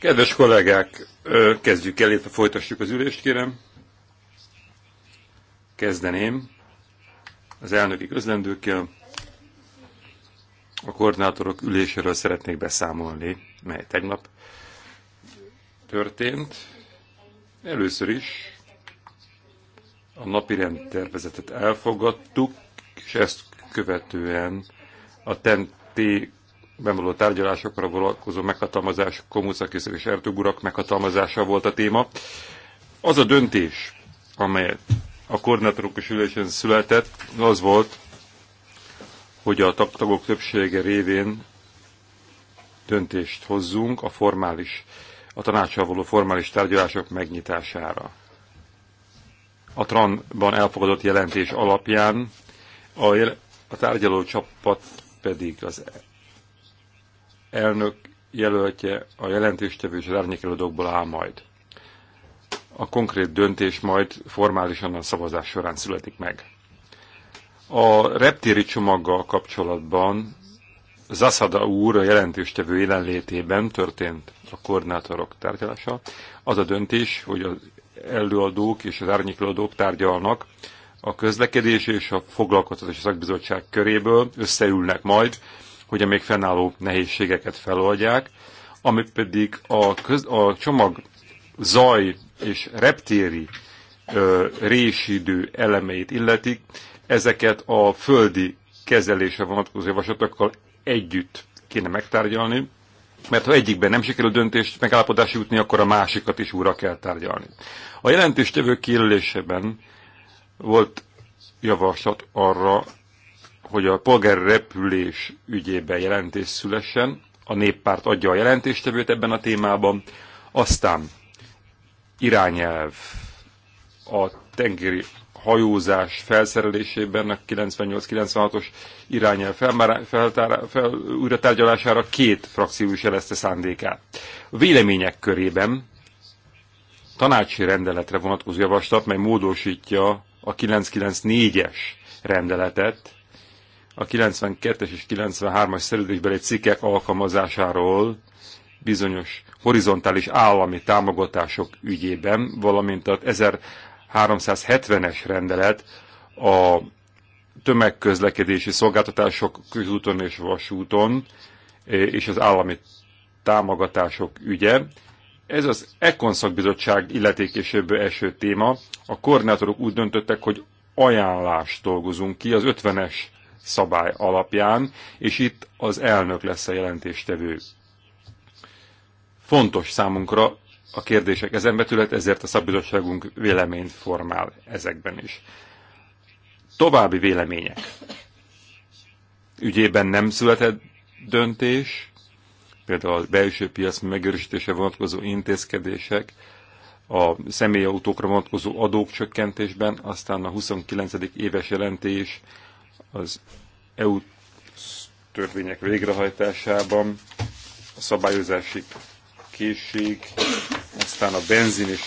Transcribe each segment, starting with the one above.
Kedves kollégák, kezdjük el, illetve folytassuk az ülést, kérem. Kezdeném az elnöki közlendőkkel. A koordinátorok üléséről szeretnék beszámolni, mely tegnap történt. Először is a napi rendtervezetet elfogadtuk, és ezt követően a TENT bevaló tárgyalásokra vonatkozó meghatalmazás, Komuszakis és Ertugurak meghatalmazása volt a téma. Az a döntés, amelyet a koordinátorokos ülésen született, az volt, hogy a tagok többsége révén döntést hozzunk a formális, a tanácsal való formális tárgyalások megnyitására. A TRAN-ban elfogadott jelentés alapján a, jel a tárgyaló csapat pedig az elnök jelöltje a jelentéstevő és az árnyékelődőkből áll majd. A konkrét döntés majd formálisan a szavazás során születik meg. A reptéri csomaggal kapcsolatban Zaszada úr a jelentéstevő jelenlétében történt a koordinátorok tárgyalása. Az a döntés, hogy az előadók és az árnyékelődók tárgyalnak, a közlekedés és a foglalkoztatási szakbizottság köréből összeülnek majd, hogy a még fennálló nehézségeket feloldják, ami pedig a, köz, a csomag zaj és reptéri ö, résidő elemeit illetik, ezeket a földi kezelése vonatkozó javaslatokkal együtt kéne megtárgyalni, mert ha egyikben nem sikerül döntést megállapodási jutni, akkor a másikat is újra kell tárgyalni. A jelentéstevő kiillésében volt javaslat arra, hogy a polgári repülés ügyében jelentés szülessen, a néppárt adja a jelentéstevőt ebben a témában, aztán irányelv a tengeri hajózás felszerelésében a 98-96-os irányelv fel, fel, újra tárgyalására két frakció is jelezte szándékát. A vélemények körében tanácsi rendeletre vonatkozó javaslat, mely módosítja a 994-es rendeletet, a 92-es és 93-as egy cikkek alkalmazásáról bizonyos horizontális állami támogatások ügyében, valamint a 1370-es rendelet a tömegközlekedési szolgáltatások közúton és vasúton e, és az állami támogatások ügye. Ez az Ekon szakbizottság illetékesőbb eső téma. A koordinátorok úgy döntöttek, hogy ajánlást dolgozunk ki az 50-es szabály alapján, és itt az elnök lesz a jelentéstevő. Fontos számunkra a kérdések ezen betület, ezért a szakbizottságunk véleményt formál ezekben is. További vélemények. Ügyében nem született döntés, például a belső piac megőrzítése vonatkozó intézkedések, a személyautókra vonatkozó adók csökkentésben, aztán a 29. éves jelentés az EU törvények végrehajtásában, a szabályozási készség, aztán a benzin és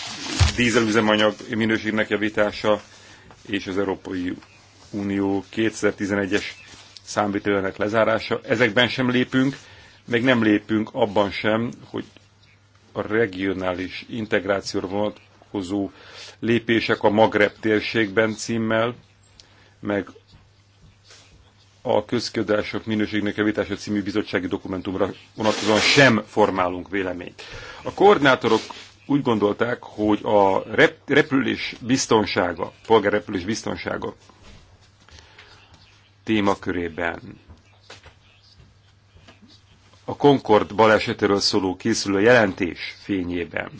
dízelüzemanyag minőségnek javítása, és az Európai Unió 2011-es számvételőnek lezárása. Ezekben sem lépünk, meg nem lépünk abban sem, hogy a regionális integrációra vonatkozó lépések a Magreb térségben címmel, meg a közködások minőségnek javítása című bizottsági dokumentumra vonatkozóan sem formálunk véleményt. A koordinátorok úgy gondolták, hogy a repülés biztonsága, polgárrepülés biztonsága témakörében a Concord balesetéről szóló készülő jelentés fényében,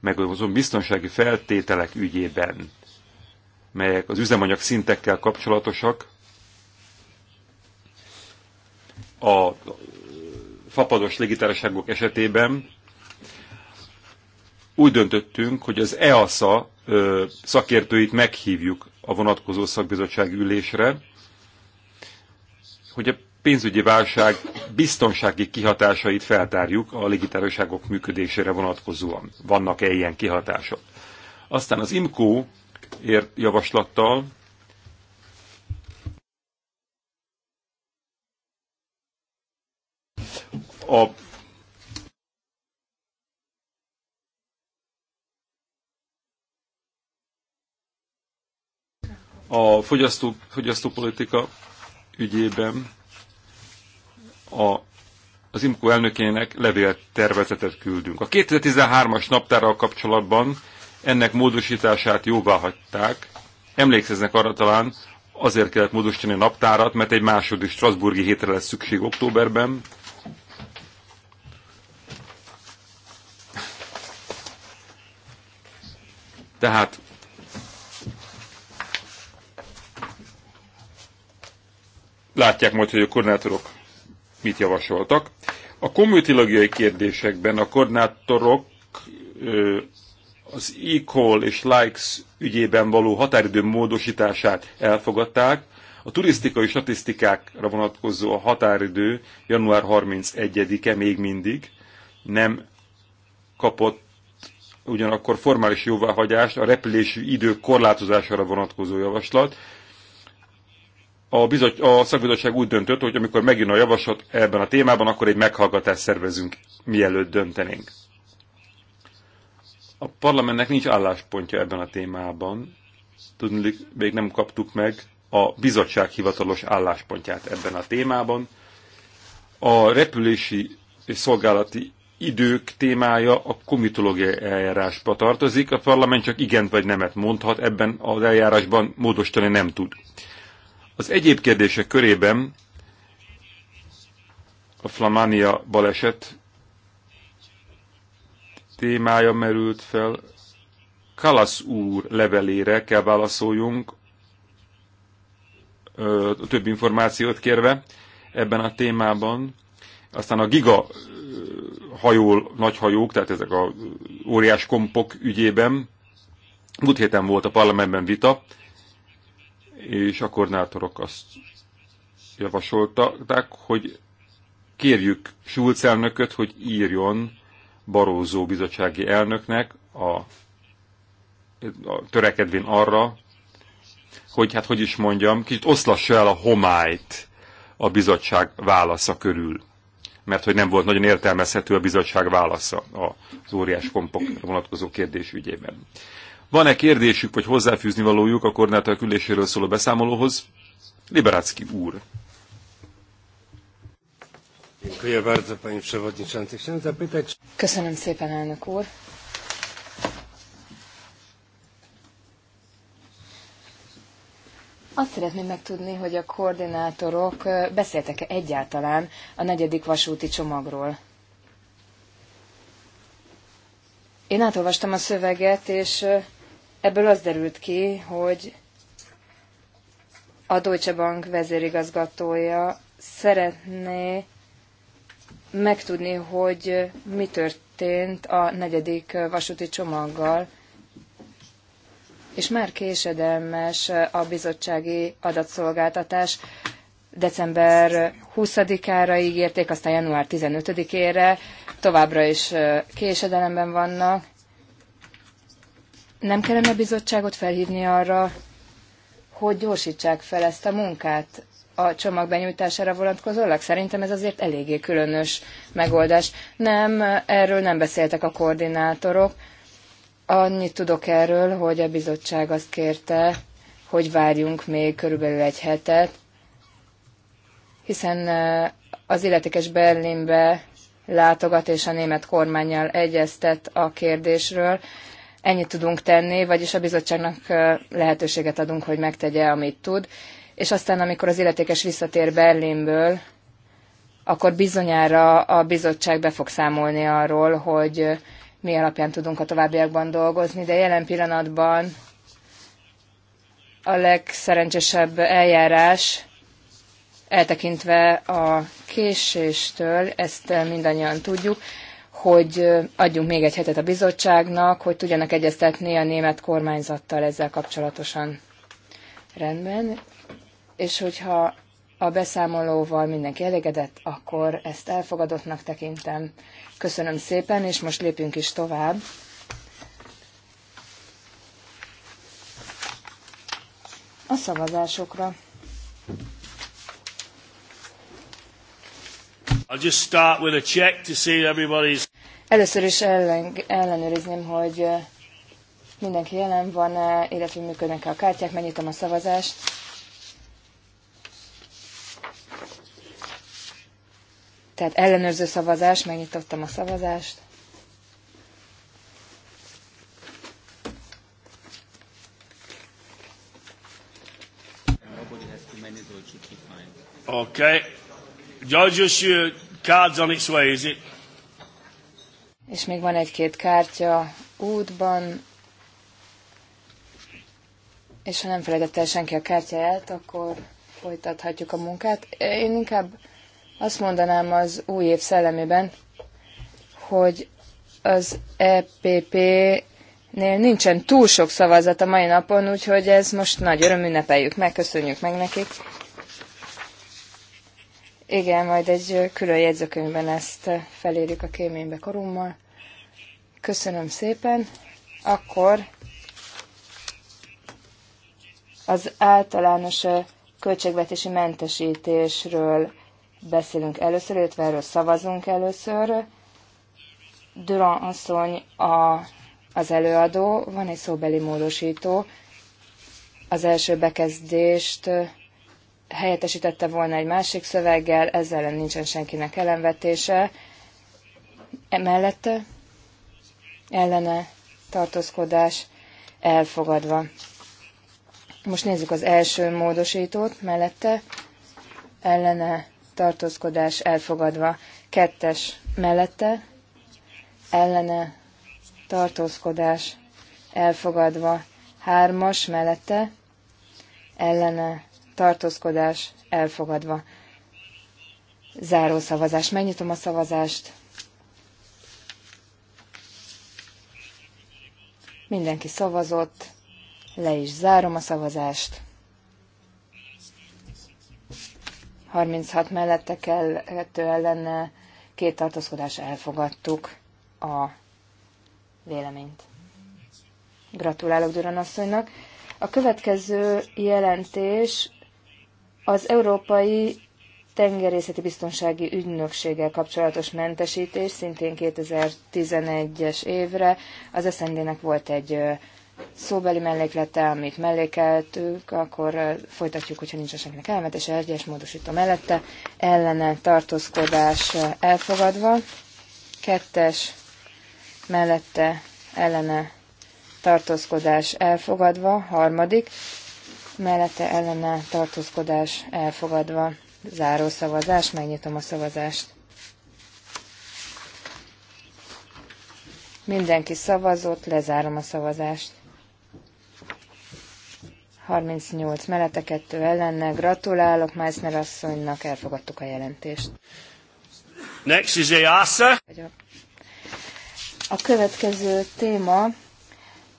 meg azon biztonsági feltételek ügyében, melyek az üzemanyag szintekkel kapcsolatosak, a fapados légitársaságok esetében úgy döntöttünk, hogy az EASA szakértőit meghívjuk a vonatkozó szakbizottság ülésre, hogy a pénzügyi válság biztonsági kihatásait feltárjuk a légitársaságok működésére vonatkozóan. Vannak-e ilyen kihatások? Aztán az IMCO ért javaslattal a a fogyasztó, fogyasztópolitika ügyében a, az IMCO elnökének levéltervezetet küldünk. A 2013-as naptárral kapcsolatban ennek módosítását jóvá hagyták. Emlékszeznek arra talán, azért kellett módosítani a naptárat, mert egy második Strasburgi hétre lesz szükség októberben, Tehát látják majd, hogy a koordinátorok mit javasoltak. A kommunitilógiai kérdésekben a koordinátorok az e és likes ügyében való határidő módosítását elfogadták, a turisztikai statisztikákra vonatkozó a határidő január 31-e még mindig nem kapott ugyanakkor formális jóváhagyást a repülési idő korlátozására vonatkozó javaslat. A, bizot, a szakbizottság úgy döntött, hogy amikor megjön a javaslat ebben a témában, akkor egy meghallgatást szervezünk, mielőtt döntenénk. A parlamentnek nincs álláspontja ebben a témában. Tudni, még nem kaptuk meg a bizottság hivatalos álláspontját ebben a témában. A repülési és szolgálati idők témája a komitológiai eljárásba tartozik, a parlament csak igent vagy nemet mondhat, ebben az eljárásban módosítani nem tud. Az egyéb kérdések körében a Flamania baleset témája merült fel. Kalasz úr levelére kell válaszoljunk, több információt kérve ebben a témában. Aztán a giga hajó, nagy hajók, tehát ezek a óriás kompok ügyében. Múlt héten volt a parlamentben vita, és a koordinátorok azt javasolták, hogy kérjük Schulz elnököt, hogy írjon Barózó bizottsági elnöknek a, a törekedvén arra, hogy hát hogy is mondjam, kicsit oszlassa el a homályt a bizottság válasza körül mert hogy nem volt nagyon értelmezhető a bizottság válasza az óriás pompok vonatkozó kérdés ügyében. Van-e kérdésük vagy hozzáfűzni valójuk a koordinátor küléséről szóló beszámolóhoz? Liberácki úr. Köszönöm szépen, elnök úr. Azt szeretném megtudni, hogy a koordinátorok beszéltek-e egyáltalán a negyedik vasúti csomagról. Én átolvastam a szöveget, és ebből az derült ki, hogy a Deutsche Bank vezérigazgatója szeretné megtudni, hogy mi történt a negyedik vasúti csomaggal, és már késedelmes a bizottsági adatszolgáltatás. December 20-ára ígérték, aztán január 15-ére továbbra is késedelemben vannak. Nem kellene a bizottságot felhívni arra, hogy gyorsítsák fel ezt a munkát a csomag benyújtására vonatkozólag? Szerintem ez azért eléggé különös megoldás. Nem, erről nem beszéltek a koordinátorok Annyit tudok erről, hogy a bizottság azt kérte, hogy várjunk még körülbelül egy hetet, hiszen az illetékes Berlinbe látogat és a német kormányjal egyeztet a kérdésről. Ennyit tudunk tenni, vagyis a bizottságnak lehetőséget adunk, hogy megtegye, amit tud. És aztán, amikor az illetékes visszatér Berlinből, akkor bizonyára a bizottság be fog számolni arról, hogy mi alapján tudunk a továbbiakban dolgozni, de jelen pillanatban a legszerencsésebb eljárás, eltekintve a késéstől, ezt mindannyian tudjuk, hogy adjunk még egy hetet a bizottságnak, hogy tudjanak egyeztetni a német kormányzattal ezzel kapcsolatosan. Rendben. És hogyha a beszámolóval mindenki elégedett, akkor ezt elfogadottnak tekintem. Köszönöm szépen, és most lépünk is tovább. A szavazásokra. I'll just start with a check to see everybody's... Először is ellen, ellenőrizném, hogy eh, mindenki jelen van, illetve működnek-e a kártyák, megnyitom a szavazást. Tehát ellenőrző szavazás, megnyitottam a szavazást. Okay. Judges, your card's on its way, is it? És még van egy-két kártya útban. És ha nem felejtett el senki a kártyáját, akkor folytathatjuk a munkát. Én inkább azt mondanám az új év szellemében, hogy az EPP-nél nincsen túl sok szavazat a mai napon, úgyhogy ez most nagy öröm, ünnepeljük meg, köszönjük meg nekik. Igen, majd egy külön jegyzőkönyvben ezt felérjük a kéménybe korummal. Köszönöm szépen. Akkor az általános költségvetési mentesítésről beszélünk először, illetve erről szavazunk először. Durant asszony a, az előadó, van egy szóbeli módosító. Az első bekezdést helyettesítette volna egy másik szöveggel, ezzel ellen nincsen senkinek ellenvetése. Emellett ellene tartózkodás elfogadva. Most nézzük az első módosítót, mellette ellene tartózkodás elfogadva. Kettes mellette, ellene, tartózkodás elfogadva. Hármas mellette, ellene, tartózkodás elfogadva. Záró szavazás. Megnyitom a szavazást. Mindenki szavazott. Le is zárom a szavazást. 36 mellette kell, kettő ellene, két tartózkodás elfogadtuk a véleményt. Gratulálok Duran asszonynak. A következő jelentés az Európai Tengerészeti Biztonsági Ügynökséggel kapcsolatos mentesítés, szintén 2011-es évre. Az SZND-nek volt egy szóbeli melléklete, amit mellékeltük, akkor folytatjuk, hogyha nincs senkinek és egyes módosító mellette, ellene tartózkodás elfogadva, kettes mellette ellene tartózkodás elfogadva, harmadik mellette ellene tartózkodás elfogadva, záró szavazás, megnyitom a szavazást. Mindenki szavazott, lezárom a szavazást. 38 mellette, 2 ellenne. Gratulálok Meissner asszonynak, elfogadtuk a jelentést. Next is EASA. A következő téma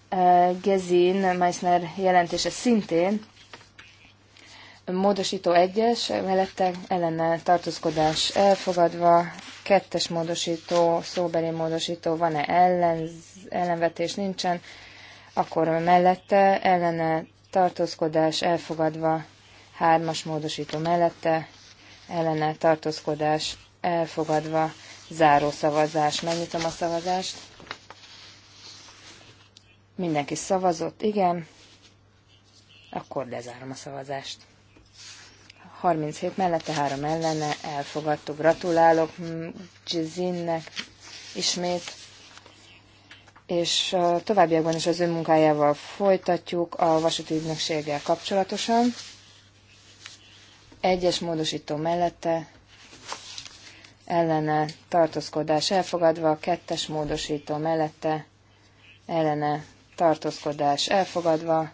eh, Gezin Meissner jelentése szintén Módosító 1-es, mellette ellene tartózkodás elfogadva, kettes módosító, szóbeli módosító, van-e ellenz, ellenvetés, nincsen, akkor mellette ellene tartózkodás elfogadva, hármas módosító mellette, ellene tartózkodás elfogadva, záró szavazás. Megnyitom a szavazást. Mindenki szavazott, igen. Akkor lezárom a szavazást. 37 mellette, 3 ellene, elfogadtuk. Gratulálok Gizinnek mm, ismét és továbbiakban is az ön munkájával folytatjuk a vasúti ügynökséggel kapcsolatosan. Egyes módosító mellette ellene tartózkodás elfogadva, kettes módosító mellette ellene tartózkodás elfogadva,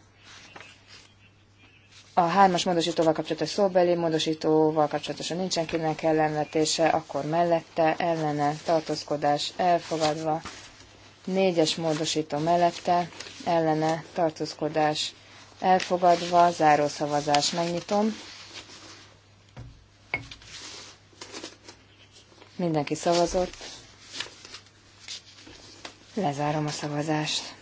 a hármas módosítóval kapcsolatos szóbeli módosítóval kapcsolatosan nincsen kinek ellenvetése, akkor mellette ellene tartózkodás elfogadva, Négyes módosító mellette ellene tartózkodás elfogadva, záró szavazás megnyitom. Mindenki szavazott. Lezárom a szavazást.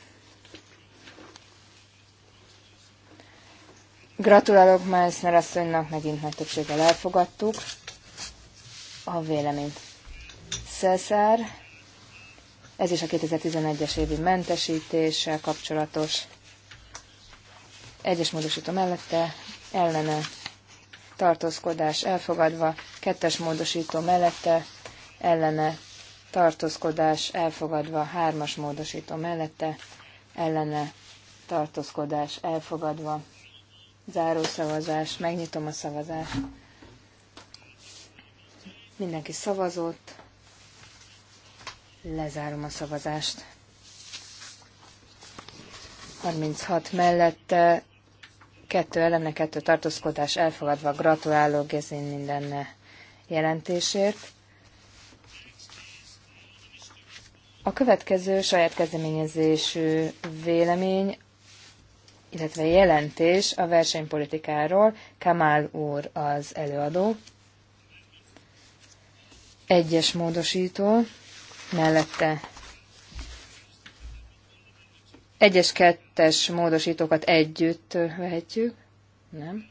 Gratulálok Meissner asszonynak, megint nagy többséggel elfogadtuk a véleményt. Cesar ez is a 2011-es évi mentesítéssel kapcsolatos. Egyes módosító mellette ellene tartózkodás elfogadva, kettes módosító mellette ellene tartózkodás elfogadva, hármas módosító mellette ellene tartózkodás elfogadva. Záró szavazás, megnyitom a szavazást. Mindenki szavazott. Lezárom a szavazást. 36 mellette, kettő elemne, kettő tartózkodás elfogadva. Gratulálok Gezin minden jelentésért. A következő saját kezdeményezésű vélemény, illetve jelentés a versenypolitikáról. Kamál úr az előadó. Egyes módosító mellette. Egyes, kettes módosítókat együtt vehetjük. Nem.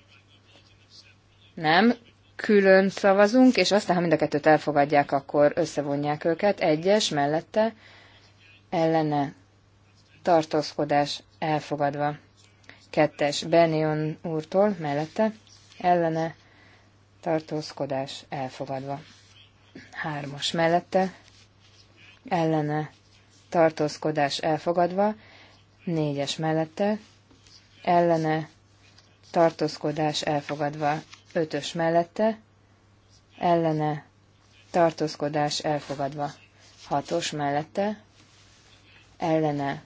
Nem. Külön szavazunk, és aztán, ha mind a kettőt elfogadják, akkor összevonják őket. Egyes mellette ellene tartózkodás elfogadva. Kettes Benion úrtól mellette ellene tartózkodás elfogadva. Hármas mellette ellene tartózkodás elfogadva, négyes mellette, ellene tartózkodás elfogadva, ötös mellette, ellene tartózkodás elfogadva, hatos mellette, ellene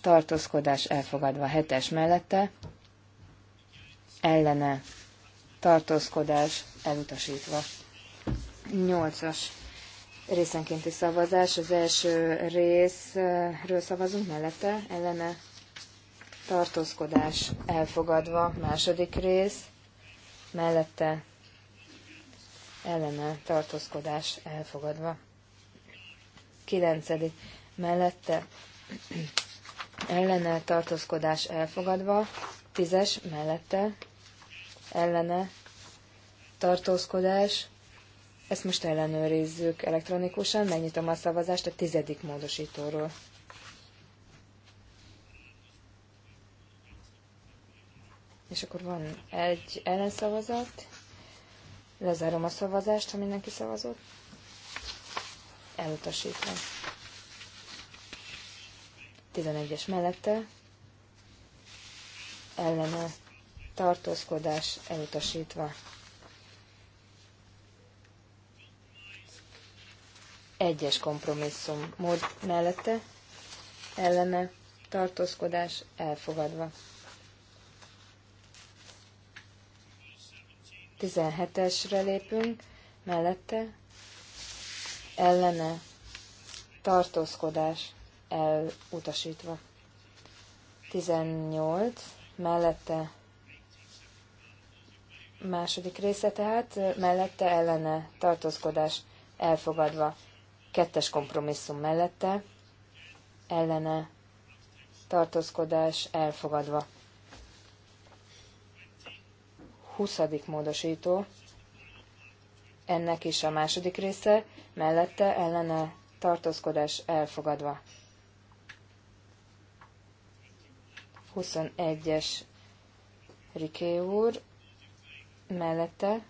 tartózkodás elfogadva, hetes mellette, ellene tartózkodás elutasítva. Nyolcas Részenkénti szavazás. Az első részről szavazunk mellette, ellene tartózkodás elfogadva. Második rész mellette ellene tartózkodás elfogadva. Kilencedik mellette ellene tartózkodás elfogadva. Tízes mellette ellene tartózkodás ezt most ellenőrizzük elektronikusan, megnyitom a szavazást a tizedik módosítóról. És akkor van egy ellenszavazat, lezárom a szavazást, ha mindenki szavazott, elutasítva. 11-es mellette, ellene tartózkodás elutasítva. Egyes kompromisszum mód mellette ellene tartózkodás elfogadva. 17-esre lépünk, mellette ellene tartózkodás elutasítva. 18, mellette második része tehát, mellette ellene tartózkodás elfogadva. Kettes kompromisszum mellette, ellene, tartózkodás elfogadva. 20. módosító, ennek is a második része, mellette ellene tartózkodás elfogadva. 21-es Riké úr, mellette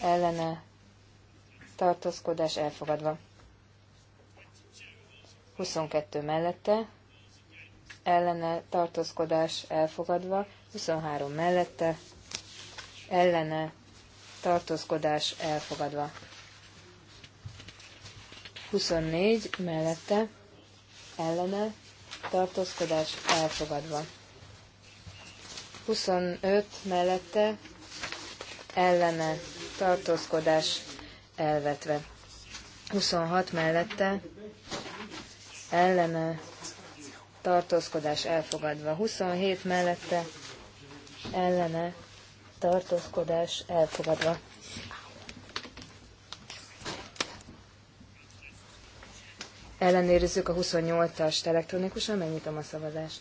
ellene tartózkodás elfogadva. 22 mellette, ellene tartózkodás elfogadva, 23 mellette, ellene tartózkodás elfogadva. 24 mellette, ellene tartózkodás elfogadva. 25 mellette, ellene tartózkodás elvetve. 26 mellette ellene tartózkodás elfogadva. 27 mellette ellene tartózkodás elfogadva. Ellenőrizzük a 28-ast elektronikusan, megnyitom a szavazást.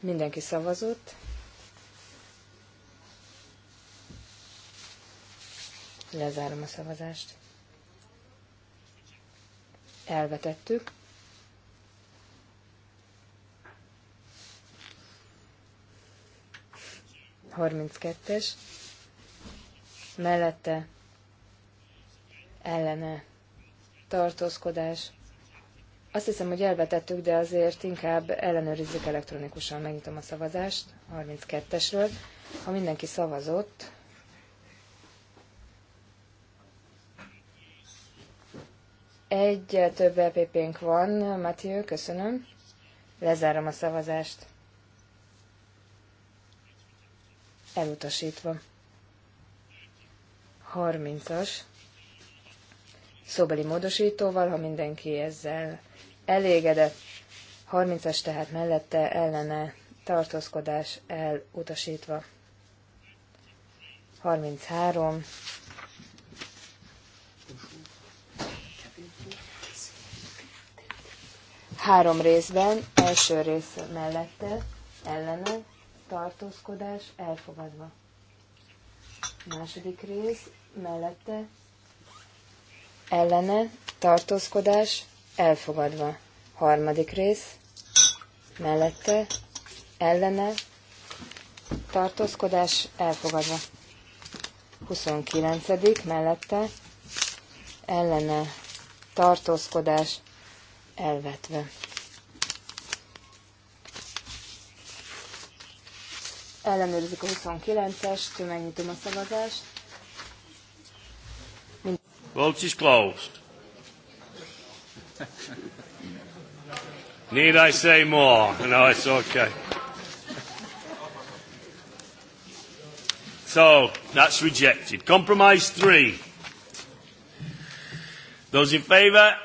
Mindenki szavazott. Lezárom a szavazást. Elvetettük. Harminckettes. Mellette ellene tartózkodás. Azt hiszem, hogy elvetettük, de azért inkább ellenőrizzük elektronikusan. Megnyitom a szavazást 32-esről. Ha mindenki szavazott, Egy több lpp e nk van, Matthew, köszönöm. Lezárom a szavazást. Elutasítva. 30-as. Szóbeli módosítóval, ha mindenki ezzel elégedett. 30-as tehát mellette ellene tartózkodás elutasítva. 33 Három részben, első rész mellette, ellene, tartózkodás, elfogadva. Második rész, mellette, ellene, tartózkodás, elfogadva. Harmadik rész, mellette, ellene, tartózkodás, elfogadva. 29. mellette, ellene, tartózkodás, elvetve. Ellenőrzik a 29-est, megnyitom a szavazást. Votes is closed. Need I say more? No, it's okay. So, that's rejected. Compromise three. Those in favour?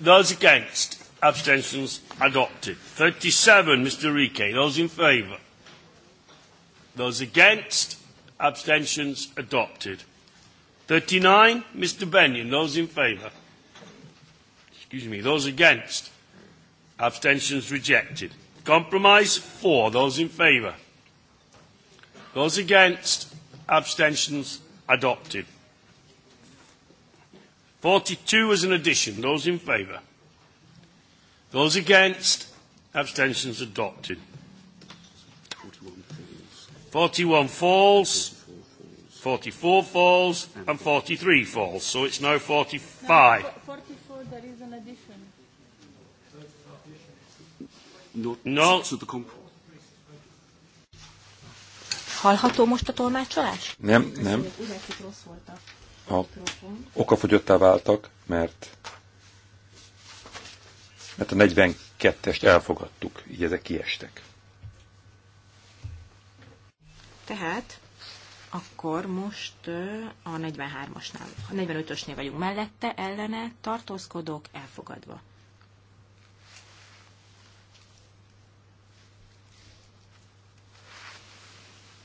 Those against? Abstentions adopted. 37, Mr. Rike. Those in favour? Those against? Abstentions adopted. 39, Mr. Benyon. Those in favour? Excuse me. Those against? Abstentions rejected. Compromise 4. Those in favour? Those against? Abstentions adopted. 42 as an addition. Those in favour? Those against? Abstentions adopted. 41 falls. 44 falls and 43 falls. So it's now 45. No, 44, there is an addition. No. the Hallható most a tolmácsolás? Nem, nem. Ezek rossz voltak a okafogyottá váltak, mert, mert a 42-est elfogadtuk, így ezek kiestek. Tehát akkor most a 43-asnál, a 45-ösnél vagyunk mellette, ellene tartózkodók elfogadva.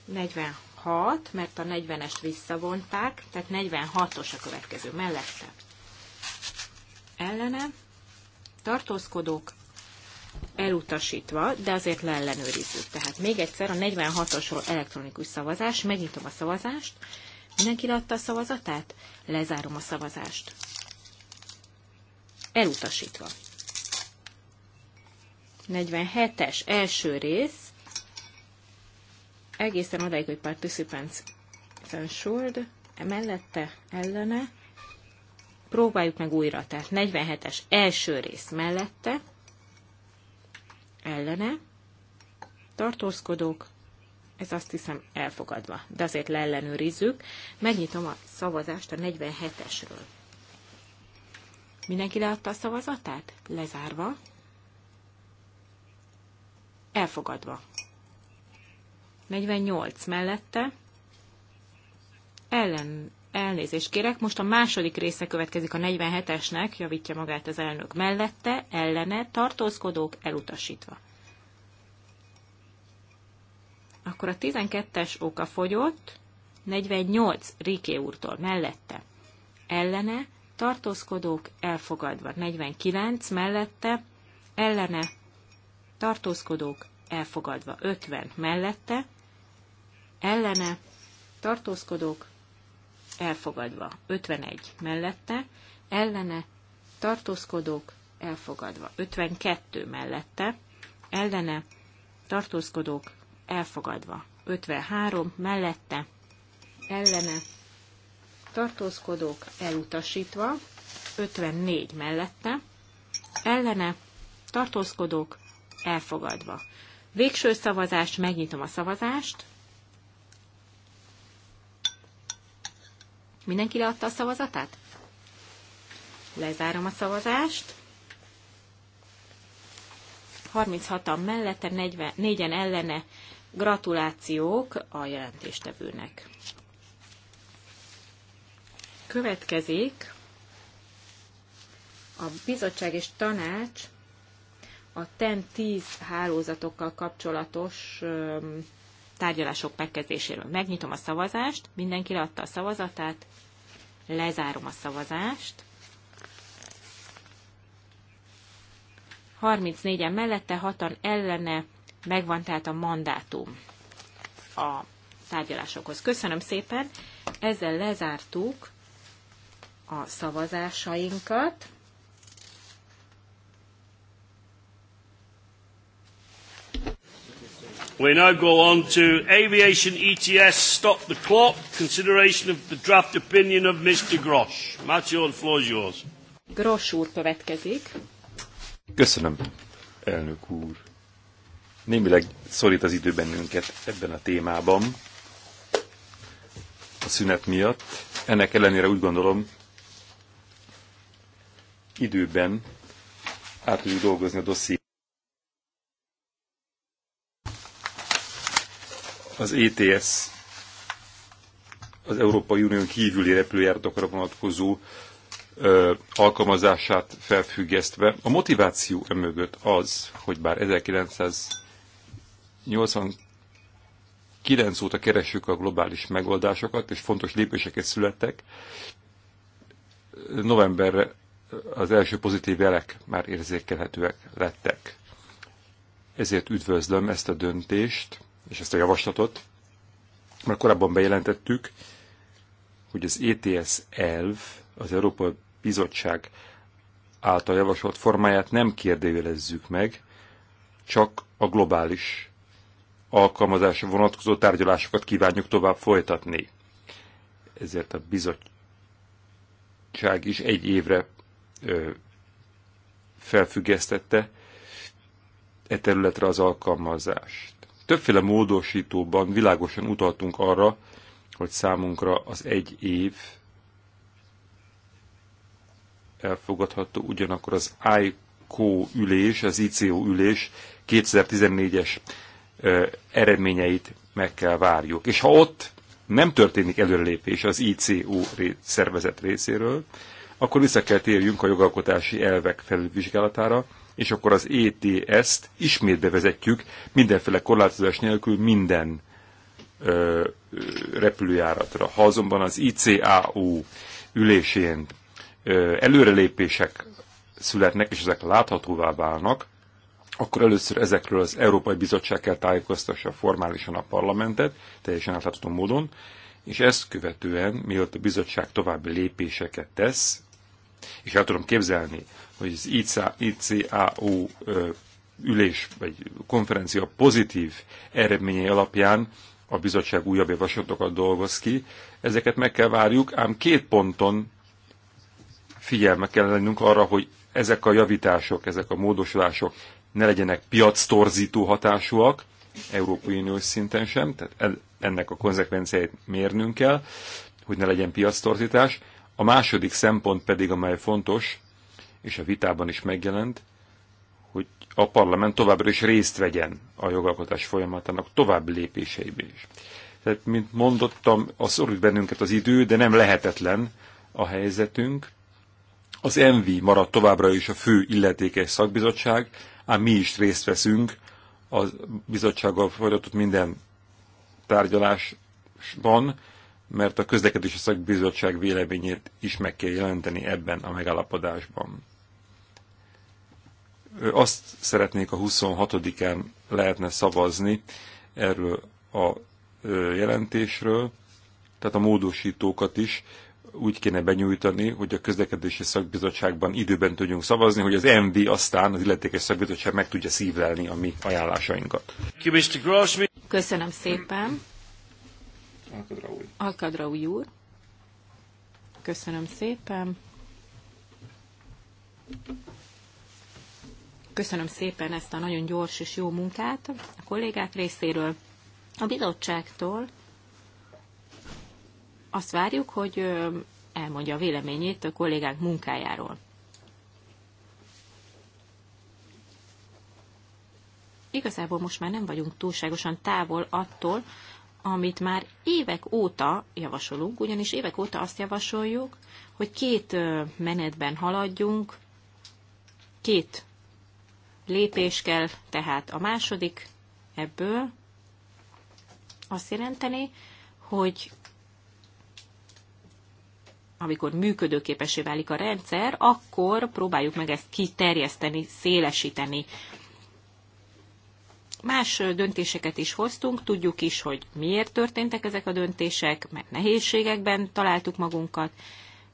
Negyven 46, mert a 40-est visszavonták, tehát 46-os a következő mellette. Ellene tartózkodók elutasítva, de azért leellenőrizzük. Tehát még egyszer a 46-osról elektronikus szavazás, megnyitom a szavazást, mindenki adta a szavazatát, lezárom a szavazást. Elutasítva. 47-es első rész, egészen odaig, hogy participants ensured, emellette ellene, próbáljuk meg újra, tehát 47-es első rész mellette, ellene, tartózkodók, ez azt hiszem elfogadva, de azért leellenőrizzük. Megnyitom a szavazást a 47-esről. Mindenki leadta a szavazatát? Lezárva. Elfogadva. 48 mellette. Ellen, elnézést kérek, most a második része következik a 47-esnek, javítja magát az elnök mellette, ellene, tartózkodók elutasítva. Akkor a 12-es oka fogyott, 48 Riké úrtól mellette. Ellene, tartózkodók elfogadva, 49 mellette, ellene, tartózkodók elfogadva, 50 mellette, ellene, tartózkodók, elfogadva. 51 mellette, ellene, tartózkodók, elfogadva. 52 mellette, ellene, tartózkodók, elfogadva. 53 mellette, ellene, tartózkodók, elutasítva. 54 mellette, ellene, tartózkodók, elfogadva. Végső szavazást megnyitom a szavazást. Mindenki leadta a szavazatát? Lezárom a szavazást. 36-an mellette, 44-en ellene. Gratulációk a jelentéstevőnek. Következik a bizottság és tanács a TEN-10 hálózatokkal kapcsolatos tárgyalások megkezdéséről. Megnyitom a szavazást, mindenki adta a szavazatát, lezárom a szavazást. 34-en mellette, 6-an ellene, megvan tehát a mandátum a tárgyalásokhoz. Köszönöm szépen, ezzel lezártuk a szavazásainkat. We now go on to Aviation ETS Stop the Clock, consideration of the draft opinion of Mr. Grosh. Matthew, the floor is yours. Grosh úr következik. Köszönöm, elnök úr. Némileg szorít az idő bennünket ebben a témában, a szünet miatt. Ennek ellenére úgy gondolom, időben át tudjuk dolgozni a dossziét. az ETS, az Európai Unión kívüli repülőjáratokra vonatkozó ö, alkalmazását felfüggesztve. A motiváció emögött az, hogy bár 1989 óta keresjük a globális megoldásokat, és fontos lépéseket születtek, novemberre az első pozitív jelek már érzékelhetőek lettek. Ezért üdvözlöm ezt a döntést, és ezt a javaslatot, mert korábban bejelentettük, hogy az ETS elv az Európai Bizottság által javasolt formáját nem kérdőjelezzük meg, csak a globális alkalmazásra vonatkozó tárgyalásokat kívánjuk tovább folytatni. Ezért a bizottság is egy évre ö, felfüggesztette e területre az alkalmazást. Többféle módosítóban világosan utaltunk arra, hogy számunkra az egy év elfogadható, ugyanakkor az ICO ülés, az ICO ülés 2014-es eredményeit meg kell várjuk. És ha ott nem történik előrelépés az ICO szervezet részéről, akkor vissza kell térjünk a jogalkotási elvek felülvizsgálatára, és akkor az ETS-t ismét bevezetjük mindenféle korlátozás nélkül minden ö, repülőjáratra. Ha azonban az ICAO ülésén ö, előrelépések születnek, és ezek láthatóvá válnak, akkor először ezekről az Európai Bizottság kell tájékoztassa formálisan a parlamentet, teljesen átlátható módon, és ezt követően, mielőtt a bizottság további lépéseket tesz, és el tudom képzelni, hogy az ICAO ülés vagy konferencia pozitív eredményei alapján a bizottság újabb javaslatokat dolgoz ki. Ezeket meg kell várjuk, ám két ponton figyelme kell lennünk arra, hogy ezek a javítások, ezek a módosulások ne legyenek piac torzító hatásúak, Európai Uniós szinten sem, tehát ennek a konzekvenciáit mérnünk kell, hogy ne legyen piac torzítás, a második szempont pedig, amely fontos, és a vitában is megjelent, hogy a parlament továbbra is részt vegyen a jogalkotás folyamatának további lépéseiben is. Tehát, mint mondottam, az szorít bennünket az idő, de nem lehetetlen a helyzetünk. Az MV marad továbbra is a fő illetékes szakbizottság, ám mi is részt veszünk a bizottsággal folytatott minden tárgyalásban, mert a közlekedési szakbizottság véleményét is meg kell jelenteni ebben a megállapodásban. Azt szeretnék a 26-án lehetne szavazni erről a jelentésről, tehát a módosítókat is úgy kéne benyújtani, hogy a közlekedési szakbizottságban időben tudjunk szavazni, hogy az MD aztán az illetékes szakbizottság meg tudja szívlelni a mi ajánlásainkat. Köszönöm szépen. Alkadraúj. Alkadraúj úr. Köszönöm szépen. Köszönöm szépen ezt a nagyon gyors és jó munkát a kollégák részéről. A bizottságtól azt várjuk, hogy elmondja a véleményét a kollégák munkájáról. Igazából most már nem vagyunk túlságosan távol attól, amit már évek óta javasolunk, ugyanis évek óta azt javasoljuk, hogy két menetben haladjunk, két lépés kell, tehát a második ebből azt jelenteni, hogy amikor működőképesé válik a rendszer, akkor próbáljuk meg ezt kiterjeszteni, szélesíteni más döntéseket is hoztunk, tudjuk is, hogy miért történtek ezek a döntések, mert nehézségekben találtuk magunkat,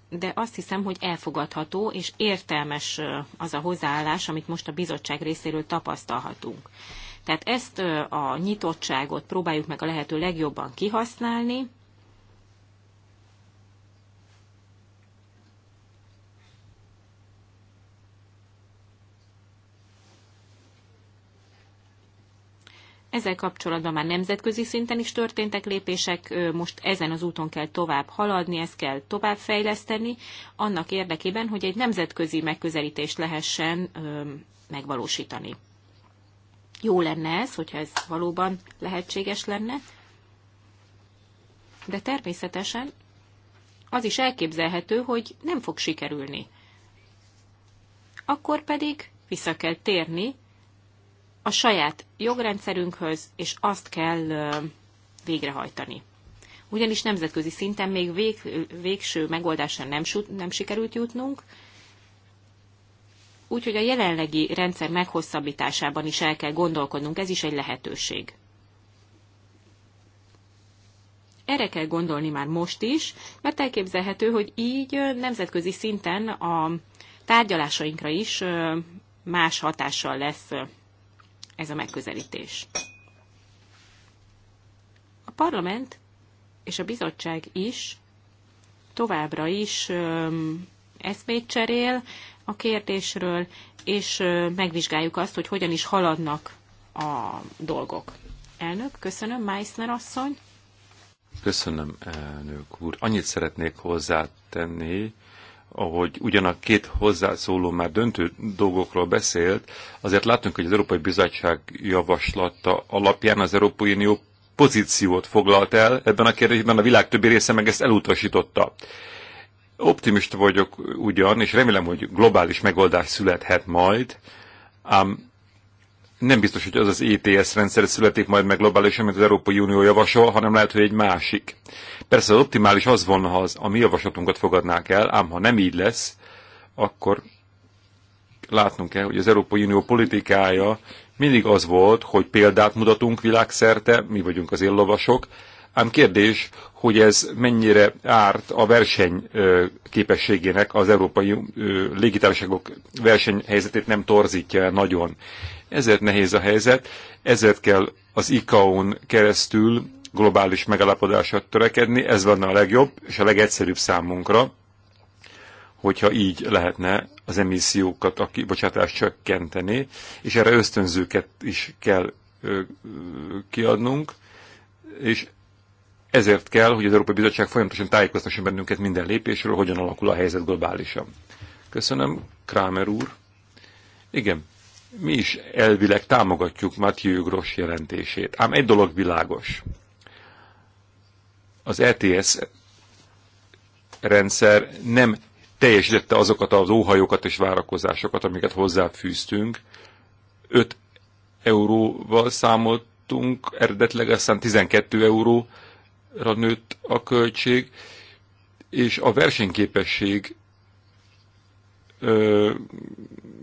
de azt hiszem, hogy elfogadható és értelmes az a hozzáállás, amit most a bizottság részéről tapasztalhatunk. Tehát ezt a nyitottságot próbáljuk meg a lehető legjobban kihasználni, Ezzel kapcsolatban már nemzetközi szinten is történtek lépések, most ezen az úton kell tovább haladni, ezt kell tovább fejleszteni, annak érdekében, hogy egy nemzetközi megközelítést lehessen megvalósítani. Jó lenne ez, hogyha ez valóban lehetséges lenne, de természetesen az is elképzelhető, hogy nem fog sikerülni. Akkor pedig vissza kell térni a saját jogrendszerünkhöz, és azt kell végrehajtani. Ugyanis nemzetközi szinten még vég, végső megoldásra nem, nem sikerült jutnunk, úgyhogy a jelenlegi rendszer meghosszabbításában is el kell gondolkodnunk, ez is egy lehetőség. Erre kell gondolni már most is, mert elképzelhető, hogy így nemzetközi szinten a tárgyalásainkra is más hatással lesz ez a megközelítés. A parlament és a bizottság is továbbra is eszmét cserél a kérdésről, és megvizsgáljuk azt, hogy hogyan is haladnak a dolgok. Elnök, köszönöm, Meissner asszony. Köszönöm, elnök úr. Annyit szeretnék hozzátenni, ahogy ugyan a két hozzászóló már döntő dolgokról beszélt, azért látunk, hogy az Európai Bizottság javaslata alapján az Európai Unió pozíciót foglalt el ebben a kérdésben, a világ többi része meg ezt elutasította. Optimista vagyok ugyan, és remélem, hogy globális megoldás születhet majd, ám nem biztos, hogy az az ETS rendszer születik majd meg globálisan, amit az Európai Unió javasol, hanem lehet, hogy egy másik. Persze az optimális az volna, ha az, a mi javaslatunkat fogadnák el, ám ha nem így lesz, akkor látnunk kell, hogy az Európai Unió politikája mindig az volt, hogy példát mutatunk világszerte, mi vagyunk az éllovasok, ám kérdés, hogy ez mennyire árt a verseny képességének, az európai légitársaságok versenyhelyzetét nem torzítja nagyon. Ezért nehéz a helyzet, ezért kell az ICAO-n keresztül globális megalapodásra törekedni, ez lenne a legjobb és a legegyszerűbb számunkra, hogyha így lehetne az emissziókat, a kibocsátást csökkenteni, és erre ösztönzőket is kell ö, kiadnunk, és ezért kell, hogy az Európai Bizottság folyamatosan tájékoztasson bennünket minden lépésről, hogyan alakul a helyzet globálisan. Köszönöm, Kramer úr. Igen, mi is elvileg támogatjuk Mathieu Gross jelentését, ám egy dolog világos. Az ETS rendszer nem teljesítette azokat az óhajokat és várakozásokat, amiket hozzáfűztünk. 5 euróval számoltunk, eredetleg aztán 12 euróra nőtt a költség, és a versenyképesség ö,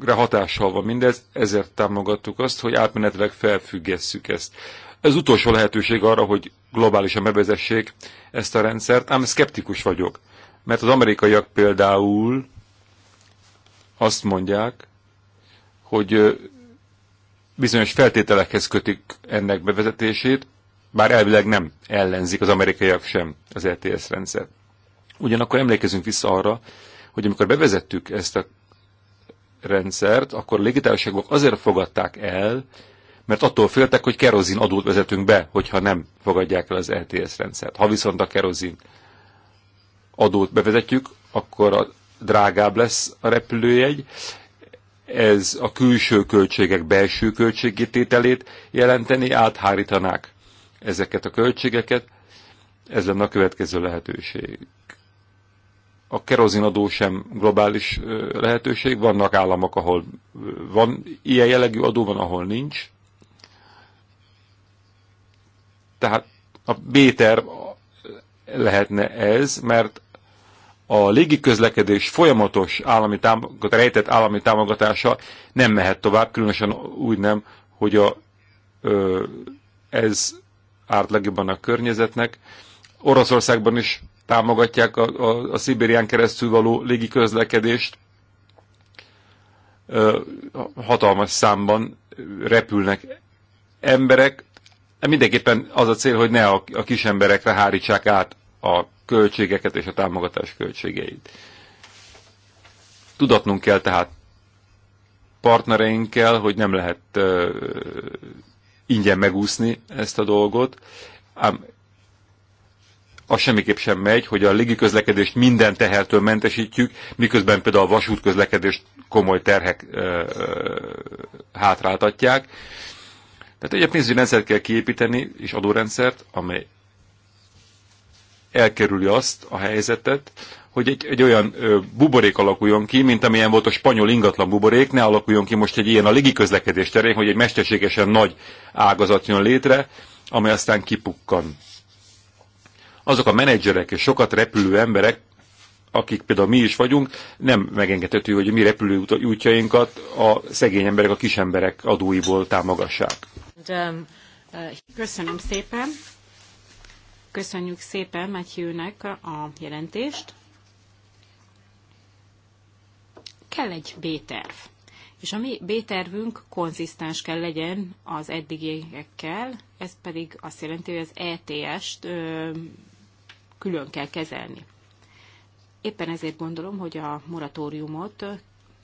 hatással van mindez, ezért támogattuk azt, hogy átmenetileg felfüggesszük ezt. Ez utolsó lehetőség arra, hogy globálisan bevezessék ezt a rendszert, ám szkeptikus vagyok. Mert az amerikaiak például azt mondják, hogy bizonyos feltételekhez kötik ennek bevezetését, bár elvileg nem ellenzik az amerikaiak sem az LTS e rendszert. Ugyanakkor emlékezünk vissza arra, hogy amikor bevezettük ezt a rendszert, akkor a légitársaságok azért fogadták el, mert attól féltek, hogy kerozin adót vezetünk be, hogyha nem fogadják el az LTS e rendszert. Ha viszont a kerozin adót bevezetjük, akkor a drágább lesz a repülőjegy. Ez a külső költségek belső költségítételét jelenteni, áthárítanák ezeket a költségeket. Ez lenne a következő lehetőség a kerozinadó sem globális lehetőség, vannak államok, ahol van ilyen jellegű adó, van, ahol nincs. Tehát a b lehetne ez, mert a légiközlekedés folyamatos állami támogatása, rejtett állami támogatása nem mehet tovább, különösen úgy nem, hogy a, ö, ez árt legjobban a környezetnek. Oroszországban is támogatják a, a, a Szibérián keresztül való légi közlekedést. Hatalmas számban repülnek emberek. Mindenképpen az a cél, hogy ne a, a kis emberekre hárítsák át a költségeket és a támogatás költségeit. Tudatnunk kell tehát partnereinkkel, hogy nem lehet uh, ingyen megúszni ezt a dolgot, ám az semmiképp sem megy, hogy a légiközlekedést minden tehertől mentesítjük, miközben például a vasút közlekedést komoly terhek ö, ö, hátráltatják. Tehát egy pénzügyi rendszert kell kiépíteni, és adórendszert, amely elkerüli azt a helyzetet, hogy egy, egy olyan ö, buborék alakuljon ki, mint amilyen volt a spanyol ingatlan buborék, ne alakuljon ki most egy ilyen a közlekedés terén, hogy egy mesterségesen nagy ágazat jön létre, amely aztán kipukkan azok a menedzserek és sokat repülő emberek, akik például mi is vagyunk, nem megengedhető, hogy a mi repülő útjainkat a szegény emberek, a kis emberek adóiból támogassák. Um, uh, Köszönöm szépen. Köszönjük szépen Matthew-nek a jelentést. Kell egy B-terv. És a mi B-tervünk konzisztens kell legyen az eddigiekkel, ez pedig azt jelenti, hogy az ETS-t külön kell kezelni. Éppen ezért gondolom, hogy a moratóriumot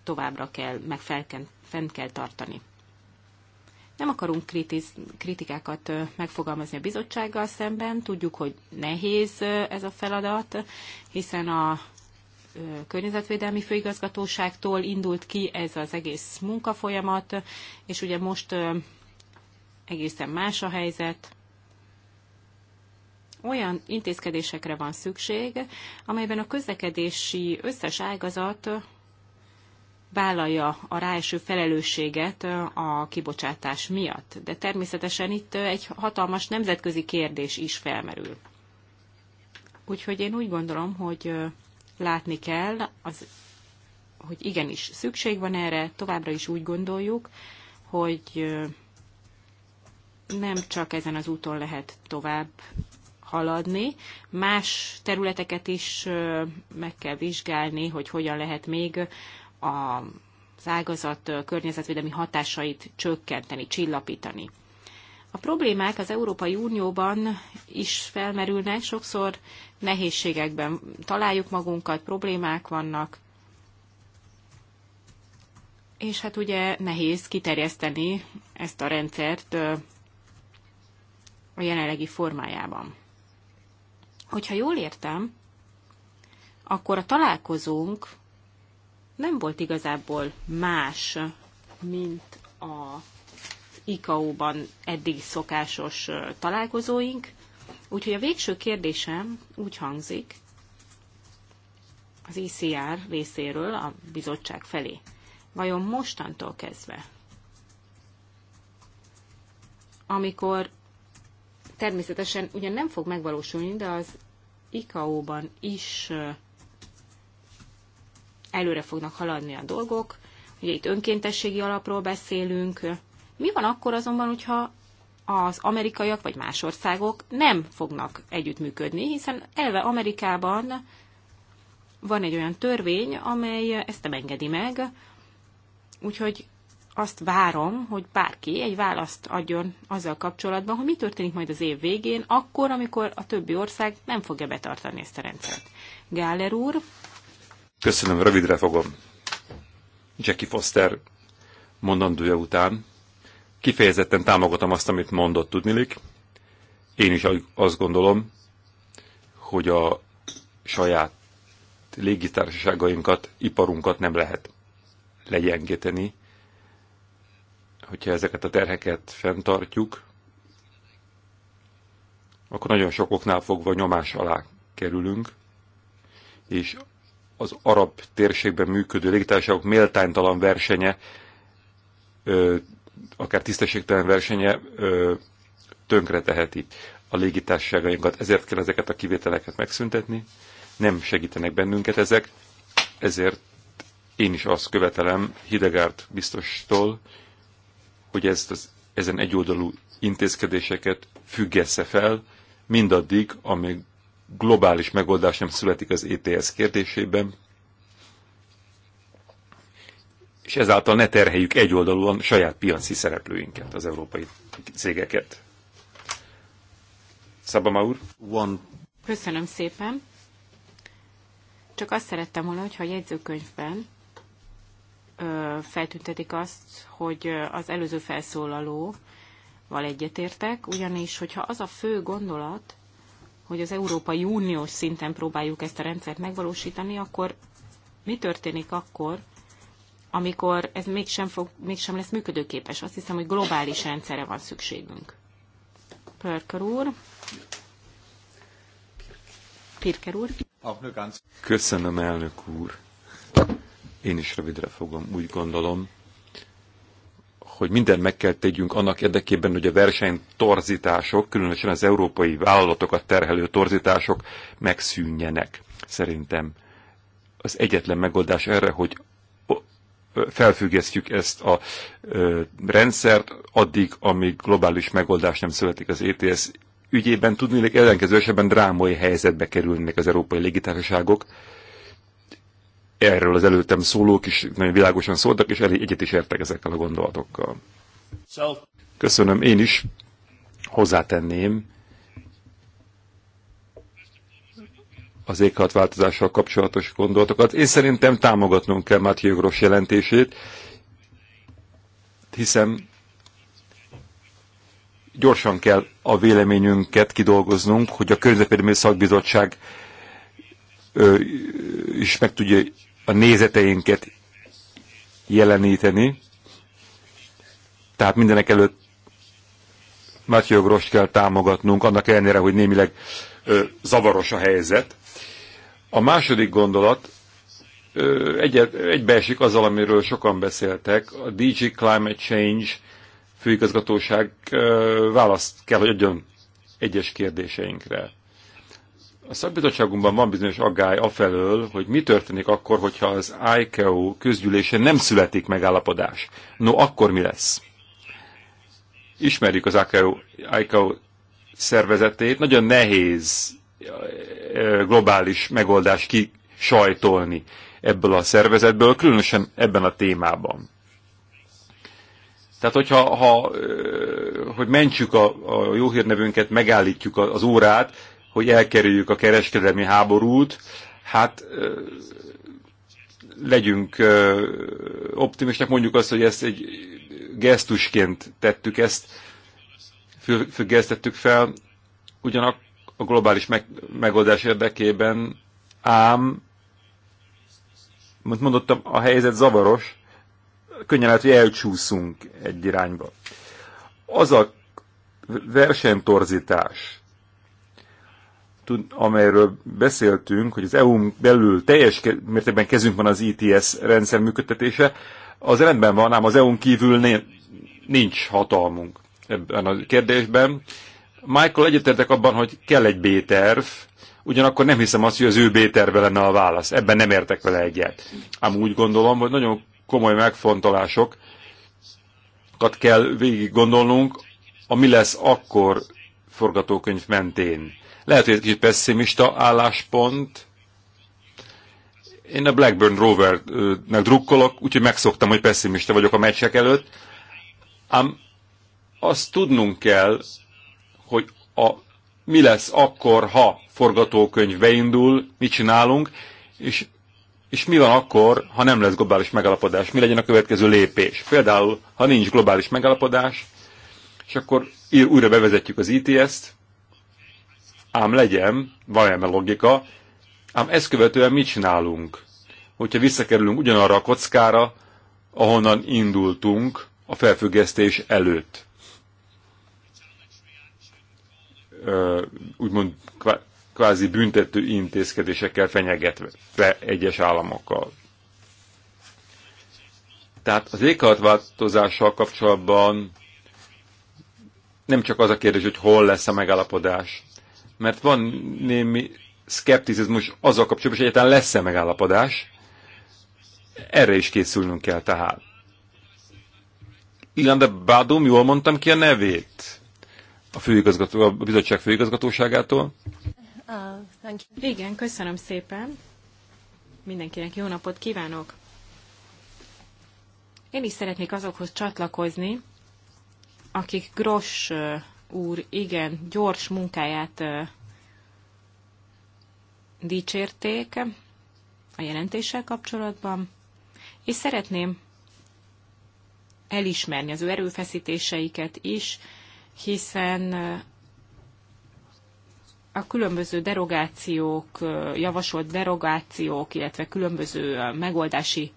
továbbra kell, meg fel fent kell tartani. Nem akarunk kritiz, kritikákat megfogalmazni a bizottsággal szemben, tudjuk, hogy nehéz ez a feladat, hiszen a környezetvédelmi főigazgatóságtól indult ki ez az egész munkafolyamat, és ugye most egészen más a helyzet, olyan intézkedésekre van szükség, amelyben a közlekedési összes ágazat vállalja a ráeső felelősséget a kibocsátás miatt. De természetesen itt egy hatalmas nemzetközi kérdés is felmerül. Úgyhogy én úgy gondolom, hogy látni kell, az, hogy igenis szükség van erre, továbbra is úgy gondoljuk, hogy nem csak ezen az úton lehet tovább haladni, más területeket is meg kell vizsgálni, hogy hogyan lehet még a az ágazat környezetvédelmi hatásait csökkenteni, csillapítani. A problémák az Európai Unióban is felmerülnek, sokszor nehézségekben találjuk magunkat, problémák vannak, és hát ugye nehéz kiterjeszteni ezt a rendszert a jelenlegi formájában. Hogyha jól értem, akkor a találkozónk nem volt igazából más, mint a ICAO-ban eddig szokásos találkozóink. Úgyhogy a végső kérdésem úgy hangzik az ICR részéről a bizottság felé. Vajon mostantól kezdve, amikor természetesen ugyan nem fog megvalósulni, de az ICAO-ban is előre fognak haladni a dolgok. Ugye itt önkéntességi alapról beszélünk. Mi van akkor azonban, hogyha az amerikaiak vagy más országok nem fognak együttműködni, hiszen elve Amerikában van egy olyan törvény, amely ezt nem engedi meg, úgyhogy azt várom, hogy bárki egy választ adjon azzal kapcsolatban, hogy mi történik majd az év végén, akkor, amikor a többi ország nem fogja betartani ezt a rendszert. Gáler úr. Köszönöm, rövidre fogom. Jackie Foster mondandója után kifejezetten támogatom azt, amit mondott tudnilik. Én is azt gondolom, hogy a saját légitársaságainkat, iparunkat nem lehet legyengíteni, hogyha ezeket a terheket fenntartjuk, akkor nagyon sok oknál fogva nyomás alá kerülünk, és az arab térségben működő légitársaságok méltánytalan versenye, ö, akár tisztességtelen versenye ö, tönkre teheti a légitársaságainkat. Ezért kell ezeket a kivételeket megszüntetni, nem segítenek bennünket ezek, ezért én is azt követelem Hidegárt biztostól, hogy ezt az, ezen egyoldalú intézkedéseket függesse fel, mindaddig, amíg globális megoldás nem születik az ETS kérdésében, és ezáltal ne terheljük egyoldalúan saját piaci szereplőinket, az európai cégeket. Szabama úr? One. Köszönöm szépen. Csak azt szerettem volna, hogyha a jegyzőkönyvben feltüntetik azt, hogy az előző felszólalóval egyetértek, ugyanis, hogyha az a fő gondolat, hogy az Európai Uniós szinten próbáljuk ezt a rendszert megvalósítani, akkor mi történik akkor, amikor ez mégsem, fog, mégsem lesz működőképes? Azt hiszem, hogy globális rendszerre van szükségünk. Pörker úr. Pirker úr. Köszönöm, elnök úr én is rövidre fogom, úgy gondolom, hogy mindent meg kell tegyünk annak érdekében, hogy a versenytorzítások, különösen az európai vállalatokat terhelő torzítások megszűnjenek. Szerintem az egyetlen megoldás erre, hogy felfüggesztjük ezt a ö, rendszert addig, amíg globális megoldás nem születik az ETS ügyében. Tudni, ellenkező esetben drámai helyzetbe kerülnek az európai légitársaságok, erről az előttem szólók is nagyon világosan szóltak, és elég egyet is értek ezekkel a gondolatokkal. Köszönöm, én is hozzátenném az éghajlatváltozással kapcsolatos gondolatokat. Én szerintem támogatnunk kell Matthew Gross jelentését, hiszen gyorsan kell a véleményünket kidolgoznunk, hogy a Környezetvédelmi Szakbizottság is meg tudja a nézeteinket jeleníteni. Tehát mindenek előtt Matthew Grost kell támogatnunk, annak ellenére, hogy némileg ö, zavaros a helyzet. A második gondolat ö, egy, egybeesik azzal, amiről sokan beszéltek. A DG Climate Change főigazgatóság ö, választ kell, hogy adjon egyes kérdéseinkre. A szakbizottságunkban van bizonyos aggály afelől, hogy mi történik akkor, hogyha az ICAO közgyűlésen nem születik megállapodás. No, akkor mi lesz? Ismerjük az ICAO, ICAO szervezetét, nagyon nehéz eh, eh, globális megoldást kisajtolni ebből a szervezetből, különösen ebben a témában. Tehát, hogyha ha, eh, hogy mentsük a, a jó hírnevünket, megállítjuk az órát, hogy elkerüljük a kereskedelmi háborút, hát legyünk optimisták, mondjuk azt, hogy ezt egy gesztusként tettük ezt, függesztettük fel, ugyanak a globális meg, megoldás érdekében, ám, mint mondottam, a helyzet zavaros, könnyen lehet, hogy elcsúszunk egy irányba. Az a versenytorzítás, amelyről beszéltünk, hogy az EU-n belül teljes mértékben kezünk van az ITS e rendszer működtetése, az rendben van, ám az EU-n kívül nincs hatalmunk ebben a kérdésben. Michael egyetértek abban, hogy kell egy B-terv, ugyanakkor nem hiszem azt, hogy az ő B-terve lenne a válasz. Ebben nem értek vele egyet. Ám úgy gondolom, hogy nagyon komoly megfontolásokat kell végig gondolnunk, ami lesz akkor forgatókönyv mentén. Lehet, hogy egy kicsit pessimista álláspont. Én a Blackburn Rovernek drukkolok, úgyhogy megszoktam, hogy pessimista vagyok a meccsek előtt. Ám azt tudnunk kell, hogy a, mi lesz akkor, ha forgatókönyv beindul, mit csinálunk, és, és mi van akkor, ha nem lesz globális megállapodás, mi legyen a következő lépés. Például, ha nincs globális megállapodás, és akkor újra bevezetjük az ITS-t, e ám legyen, van eme logika, ám ezt követően mit csinálunk? Hogyha visszakerülünk ugyanarra a kockára, ahonnan indultunk a felfüggesztés előtt. Úgymond kvázi büntető intézkedésekkel fenyegetve egyes államokkal. Tehát az éghajlatváltozással kapcsolatban nem csak az a kérdés, hogy hol lesz a megállapodás, mert van némi szkepticizmus azzal kapcsolatban, hogy egyáltalán lesz-e megállapodás. Erre is készülnünk kell tehát. Ilyen de Bádom, jól mondtam ki a nevét a, főigazgató, a bizottság főigazgatóságától. Uh, Igen, köszönöm szépen. Mindenkinek jó napot kívánok. Én is szeretnék azokhoz csatlakozni, akik Gross úr igen gyors munkáját dicsérték a jelentéssel kapcsolatban, és szeretném elismerni az ő erőfeszítéseiket is, hiszen a különböző derogációk, javasolt derogációk, illetve különböző megoldási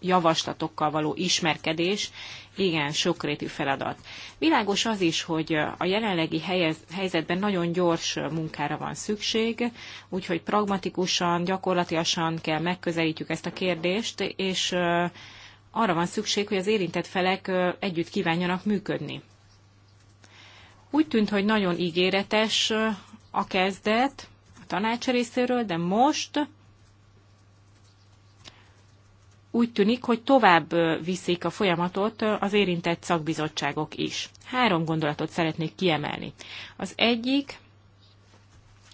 javaslatokkal való ismerkedés igen sokrétű feladat. Világos az is, hogy a jelenlegi helyez, helyzetben nagyon gyors munkára van szükség, úgyhogy pragmatikusan, gyakorlatilasan kell megközelítjük ezt a kérdést, és arra van szükség, hogy az érintett felek együtt kívánjanak működni. Úgy tűnt, hogy nagyon ígéretes a kezdet a tanács részéről, de most úgy tűnik, hogy tovább viszik a folyamatot az érintett szakbizottságok is. Három gondolatot szeretnék kiemelni. Az egyik,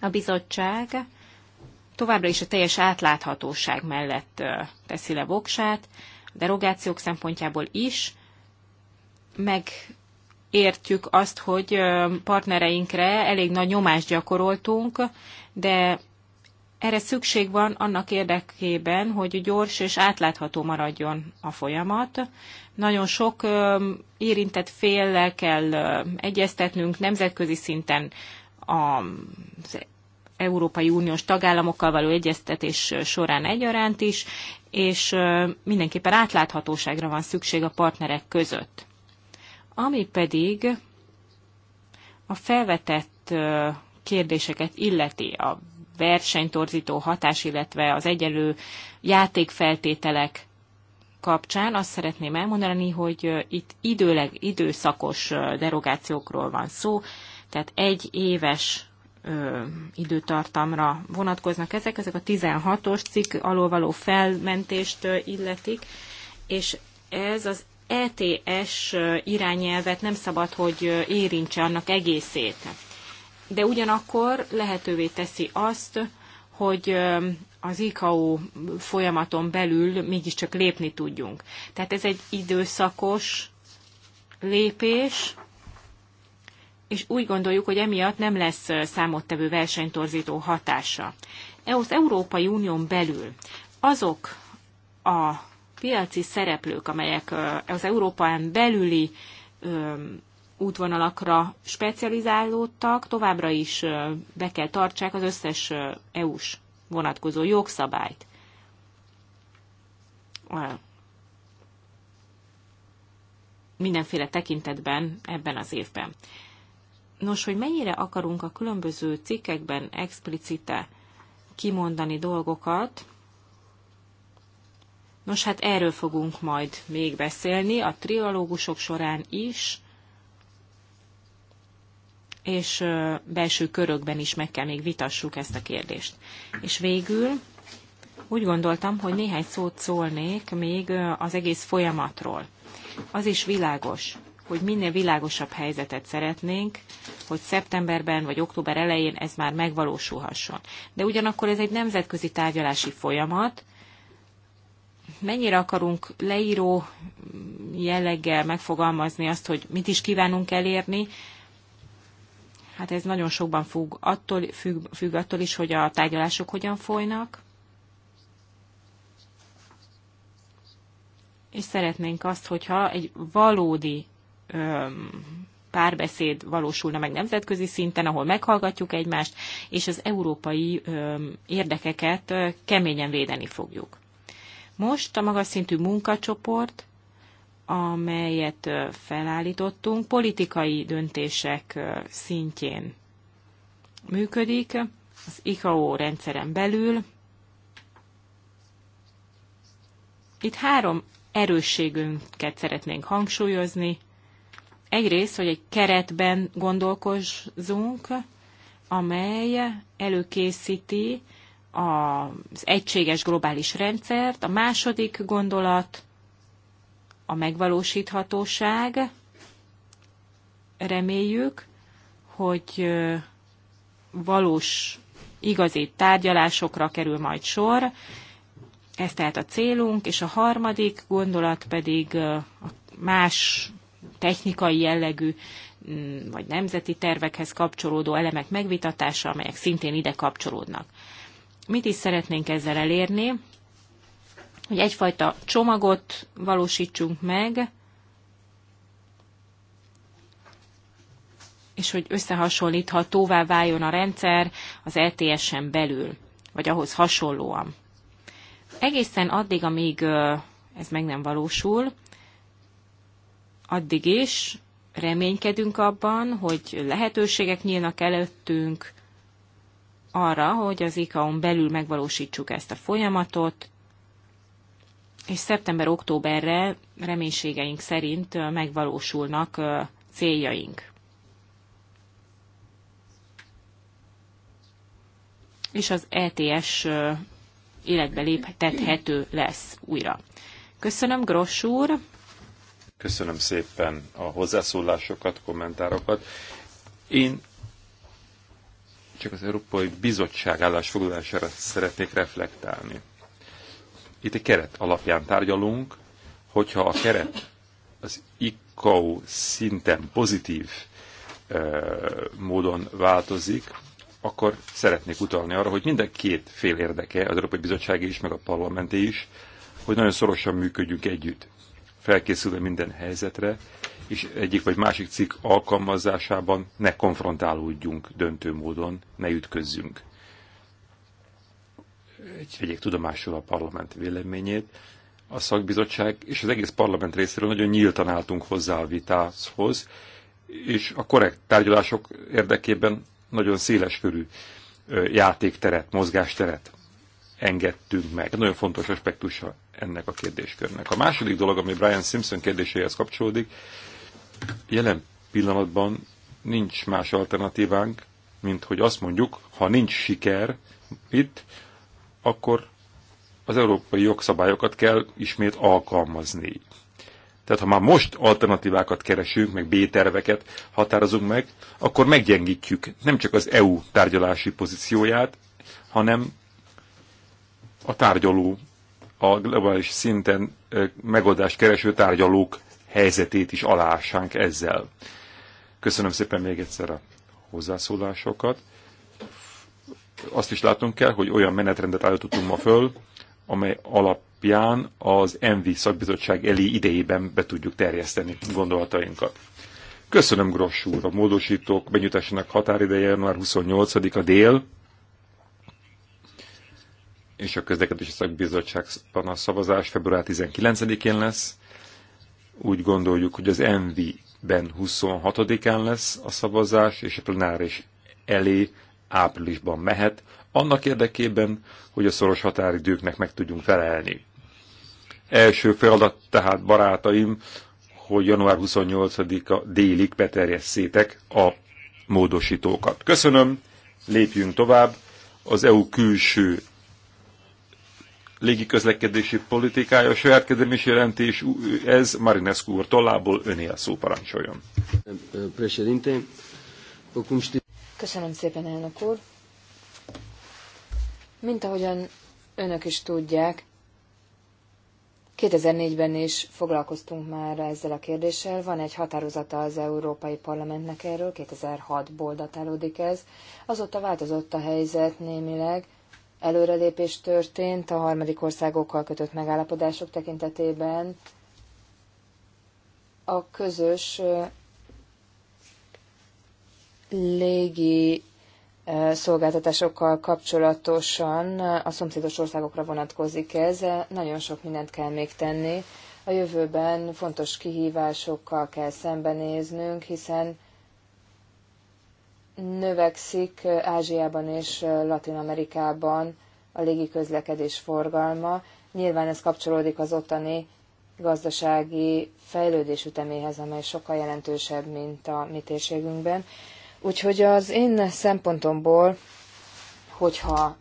a bizottság továbbra is a teljes átláthatóság mellett teszi le voksát, a derogációk szempontjából is, megértjük azt, hogy partnereinkre elég nagy nyomást gyakoroltunk, de erre szükség van annak érdekében, hogy gyors és átlátható maradjon a folyamat. Nagyon sok érintett féllel kell egyeztetnünk nemzetközi szinten az Európai Uniós tagállamokkal való egyeztetés során egyaránt is, és mindenképpen átláthatóságra van szükség a partnerek között. Ami pedig a felvetett kérdéseket illeti, a versenytorzító hatás, illetve az egyenlő játékfeltételek kapcsán azt szeretném elmondani, hogy itt időleg, időszakos derogációkról van szó, tehát egy éves ö, időtartamra vonatkoznak ezek, ezek a 16-os cikk alól való felmentést illetik, és ez az ETS irányelvet nem szabad, hogy érintse annak egészét de ugyanakkor lehetővé teszi azt, hogy az ICAO folyamaton belül mégiscsak lépni tudjunk. Tehát ez egy időszakos lépés, és úgy gondoljuk, hogy emiatt nem lesz számottevő versenytorzító hatása. E, az Európai Unión belül azok a piaci szereplők, amelyek az Európán belüli útvonalakra specializálódtak, továbbra is be kell tartsák az összes EU-s vonatkozó jogszabályt. Mindenféle tekintetben ebben az évben. Nos, hogy mennyire akarunk a különböző cikkekben explicite kimondani dolgokat, nos hát erről fogunk majd még beszélni a trialógusok során is, és belső körökben is meg kell még vitassuk ezt a kérdést. És végül úgy gondoltam, hogy néhány szót szólnék még az egész folyamatról. Az is világos, hogy minél világosabb helyzetet szeretnénk, hogy szeptemberben vagy október elején ez már megvalósulhasson. De ugyanakkor ez egy nemzetközi tárgyalási folyamat, mennyire akarunk leíró jelleggel megfogalmazni azt, hogy mit is kívánunk elérni, Hát ez nagyon sokban függ attól, függ, függ attól is, hogy a tárgyalások hogyan folynak. És szeretnénk azt, hogyha egy valódi öm, párbeszéd valósulna meg nemzetközi szinten, ahol meghallgatjuk egymást, és az európai öm, érdekeket keményen védeni fogjuk. Most a magas szintű munkacsoport amelyet felállítottunk, politikai döntések szintjén működik, az ICAO rendszeren belül. Itt három erősségünket szeretnénk hangsúlyozni. Egyrészt, hogy egy keretben gondolkozzunk, amely előkészíti az egységes globális rendszert. A második gondolat, a megvalósíthatóság. Reméljük, hogy valós, igazi tárgyalásokra kerül majd sor. Ez tehát a célunk, és a harmadik gondolat pedig a más technikai jellegű mm, vagy nemzeti tervekhez kapcsolódó elemek megvitatása, amelyek szintén ide kapcsolódnak. Mit is szeretnénk ezzel elérni? hogy egyfajta csomagot valósítsunk meg, és hogy összehasonlíthatóvá váljon a rendszer az LTS-en e belül, vagy ahhoz hasonlóan. Egészen addig, amíg ez meg nem valósul, addig is reménykedünk abban, hogy lehetőségek nyílnak előttünk arra, hogy az ICAO-n belül megvalósítsuk ezt a folyamatot, és szeptember-októberre reménységeink szerint megvalósulnak céljaink. És az ETS életbe léptethető lesz újra. Köszönöm, Gross úr! Köszönöm szépen a hozzászólásokat, kommentárokat. Én csak az Európai Bizottság állásfoglalására szeretnék reflektálni itt egy keret alapján tárgyalunk, hogyha a keret az ICAO szinten pozitív módon változik, akkor szeretnék utalni arra, hogy minden két fél érdeke, az Európai Bizottság is, meg a parlamenté is, hogy nagyon szorosan működjünk együtt, felkészülve minden helyzetre, és egyik vagy másik cikk alkalmazásában ne konfrontálódjunk döntő módon, ne ütközzünk egy vegyék tudomásul a parlament véleményét. A szakbizottság és az egész parlament részéről nagyon nyíltan álltunk hozzá a vitához, és a korrekt tárgyalások érdekében nagyon széles körű játékteret, mozgásteret engedtünk meg. Nagyon fontos aspektusa ennek a kérdéskörnek. A második dolog, ami Brian Simpson kérdéséhez kapcsolódik, jelen pillanatban nincs más alternatívánk, mint hogy azt mondjuk, ha nincs siker itt, akkor az európai jogszabályokat kell ismét alkalmazni. Tehát ha már most alternatívákat keresünk, meg B-terveket határozunk meg, akkor meggyengítjük nem csak az EU tárgyalási pozícióját, hanem a tárgyaló, a globális szinten megoldást kereső tárgyalók helyzetét is alássánk ezzel. Köszönöm szépen még egyszer a hozzászólásokat azt is látunk kell, hogy olyan menetrendet állítottunk ma föl, amely alapján az MV szakbizottság elé idejében be tudjuk terjeszteni gondolatainkat. Köszönöm Gross úr, a módosítók benyújtásának határideje január 28-a dél, és a közlekedési szakbizottság a szavazás február 19-én lesz. Úgy gondoljuk, hogy az mv ben 26-án lesz a szavazás, és a plenáris elé áprilisban mehet, annak érdekében, hogy a szoros határidőknek meg tudjunk felelni. Első feladat tehát, barátaim, hogy január 28-a délig beterjesszétek a módosítókat. Köszönöm, lépjünk tovább. Az EU külső légiközlekedési politikája, a saját kezdeményes jelentés, ez Marinescu úr tollából öné a szó parancsoljon. Președinte, Köszönöm szépen, elnök úr. Mint ahogyan önök is tudják, 2004-ben is foglalkoztunk már ezzel a kérdéssel. Van egy határozata az Európai Parlamentnek erről, 2006-ból datálódik ez. Azóta változott a helyzet némileg. Előrelépés történt a harmadik országokkal kötött megállapodások tekintetében. A közös légi eh, szolgáltatásokkal kapcsolatosan a szomszédos országokra vonatkozik ez. Nagyon sok mindent kell még tenni. A jövőben fontos kihívásokkal kell szembenéznünk, hiszen növekszik Ázsiában és Latin Amerikában a légi közlekedés forgalma. Nyilván ez kapcsolódik az ottani gazdasági fejlődés üteméhez, amely sokkal jelentősebb, mint a mi térségünkben. Úgyhogy az én szempontomból, hogyha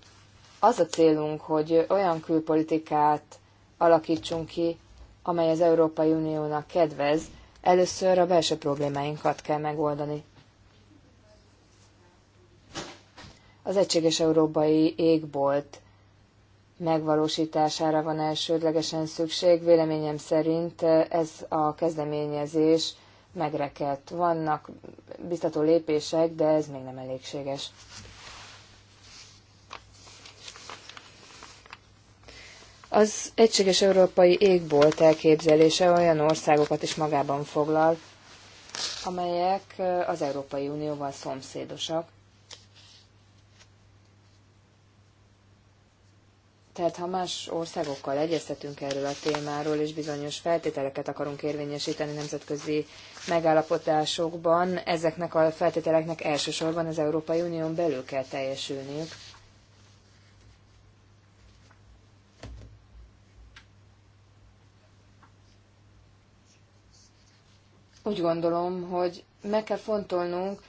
az a célunk, hogy olyan külpolitikát alakítsunk ki, amely az Európai Uniónak kedvez, először a belső problémáinkat kell megoldani. Az egységes európai égbolt megvalósítására van elsődlegesen szükség. Véleményem szerint ez a kezdeményezés megrekedt. Vannak biztató lépések, de ez még nem elégséges. Az egységes európai égbolt elképzelése olyan országokat is magában foglal, amelyek az Európai Unióval szomszédosak. Tehát ha más országokkal egyeztetünk erről a témáról, és bizonyos feltételeket akarunk érvényesíteni nemzetközi megállapodásokban, ezeknek a feltételeknek elsősorban az Európai Unión belül kell teljesülniük. Úgy gondolom, hogy meg kell fontolnunk,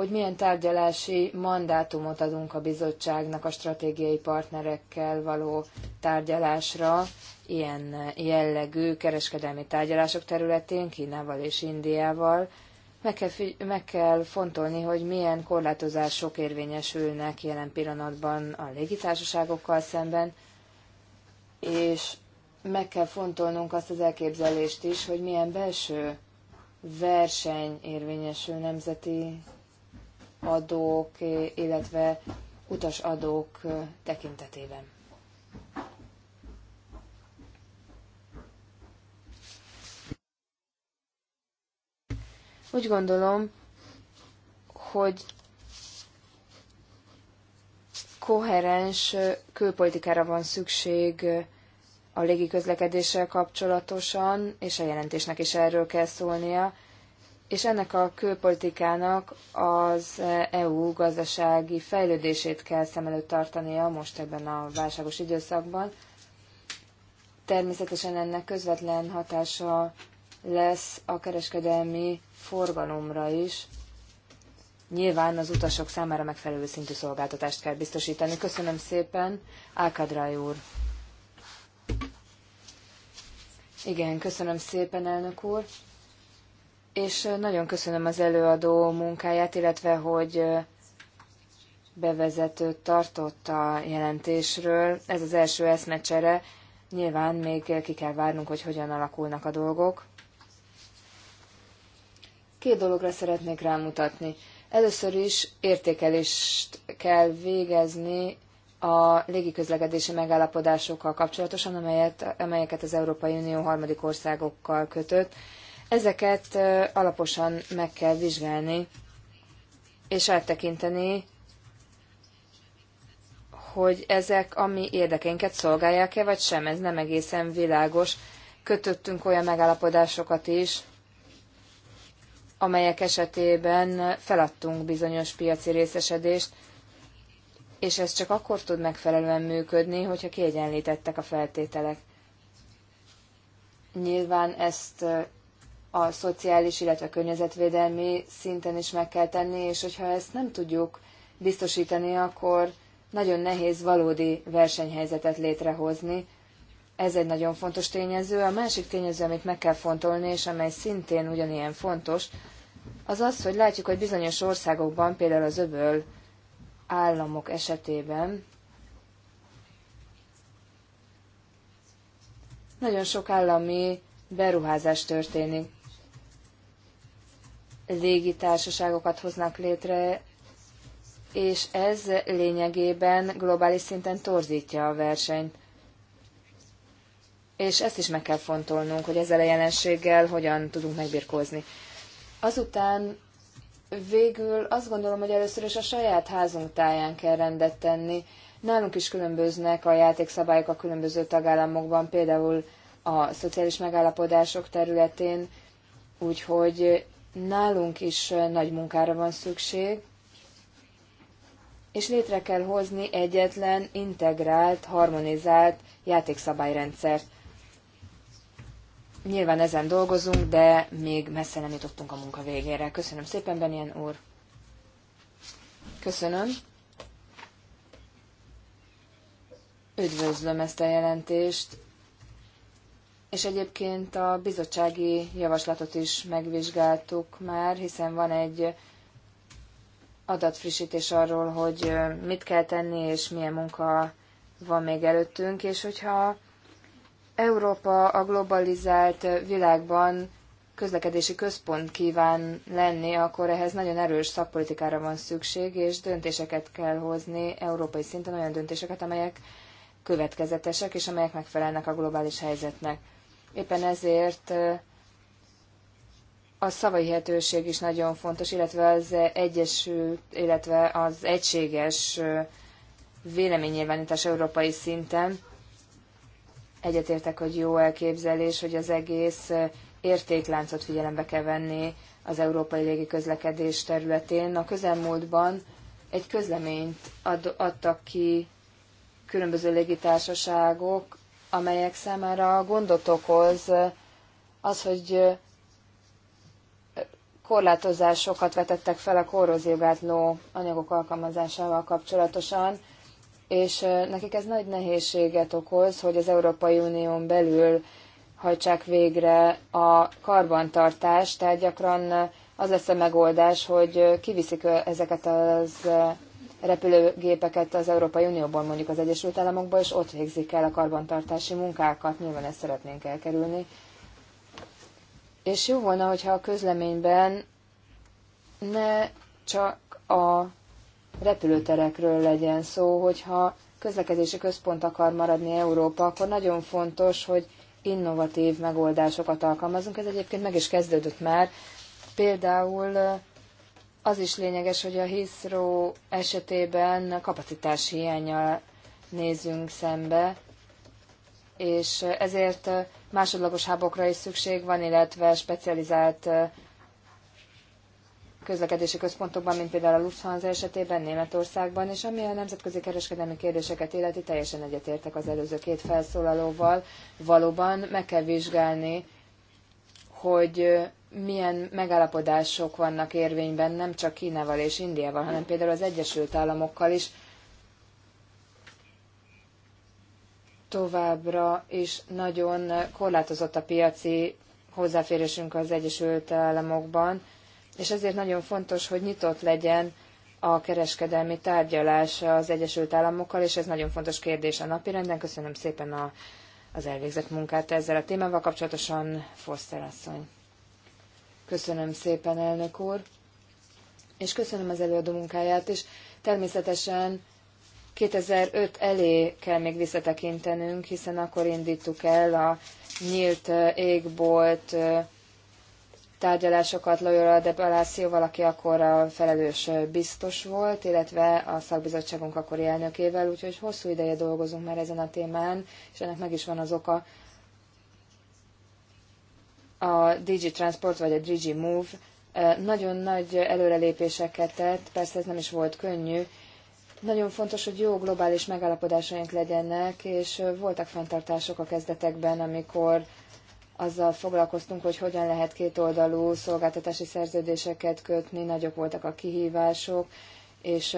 hogy milyen tárgyalási mandátumot adunk a bizottságnak a stratégiai partnerekkel való tárgyalásra, ilyen jellegű kereskedelmi tárgyalások területén, Kínával és Indiával. Meg kell, meg kell fontolni, hogy milyen korlátozások érvényesülnek jelen pillanatban a légitársaságokkal szemben, és meg kell fontolnunk azt az elképzelést is, hogy milyen belső verseny érvényesül nemzeti adók, illetve utasadók tekintetében. Úgy gondolom, hogy koherens külpolitikára van szükség a légiközlekedéssel kapcsolatosan, és a jelentésnek is erről kell szólnia és ennek a külpolitikának az EU gazdasági fejlődését kell szem előtt tartania most ebben a válságos időszakban. Természetesen ennek közvetlen hatása lesz a kereskedelmi forgalomra is. Nyilván az utasok számára megfelelő szintű szolgáltatást kell biztosítani. Köszönöm szépen, Ákadráj úr. Igen, köszönöm szépen, elnök úr és nagyon köszönöm az előadó munkáját, illetve hogy bevezetőt tartott a jelentésről. Ez az első eszmecsere. Nyilván még ki kell várnunk, hogy hogyan alakulnak a dolgok. Két dologra szeretnék rámutatni. Először is értékelést kell végezni a légiközlekedési megállapodásokkal kapcsolatosan, amelyet, amelyeket az Európai Unió harmadik országokkal kötött, Ezeket alaposan meg kell vizsgálni, és áttekinteni, hogy ezek a mi érdekeinket szolgálják-e, vagy sem, ez nem egészen világos. Kötöttünk olyan megállapodásokat is, amelyek esetében feladtunk bizonyos piaci részesedést, és ez csak akkor tud megfelelően működni, hogyha kiegyenlítettek a feltételek. Nyilván ezt a szociális, illetve a környezetvédelmi szinten is meg kell tenni, és hogyha ezt nem tudjuk biztosítani, akkor nagyon nehéz valódi versenyhelyzetet létrehozni. Ez egy nagyon fontos tényező. A másik tényező, amit meg kell fontolni, és amely szintén ugyanilyen fontos, az az, hogy látjuk, hogy bizonyos országokban, például az öböl államok esetében nagyon sok állami beruházás történik légitársaságokat hoznak létre, és ez lényegében globális szinten torzítja a versenyt. És ezt is meg kell fontolnunk, hogy ezzel a jelenséggel hogyan tudunk megbirkózni. Azután végül azt gondolom, hogy először is a saját házunk táján kell rendet tenni. Nálunk is különböznek a játékszabályok a különböző tagállamokban, például a szociális megállapodások területén, úgyhogy Nálunk is nagy munkára van szükség, és létre kell hozni egyetlen, integrált, harmonizált játékszabályrendszert. Nyilván ezen dolgozunk, de még messze nem jutottunk a munka végére. Köszönöm szépen, Benyen úr! Köszönöm! Üdvözlöm ezt a jelentést, és egyébként a bizottsági javaslatot is megvizsgáltuk már, hiszen van egy adatfrissítés arról, hogy mit kell tenni, és milyen munka van még előttünk, és hogyha Európa a globalizált világban közlekedési központ kíván lenni, akkor ehhez nagyon erős szakpolitikára van szükség, és döntéseket kell hozni európai szinten, olyan döntéseket, amelyek következetesek, és amelyek megfelelnek a globális helyzetnek. Éppen ezért a szavai hetőség is nagyon fontos, illetve az egyesült, illetve az egységes véleménynyilvánítás európai szinten. Egyetértek, hogy jó elképzelés, hogy az egész értékláncot figyelembe kell venni az európai légi közlekedés területén. A közelmúltban egy közleményt ad, adtak ki különböző légitársaságok amelyek számára gondot okoz az, hogy korlátozásokat vetettek fel a korróziógátló anyagok alkalmazásával kapcsolatosan, és nekik ez nagy nehézséget okoz, hogy az Európai Unión belül hajtsák végre a karbantartást, tehát gyakran az lesz a megoldás, hogy kiviszik ezeket az repülőgépeket az Európai Unióból mondjuk az Egyesült Államokba, és ott végzik el a karbantartási munkákat, nyilván ezt szeretnénk elkerülni. És jó volna, hogyha a közleményben ne csak a repülőterekről legyen szó, hogyha közlekedési központ akar maradni Európa, akkor nagyon fontos, hogy innovatív megoldásokat alkalmazunk. Ez egyébként meg is kezdődött már. Például az is lényeges, hogy a hiszró esetében a kapacitás hiányal nézünk szembe, és ezért másodlagos hábokra is szükség van, illetve specializált közlekedési központokban, mint például a Lufthansa esetében Németországban, és ami a nemzetközi kereskedelmi kérdéseket illeti, teljesen egyetértek az előző két felszólalóval. Valóban meg kell vizsgálni, hogy milyen megállapodások vannak érvényben nem csak Kínával és Indiával, hanem például az Egyesült Államokkal is. Továbbra is nagyon korlátozott a piaci hozzáférésünk az Egyesült Államokban, és ezért nagyon fontos, hogy nyitott legyen a kereskedelmi tárgyalás az Egyesült Államokkal, és ez nagyon fontos kérdés a napirenden. Köszönöm szépen a, az elvégzett munkát ezzel a témával kapcsolatosan, Foster asszony. Köszönöm szépen, elnök úr, és köszönöm az előadó munkáját is. Természetesen 2005 elé kell még visszatekintenünk, hiszen akkor indítuk el a nyílt égbolt tárgyalásokat Loyola de Balászióval, aki akkor a felelős biztos volt, illetve a szakbizottságunk akkori elnökével, úgyhogy hosszú ideje dolgozunk már ezen a témán, és ennek meg is van az oka, a DG Transport vagy a DG Move nagyon nagy előrelépéseket tett, persze ez nem is volt könnyű. Nagyon fontos, hogy jó globális megállapodásaink legyenek, és voltak fenntartások a kezdetekben, amikor azzal foglalkoztunk, hogy hogyan lehet kétoldalú szolgáltatási szerződéseket kötni, nagyok voltak a kihívások, és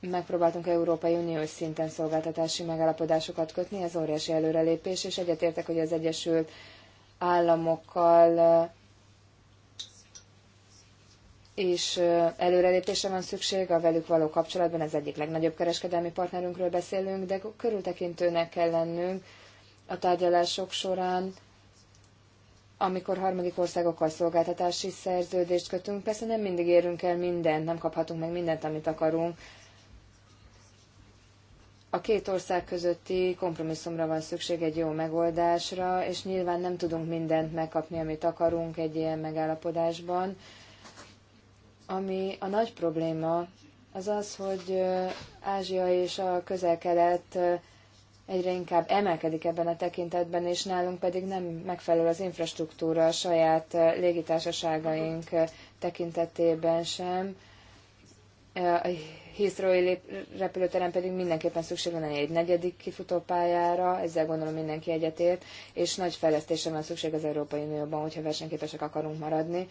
megpróbáltunk Európai Uniós szinten szolgáltatási megállapodásokat kötni, ez óriási előrelépés, és egyetértek, hogy az Egyesült államokkal és előrelépésre van szükség a velük való kapcsolatban, ez egyik legnagyobb kereskedelmi partnerünkről beszélünk, de körültekintőnek kell lennünk a tárgyalások során, amikor harmadik országokkal szolgáltatási szerződést kötünk, persze nem mindig érünk el mindent, nem kaphatunk meg mindent, amit akarunk, a két ország közötti kompromisszumra van szükség egy jó megoldásra, és nyilván nem tudunk mindent megkapni, amit akarunk egy ilyen megállapodásban. Ami a nagy probléma, az az, hogy Ázsia és a közel-kelet egyre inkább emelkedik ebben a tekintetben, és nálunk pedig nem megfelelő az infrastruktúra a saját légitársaságaink tekintetében sem heathrow repülőterem pedig mindenképpen szükség lenne egy negyedik kifutópályára, ezzel gondolom mindenki egyetért, és nagy fejlesztésre van szükség az Európai Unióban, hogyha versenyképesek akarunk maradni.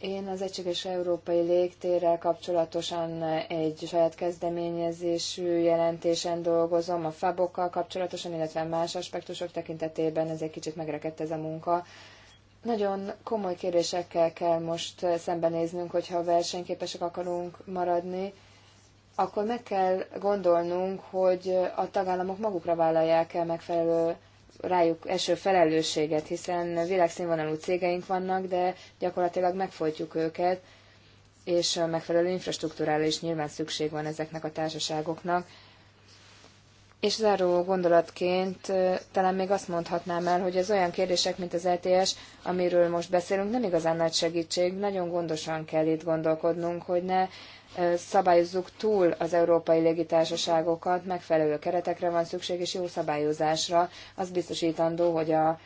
Én az Egységes Európai Légtérrel kapcsolatosan egy saját kezdeményezésű jelentésen dolgozom, a fabokkal kapcsolatosan, illetve más aspektusok tekintetében ez egy kicsit megrekedt ez a munka, nagyon komoly kérdésekkel kell most szembenéznünk, hogyha versenyképesek akarunk maradni, akkor meg kell gondolnunk, hogy a tagállamok magukra vállalják el megfelelő rájuk eső felelősséget, hiszen világszínvonalú cégeink vannak, de gyakorlatilag megfolytjuk őket, és megfelelő infrastruktúrára is nyilván szükség van ezeknek a társaságoknak és záró gondolatként talán még azt mondhatnám el, hogy az olyan kérdések, mint az ETS, amiről most beszélünk, nem igazán nagy segítség. Nagyon gondosan kell itt gondolkodnunk, hogy ne szabályozzuk túl az európai légitársaságokat, megfelelő keretekre van szükség, és jó szabályozásra. Az biztosítandó, hogy a,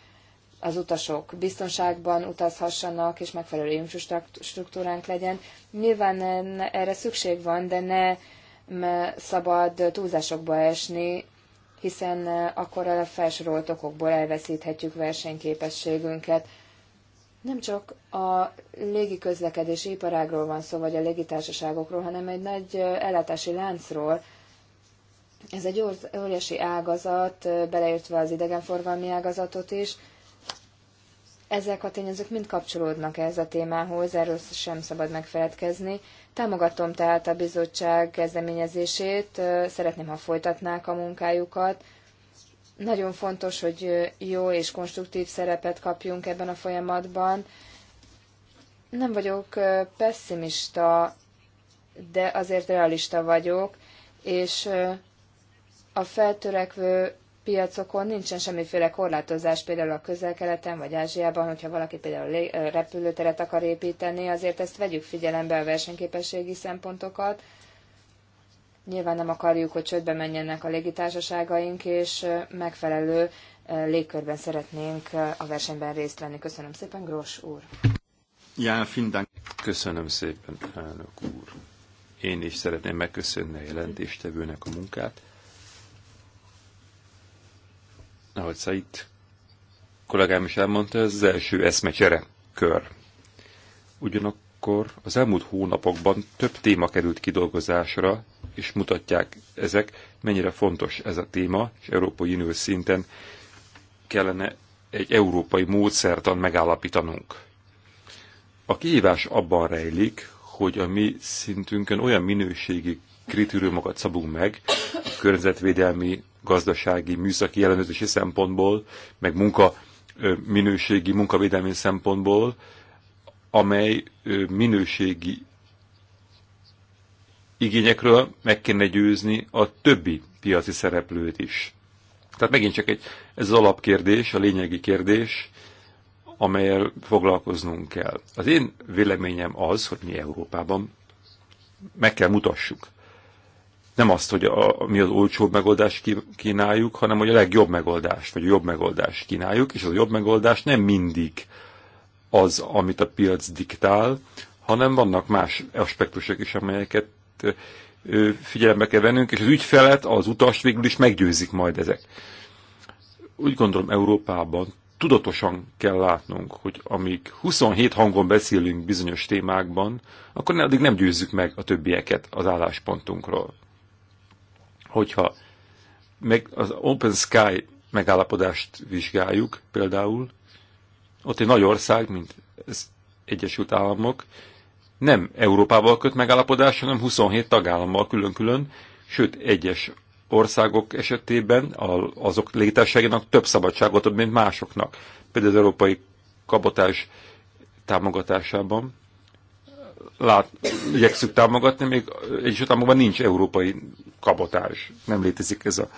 az utasok biztonságban utazhassanak, és megfelelő infrastruktúránk legyen. Nyilván erre szükség van, de ne szabad túlzásokba esni, hiszen eh, akkor a felsorolt okokból elveszíthetjük versenyképességünket. Nem csak a légiközlekedés iparágról van szó, vagy a légitársaságokról, hanem egy nagy eh, ellátási láncról. Ez egy óriási ágazat, eh, beleértve az idegenforgalmi ágazatot is, ezek a tényezők mind kapcsolódnak ehhez a témához, erről sem szabad megfeledkezni. Támogatom tehát a bizottság kezdeményezését, szeretném, ha folytatnák a munkájukat. Nagyon fontos, hogy jó és konstruktív szerepet kapjunk ebben a folyamatban. Nem vagyok pessimista, de azért realista vagyok, és a feltörekvő piacokon nincsen semmiféle korlátozás például a közel-keleten vagy Ázsiában, hogyha valaki például repülőteret akar építeni, azért ezt vegyük figyelembe a versenyképességi szempontokat. Nyilván nem akarjuk, hogy csődbe menjenek a légitársaságaink, és megfelelő légkörben szeretnénk a versenyben részt venni. Köszönöm szépen, Gross úr! Ja, vielen Köszönöm szépen, elnök úr! Én is szeretném megköszönni a jelentéstevőnek a munkát ahogy Said kollégám is elmondta, ez az első eszmecsere kör. Ugyanakkor az elmúlt hónapokban több téma került kidolgozásra, és mutatják ezek, mennyire fontos ez a téma, és Európai Unió szinten kellene egy európai módszertan megállapítanunk. A kihívás abban rejlik, hogy a mi szintünkön olyan minőségi kritériumokat szabunk meg, környezetvédelmi, gazdasági, műszaki ellenőrzési szempontból, meg munka minőségi, munkavédelmi szempontból, amely minőségi igényekről meg kéne győzni a többi piaci szereplőt is. Tehát megint csak egy, ez az alapkérdés, a lényegi kérdés, amelyel foglalkoznunk kell. Az én véleményem az, hogy mi Európában meg kell mutassuk, nem azt, hogy a, mi az olcsóbb megoldást kínáljuk, hanem hogy a legjobb megoldást, vagy a jobb megoldást kínáljuk, és az a jobb megoldás nem mindig az, amit a piac diktál, hanem vannak más aspektusok is, amelyeket figyelembe kell vennünk, és az ügyfelet, az utast végül is meggyőzik majd ezek. Úgy gondolom Európában tudatosan kell látnunk, hogy amíg 27 hangon beszélünk bizonyos témákban, akkor ne, addig nem győzzük meg a többieket az álláspontunkról. Hogyha meg az Open Sky megállapodást vizsgáljuk például, ott egy nagy ország, mint az Egyesült Államok, nem Európával köt megállapodást, hanem 27 tagállammal külön-külön, sőt egyes országok esetében azok légitársaságnak több szabadságot ad, mint másoknak. Például az európai kabotás támogatásában lát, igyekszük támogatni, még Egyesült Államokban nincs európai kabotás, nem létezik ez a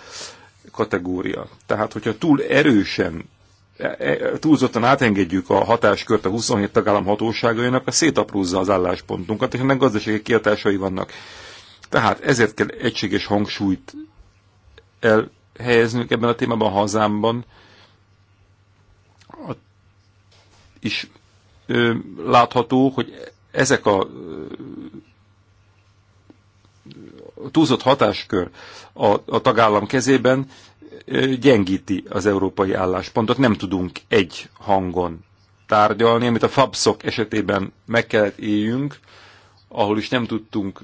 kategória. Tehát, hogyha túl erősen, e, e, túlzottan átengedjük a hatáskört a 27 tagállam hatóságainak, a szétaprózza az álláspontunkat, és ennek gazdasági kiadásai vannak. Tehát ezért kell egységes hangsúlyt elhelyeznünk ebben a témában a hazámban, is ö, látható, hogy ezek a túlzott hatáskör a, a tagállam kezében gyengíti az európai álláspontot. Nem tudunk egy hangon tárgyalni, amit a FABSZok esetében meg kellett éljünk, ahol is nem tudtunk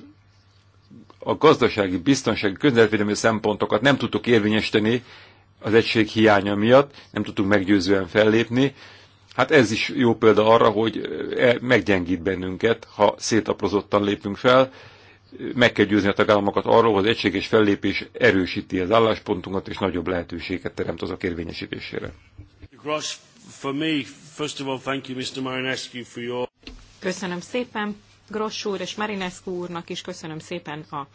a gazdasági, biztonsági, közvetvédelmi szempontokat nem tudtuk érvényesteni az egység hiánya miatt, nem tudtunk meggyőzően fellépni, Hát ez is jó példa arra, hogy eh, e, meggyengít bennünket, ha szétaprozottan lépünk fel, meg kell győzni a tagállamokat arról, hogy az egységes fellépés erősíti az álláspontunkat, és nagyobb lehetőséget teremt azok érvényesítésére. Köszönöm szépen Gross úr és Marinescu úrnak is köszönöm szépen a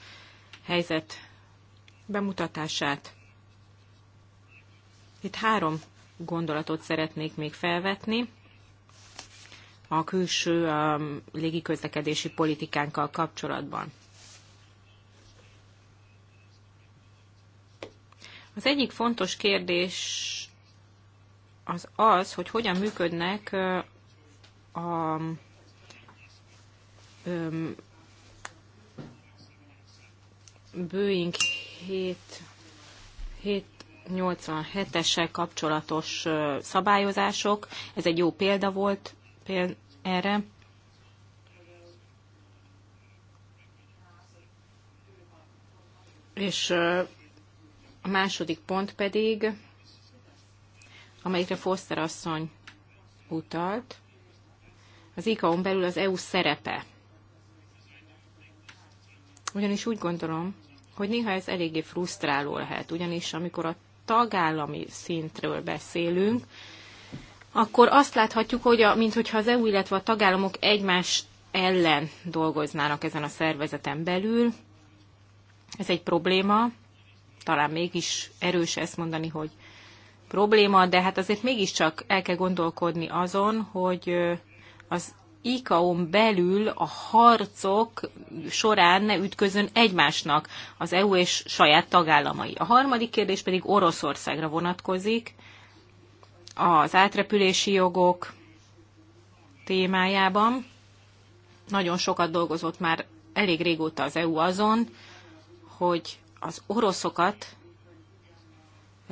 helyzet bemutatását. Itt három gondolatot szeretnék még felvetni a külső um, légiközlekedési politikánkkal kapcsolatban. Az egyik fontos kérdés az az, hogy hogyan működnek a um, Boeing 7, 7 87-essel kapcsolatos szabályozások. Ez egy jó példa volt példa erre. És a második pont pedig, amelyikre Foster asszony utalt, az ICAO-n belül az EU szerepe. Ugyanis úgy gondolom, hogy néha ez eléggé frusztráló lehet, ugyanis amikor a tagállami szintről beszélünk, akkor azt láthatjuk, hogy a, mint hogyha az EU, illetve a tagállamok egymás ellen dolgoznának ezen a szervezeten belül. Ez egy probléma, talán mégis erős ezt mondani, hogy probléma, de hát azért mégiscsak el kell gondolkodni azon, hogy az ICAO-n belül a harcok során ne ütközön egymásnak az EU és saját tagállamai. A harmadik kérdés pedig Oroszországra vonatkozik, az átrepülési jogok témájában. Nagyon sokat dolgozott már elég régóta az EU azon, hogy az oroszokat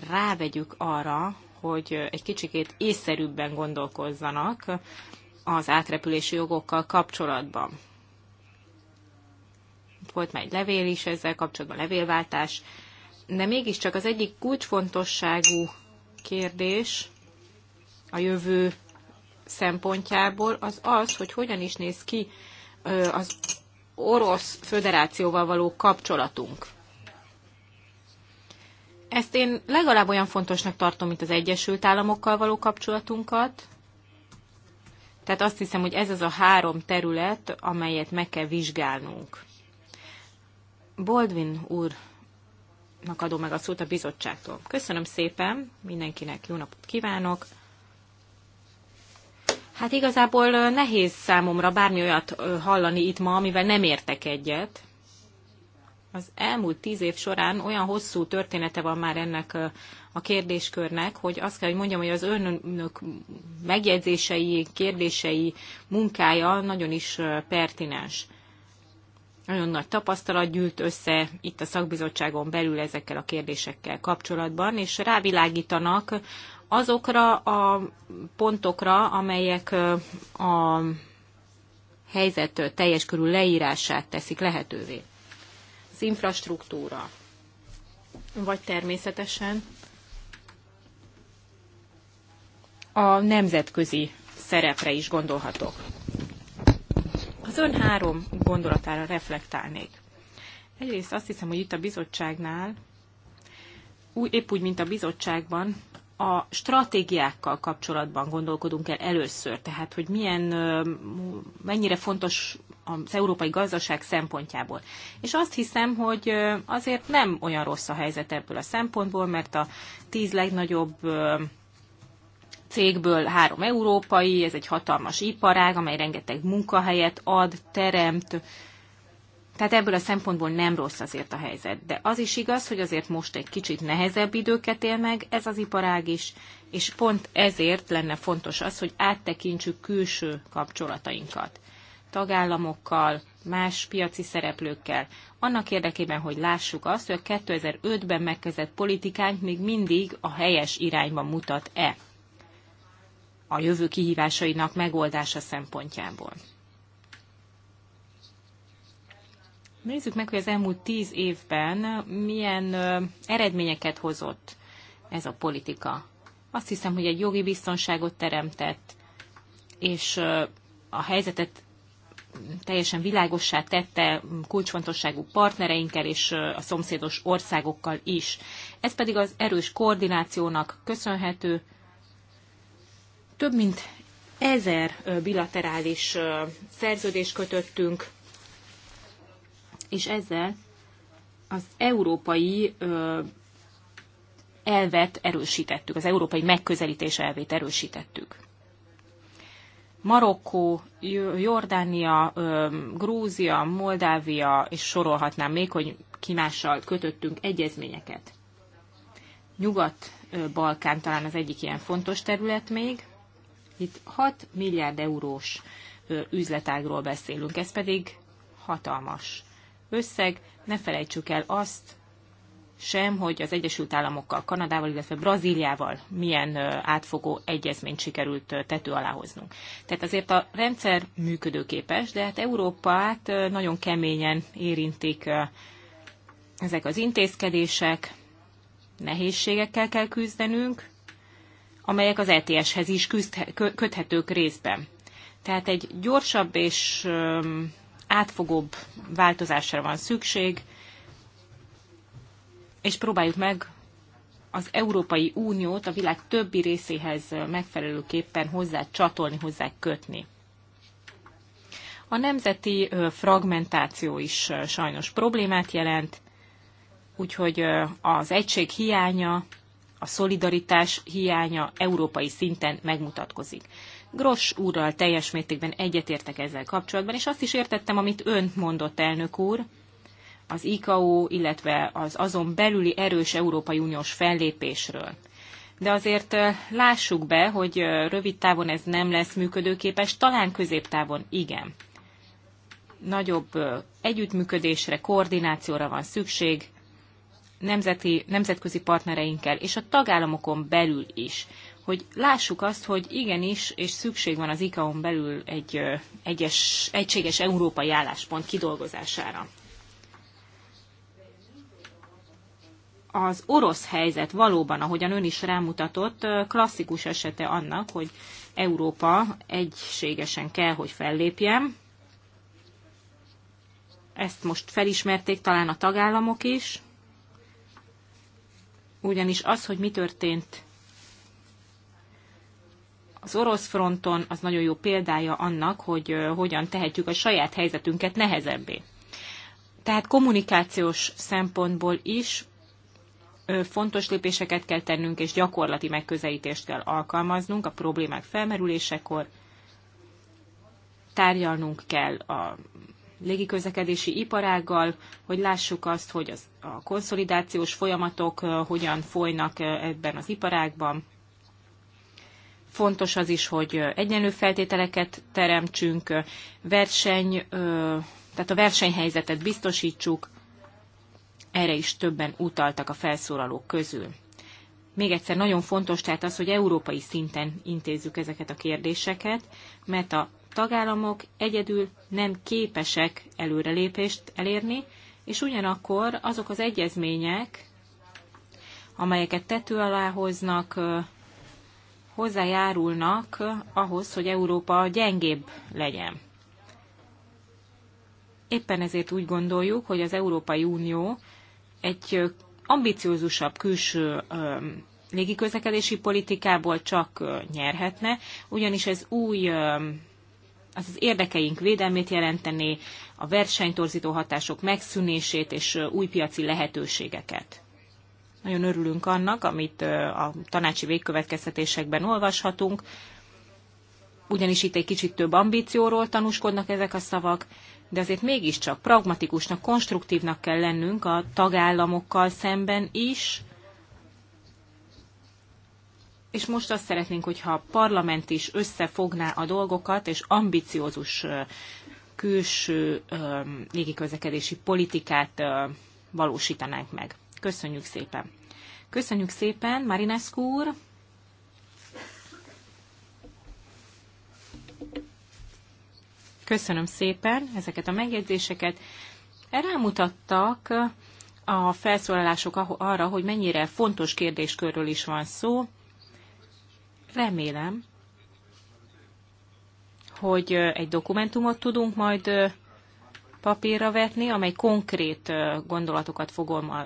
rávegyük arra, hogy egy kicsikét észszerűbben gondolkozzanak, az átrepülési jogokkal kapcsolatban. Volt már egy levél is ezzel kapcsolatban, levélváltás, de mégiscsak az egyik kulcsfontosságú kérdés a jövő szempontjából az az, hogy hogyan is néz ki az Orosz Föderációval való kapcsolatunk. Ezt én legalább olyan fontosnak tartom, mint az Egyesült Államokkal való kapcsolatunkat, tehát azt hiszem, hogy ez az a három terület, amelyet meg kell vizsgálnunk. Baldwin úrnak adom meg a szót a bizottságtól. Köszönöm szépen, mindenkinek jó napot kívánok. Hát igazából nehéz számomra bármi olyat hallani itt ma, amivel nem értek egyet. Az elmúlt tíz év során olyan hosszú története van már ennek a kérdéskörnek, hogy azt kell, hogy mondjam, hogy az önök megjegyzései, kérdései, munkája nagyon is pertinens. Nagyon nagy tapasztalat gyűlt össze itt a szakbizottságon belül ezekkel a kérdésekkel kapcsolatban, és rávilágítanak azokra a pontokra, amelyek a helyzet teljes körül leírását teszik lehetővé az infrastruktúra, vagy természetesen a nemzetközi szerepre is gondolhatok. Az ön három gondolatára reflektálnék. Egyrészt azt hiszem, hogy itt a bizottságnál, úgy, épp úgy, mint a bizottságban, a stratégiákkal kapcsolatban gondolkodunk el először, tehát hogy milyen, mennyire fontos az európai gazdaság szempontjából. És azt hiszem, hogy azért nem olyan rossz a helyzet ebből a szempontból, mert a tíz legnagyobb cégből három európai, ez egy hatalmas iparág, amely rengeteg munkahelyet ad, teremt, tehát ebből a szempontból nem rossz azért a helyzet. De az is igaz, hogy azért most egy kicsit nehezebb időket él meg ez az iparág is, és pont ezért lenne fontos az, hogy áttekintsük külső kapcsolatainkat tagállamokkal, más piaci szereplőkkel, annak érdekében, hogy lássuk azt, hogy a 2005-ben megkezdett politikánk még mindig a helyes irányba mutat-e a jövő kihívásainak megoldása szempontjából. Nézzük meg, hogy az elmúlt tíz évben milyen eredményeket hozott ez a politika. Azt hiszem, hogy egy jogi biztonságot teremtett, és a helyzetet teljesen világossá tette kulcsfontosságú partnereinkkel és a szomszédos országokkal is. Ez pedig az erős koordinációnak köszönhető. Több mint ezer bilaterális szerződést kötöttünk, és ezzel az európai elvet erősítettük, az európai megközelítés elvét erősítettük. Marokkó, Jordánia, Grúzia, Moldávia, és sorolhatnám még, hogy ki mással kötöttünk egyezményeket. Nyugat-Balkán talán az egyik ilyen fontos terület még. Itt 6 milliárd eurós üzletágról beszélünk, ez pedig hatalmas összeg. Ne felejtsük el azt sem, hogy az Egyesült Államokkal, Kanadával, illetve Brazíliával milyen átfogó egyezményt sikerült tető alá hoznunk. Tehát azért a rendszer működőképes, de hát Európát nagyon keményen érintik ezek az intézkedések, nehézségekkel kell küzdenünk, amelyek az ETS-hez is köthetők részben. Tehát egy gyorsabb és átfogóbb változásra van szükség, és próbáljuk meg az Európai Uniót a világ többi részéhez megfelelőképpen hozzá csatolni, hozzá kötni. A nemzeti fragmentáció is sajnos problémát jelent, úgyhogy az egység hiánya, a szolidaritás hiánya európai szinten megmutatkozik. Gross úrral teljes mértékben egyetértek ezzel kapcsolatban, és azt is értettem, amit ön mondott, elnök úr, az IKO, illetve az azon belüli erős Európai Uniós fellépésről. De azért lássuk be, hogy rövid távon ez nem lesz működőképes, talán középtávon igen. Nagyobb együttműködésre, koordinációra van szükség nemzeti, nemzetközi partnereinkkel és a tagállamokon belül is hogy lássuk azt, hogy igenis, és szükség van az ICAO-n belül egy egyes, egységes európai álláspont kidolgozására. Az orosz helyzet valóban, ahogyan ön is rámutatott, klasszikus esete annak, hogy Európa egységesen kell, hogy fellépjen. Ezt most felismerték talán a tagállamok is, ugyanis az, hogy mi történt az orosz fronton az nagyon jó példája annak, hogy hogyan tehetjük a saját helyzetünket nehezebbé. Tehát kommunikációs szempontból is fontos lépéseket kell tennünk, és gyakorlati megközelítést kell alkalmaznunk a problémák felmerülésekor. Tárgyalnunk kell a légiközlekedési iparággal, hogy lássuk azt, hogy az, a konszolidációs folyamatok hogyan folynak ebben az iparágban, Fontos az is, hogy egyenlő feltételeket teremtsünk, verseny, tehát a versenyhelyzetet biztosítsuk, erre is többen utaltak a felszólalók közül. Még egyszer nagyon fontos tehát az, hogy európai szinten intézzük ezeket a kérdéseket, mert a tagállamok egyedül nem képesek előrelépést elérni, és ugyanakkor azok az egyezmények, amelyeket tető alá hoznak, hozzájárulnak ahhoz, hogy Európa gyengébb legyen. Éppen ezért úgy gondoljuk, hogy az Európai Unió egy ambiciózusabb külső légiközlekedési politikából csak nyerhetne, ugyanis ez új az, az érdekeink védelmét jelenteni, a versenytorzító hatások megszűnését és új piaci lehetőségeket. Nagyon örülünk annak, amit a tanácsi végkövetkeztetésekben olvashatunk, ugyanis itt egy kicsit több ambícióról tanúskodnak ezek a szavak, de azért mégiscsak pragmatikusnak, konstruktívnak kell lennünk a tagállamokkal szemben is, és most azt szeretnénk, hogyha a parlament is összefogná a dolgokat, és ambiciózus külső légiközlekedési politikát valósítanánk meg. Köszönjük szépen. Köszönjük szépen, Marinescu úr. Köszönöm szépen ezeket a megjegyzéseket. Rámutattak a felszólalások arra, hogy mennyire fontos kérdéskörről is van szó. Remélem, hogy egy dokumentumot tudunk majd papírra vetni, amely konkrét gondolatokat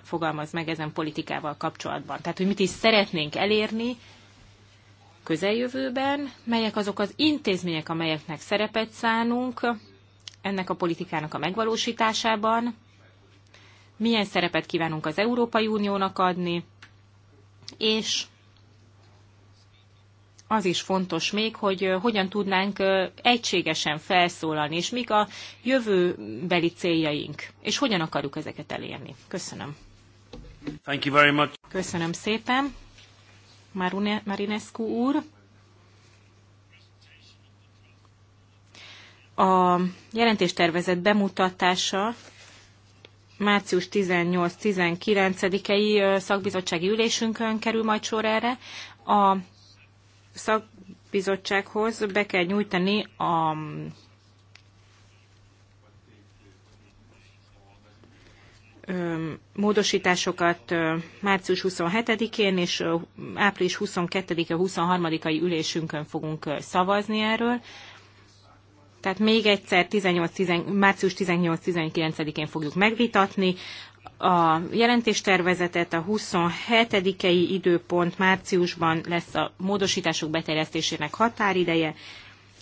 fogalmaz meg ezen politikával kapcsolatban. Tehát, hogy mit is szeretnénk elérni közeljövőben, melyek azok az intézmények, amelyeknek szerepet szánunk ennek a politikának a megvalósításában, milyen szerepet kívánunk az Európai Uniónak adni, és az is fontos még, hogy hogyan tudnánk egységesen felszólalni, és mik a jövőbeli céljaink, és hogyan akarjuk ezeket elérni. Köszönöm. Thank you very much. Köszönöm szépen. Marune, Marinescu úr. A jelentéstervezet bemutatása március 18-19-i szakbizottsági ülésünkön kerül majd sor erre. A szakbizottsághoz be kell nyújtani a módosításokat március 27-én és április 22-e 23-ai ülésünkön fogunk szavazni erről. Tehát még egyszer 18, 10, március 18-19-én fogjuk megvitatni a jelentéstervezetet a 27-i időpont márciusban lesz a módosítások beterjesztésének határideje,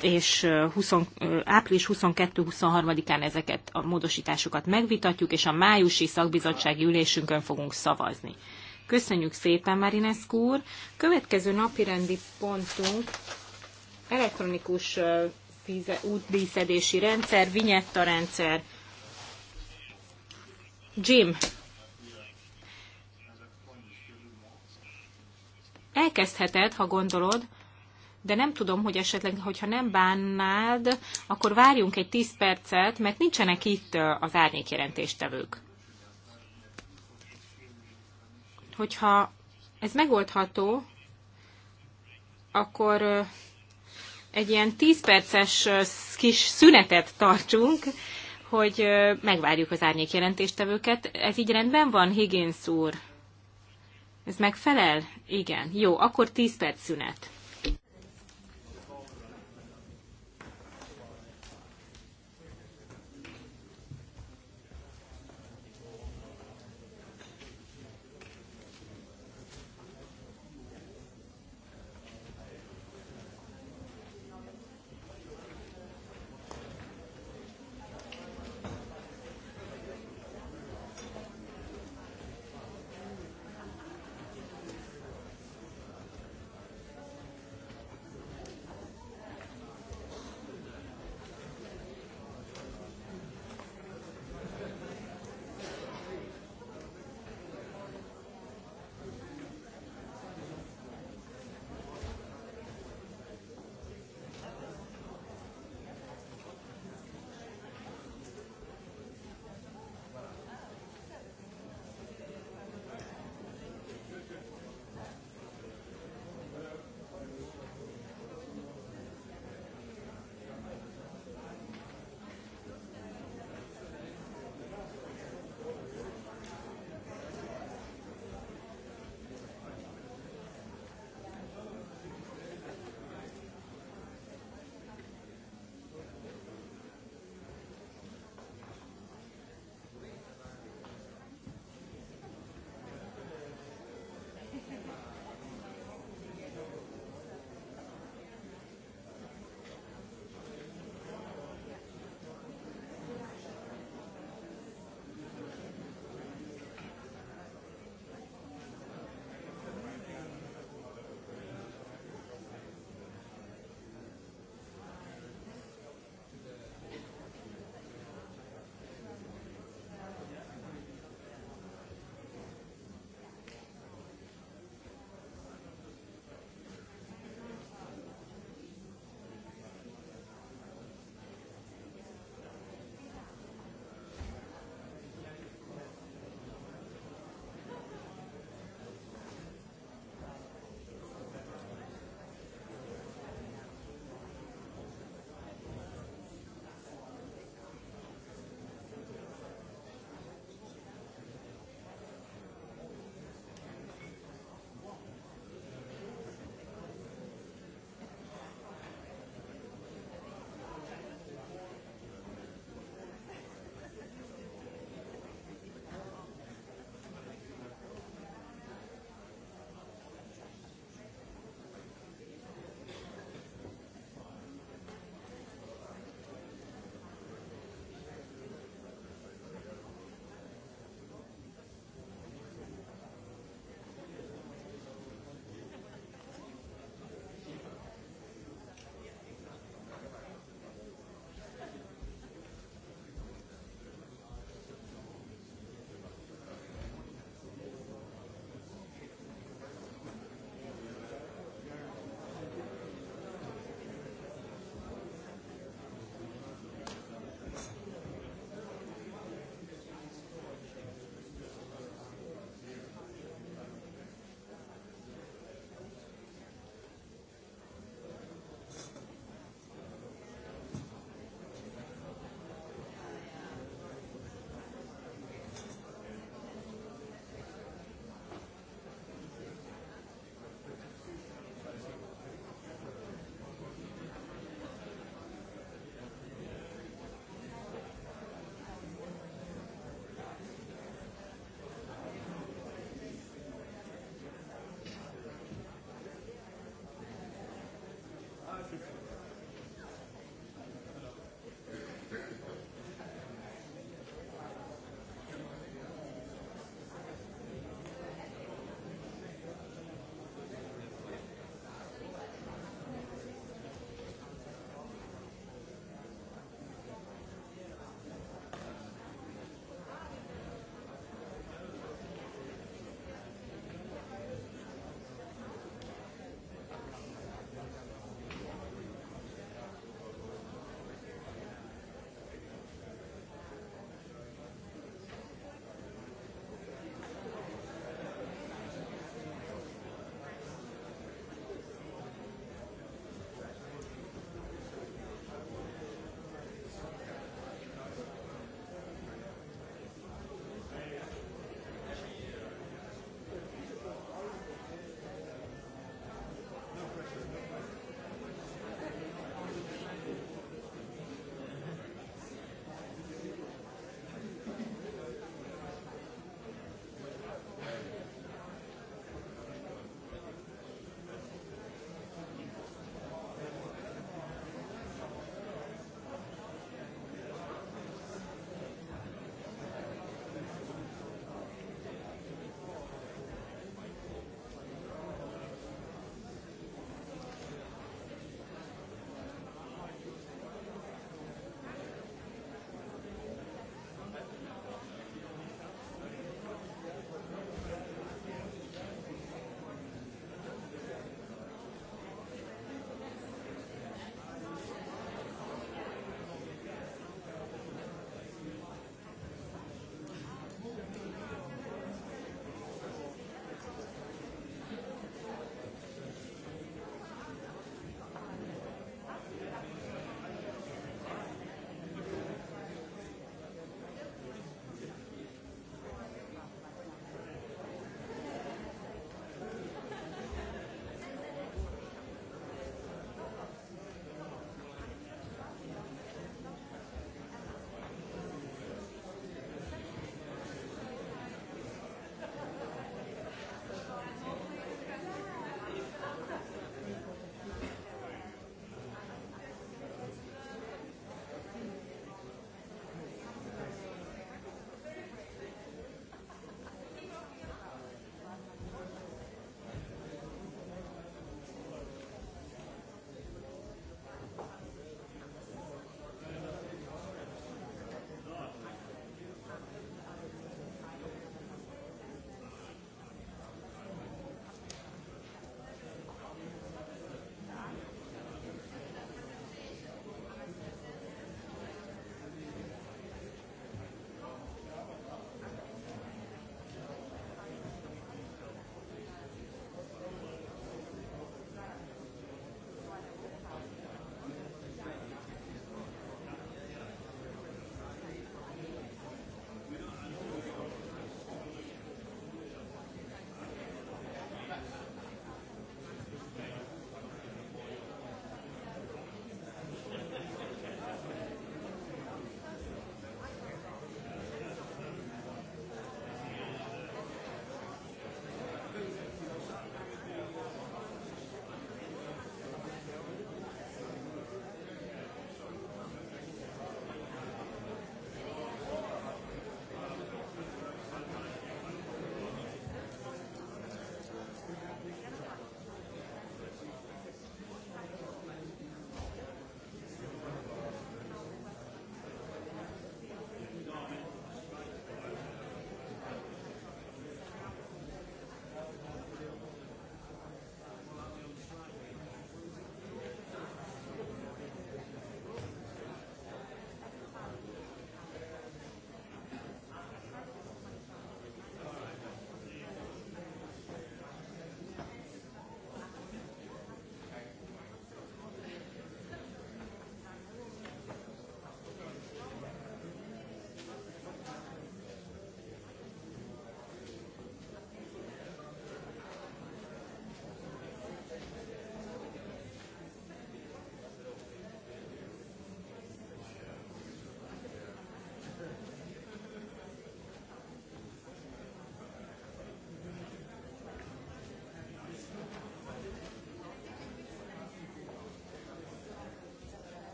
és 20, április 22-23-án ezeket a módosításokat megvitatjuk, és a májusi szakbizottsági ülésünkön fogunk szavazni. Köszönjük szépen, Marinescu úr! Következő napirendi pontunk elektronikus útdíszedési rendszer, vinyetta rendszer, Jim, elkezdheted, ha gondolod, de nem tudom, hogy esetleg, hogyha nem bánnád, akkor várjunk egy tíz percet, mert nincsenek itt az árnyékjelentéstevők. Hogyha ez megoldható, akkor egy ilyen tíz perces kis szünetet tartsunk, hogy megvárjuk az árnyék jelentéstevőket. Ez így rendben van, Higgins úr? Ez megfelel? Igen. Jó, akkor 10 perc szünet.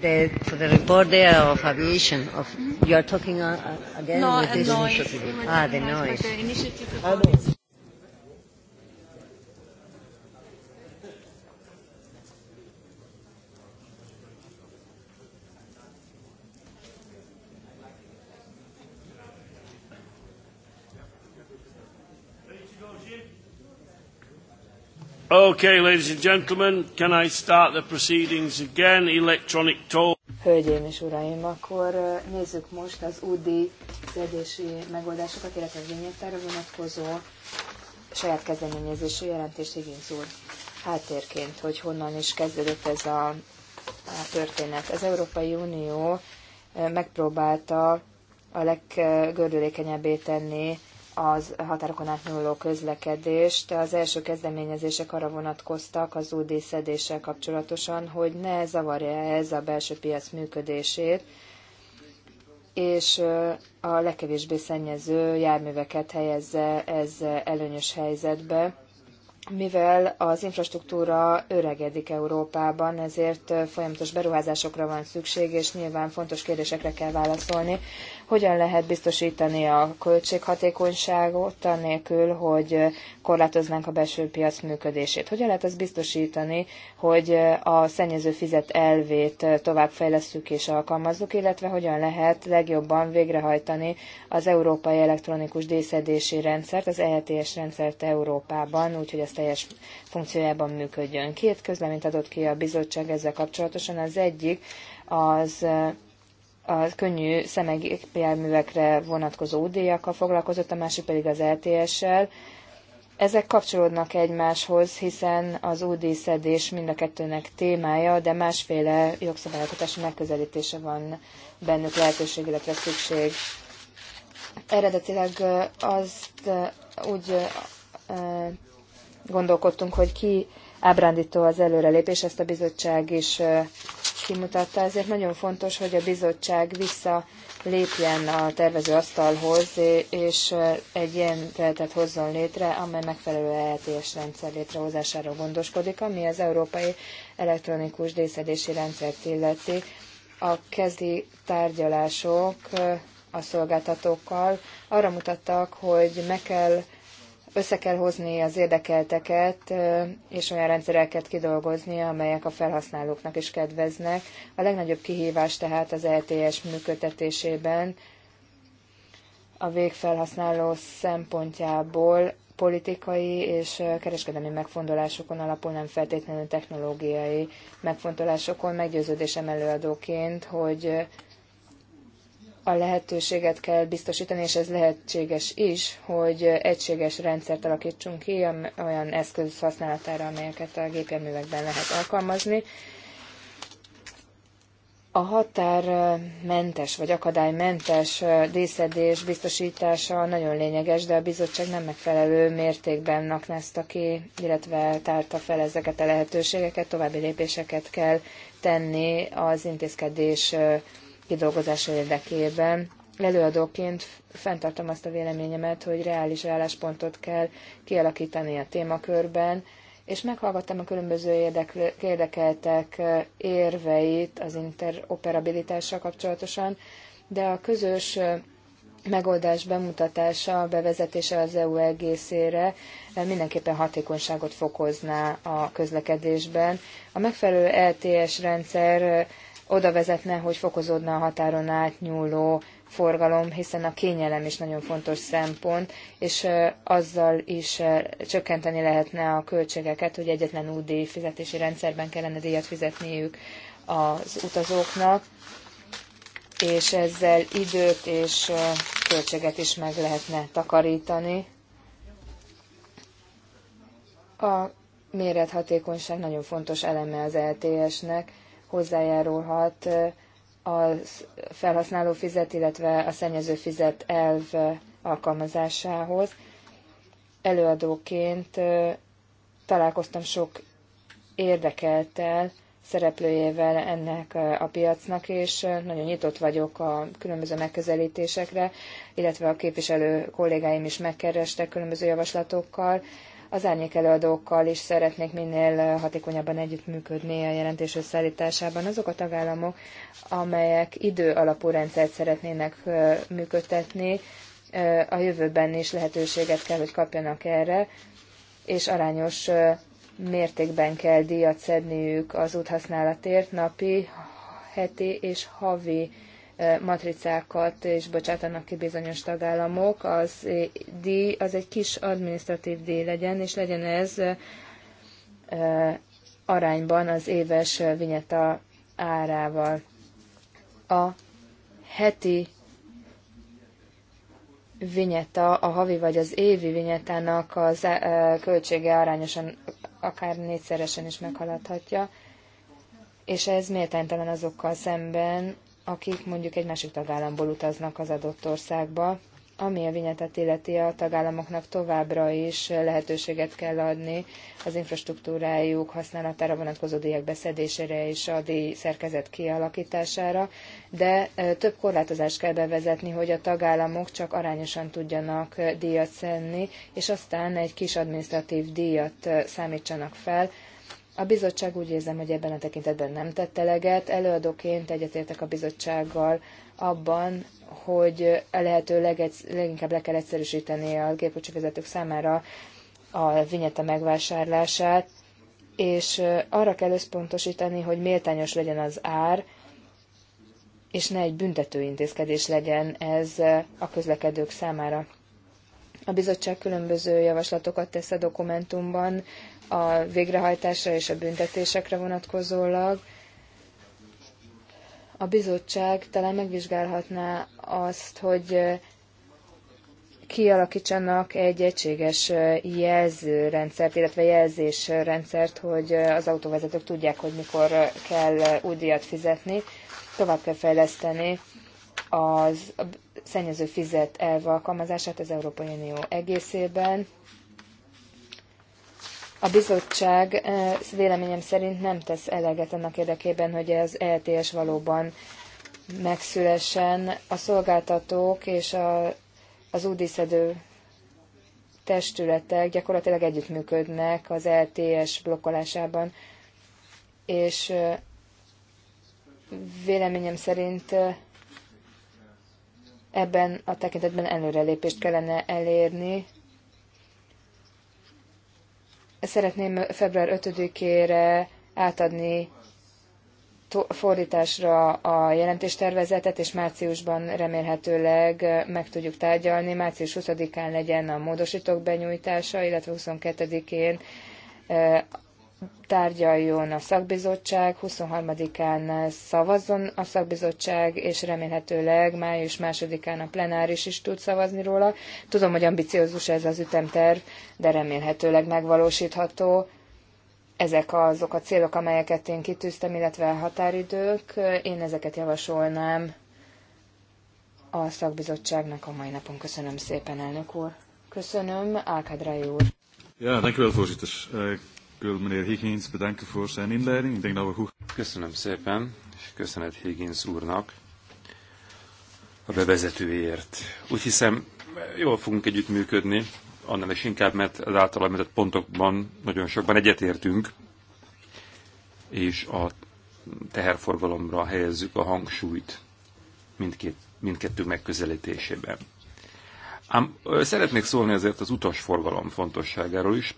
the, for the report there of aviation. Of you are talking uh, uh again no, with this ah, noise. initiative. Ah, the noise. The initiative ah, no. Okay, ladies and gentlemen, can I start the proceedings again, electronic toll? Hölgyeim és uraim, akkor nézzük most az UDI kérdési megoldásokat, illetve a vinyettára vonatkozó saját kezdeményezésű jelentést Higgins úr háttérként, hogy honnan is kezdődött ez a, a történet. Az Európai Unió megpróbálta a leggördülékenyebbé tenni az határokon átnyúló közlekedést. Az első kezdeményezések arra vonatkoztak az új szedéssel kapcsolatosan, hogy ne zavarja ez a belső piac működését, és a legkevésbé szennyező járműveket helyezze ez előnyös helyzetbe mivel az infrastruktúra öregedik Európában, ezért folyamatos beruházásokra van szükség, és nyilván fontos kérdésekre kell válaszolni. Hogyan lehet biztosítani a költséghatékonyságot, anélkül, hogy korlátoznánk a belső piac működését? Hogyan lehet azt biztosítani, hogy a szennyező fizet elvét továbbfejlesztjük és alkalmazzuk, illetve hogyan lehet legjobban végrehajtani az európai elektronikus díszedési rendszert, az ETS rendszert Európában, úgyhogy ezt teljes funkciójában működjön. Két közleményt adott ki a bizottság ezzel kapcsolatosan. Az egyik az a könnyű szemegépjárművekre vonatkozó údéjakkal foglalkozott, a másik pedig az LTS-sel. Ezek kapcsolódnak egymáshoz, hiszen az szedés mind a kettőnek témája, de másféle jogszabályalkotási megközelítése van bennük lehetőség, illetve szükség. Eredetileg azt úgy gondolkodtunk, hogy ki ábrándító az előrelépés, ezt a bizottság is kimutatta, ezért nagyon fontos, hogy a bizottság visszalépjen a tervező asztalhoz, és egy ilyen keretet hozzon létre, amely megfelelő ETS rendszer létrehozásáról gondoskodik, ami az európai elektronikus díszedési rendszert illeti. A kezdi tárgyalások a szolgáltatókkal arra mutattak, hogy meg kell össze kell hozni az érdekelteket, és olyan rendszereket kidolgozni, amelyek a felhasználóknak is kedveznek. A legnagyobb kihívás tehát az LTS e működtetésében a végfelhasználó szempontjából politikai és kereskedelmi megfontolásokon alapul, nem feltétlenül technológiai megfontolásokon. Meggyőződésem előadóként, hogy a lehetőséget kell biztosítani, és ez lehetséges is, hogy egységes rendszert alakítsunk ki olyan eszköz használatára, amelyeket a gépjárművekben lehet alkalmazni. A határmentes vagy akadálymentes díszedés biztosítása nagyon lényeges, de a bizottság nem megfelelő mértékben naknázta ki, illetve tárta fel ezeket a lehetőségeket, további lépéseket kell tenni az intézkedés kidolgozása érdekében. Előadóként fenntartom azt a véleményemet, hogy reális álláspontot kell kialakítani a témakörben, és meghallgattam a különböző érdekl- érdekeltek érveit az interoperabilitással kapcsolatosan, de a közös megoldás bemutatása, bevezetése az EU egészére mindenképpen hatékonyságot fokozná a közlekedésben. A megfelelő LTS e rendszer oda vezetne, hogy fokozódna a határon átnyúló forgalom, hiszen a kényelem is nagyon fontos szempont, és azzal is csökkenteni lehetne a költségeket, hogy egyetlen útdíj fizetési rendszerben kellene díjat fizetniük az utazóknak, és ezzel időt és költséget is meg lehetne takarítani. A mérethatékonyság nagyon fontos eleme az LTS-nek, e hozzájárulhat a felhasználó fizet, illetve a szennyező fizet elv alkalmazásához. Előadóként találkoztam sok érdekeltel, szereplőjével ennek a piacnak, és nagyon nyitott vagyok a különböző megközelítésekre, illetve a képviselő kollégáim is megkerestek különböző javaslatokkal, az árnyék előadókkal is szeretnék minél hatékonyabban együttműködni a jelentés összeállításában. Azok a tagállamok, amelyek idő alapú rendszert szeretnének működtetni, a jövőben is lehetőséget kell, hogy kapjanak erre, és arányos mértékben kell díjat szedniük az úthasználatért napi, heti és havi matricákat és bocsátanak ki bizonyos tagállamok, az díj, az egy kis administratív díj legyen, és legyen ez arányban az éves vinyeta árával. A heti vinyeta, a havi vagy az évi vinyetának az költsége arányosan akár négyszeresen is meghaladhatja, és ez méltánytalan azokkal szemben, akik mondjuk egy másik tagállamból utaznak az adott országba, ami a vinyetet illeti a tagállamoknak továbbra is lehetőséget kell adni az infrastruktúrájuk használatára vonatkozó díjak beszedésére és a díj szerkezet kialakítására, de több korlátozást kell bevezetni, hogy a tagállamok csak arányosan tudjanak díjat szenni, és aztán egy kis adminisztratív díjat számítsanak fel, a bizottság úgy érzem, hogy ebben a tekintetben nem tett eleget. Előadóként egyetértek a bizottsággal abban, hogy a lehető legegysz, leginkább le kell egyszerűsíteni a vezetők számára a vinyeta megvásárlását, és arra kell összpontosítani, hogy méltányos legyen az ár, és ne egy büntető intézkedés legyen ez a közlekedők számára. A bizottság különböző javaslatokat tesz a dokumentumban a végrehajtásra és a büntetésekre vonatkozólag. A bizottság talán megvizsgálhatná azt, hogy kialakítsanak egy egységes jelzőrendszert, illetve jelzésrendszert, hogy az autóvezetők tudják, hogy mikor kell újdíjat fizetni. Tovább kell fejleszteni az szennyező fizet elv alkalmazását az Európai Unió egészében. A bizottság eh, véleményem szerint nem tesz eleget annak érdekében, hogy az ETS valóban megszülessen. A szolgáltatók és a, az údíszedő testületek gyakorlatilag együttműködnek az LTS e blokkolásában, és eh, véleményem szerint eh, ebben a tekintetben előrelépést kellene elérni. Szeretném február 5-ére átadni fordításra a jelentéstervezetet, és márciusban remélhetőleg meg tudjuk tárgyalni. Március 20-án legyen a módosítók benyújtása, illetve 22-én tárgyaljon a szakbizottság, 23-án szavazzon a szakbizottság, és remélhetőleg május 2-án a plenáris is tud szavazni róla. Tudom, hogy ambiciózus ez az ütemterv, de remélhetőleg megvalósítható. Ezek azok a célok, amelyeket én kitűztem, illetve a határidők. Én ezeket javasolnám a szakbizottságnak a mai napon. Köszönöm szépen, elnök úr. Köszönöm, Álkádrai úr. Ja, thank you, Ik wil meneer Higgins bedanken voor zijn inleiding. Ik denk dat we goed... Köszönöm szépen, és köszönet Higgins úrnak a bevezetőért. Úgy hiszem, jól fogunk együttműködni, annál is inkább, mert az által említett pontokban nagyon sokban egyetértünk, és a teherforgalomra helyezzük a hangsúlyt mindkét, mindkettő megközelítésében. Ám szeretnék szólni azért az utasforgalom fontosságáról is,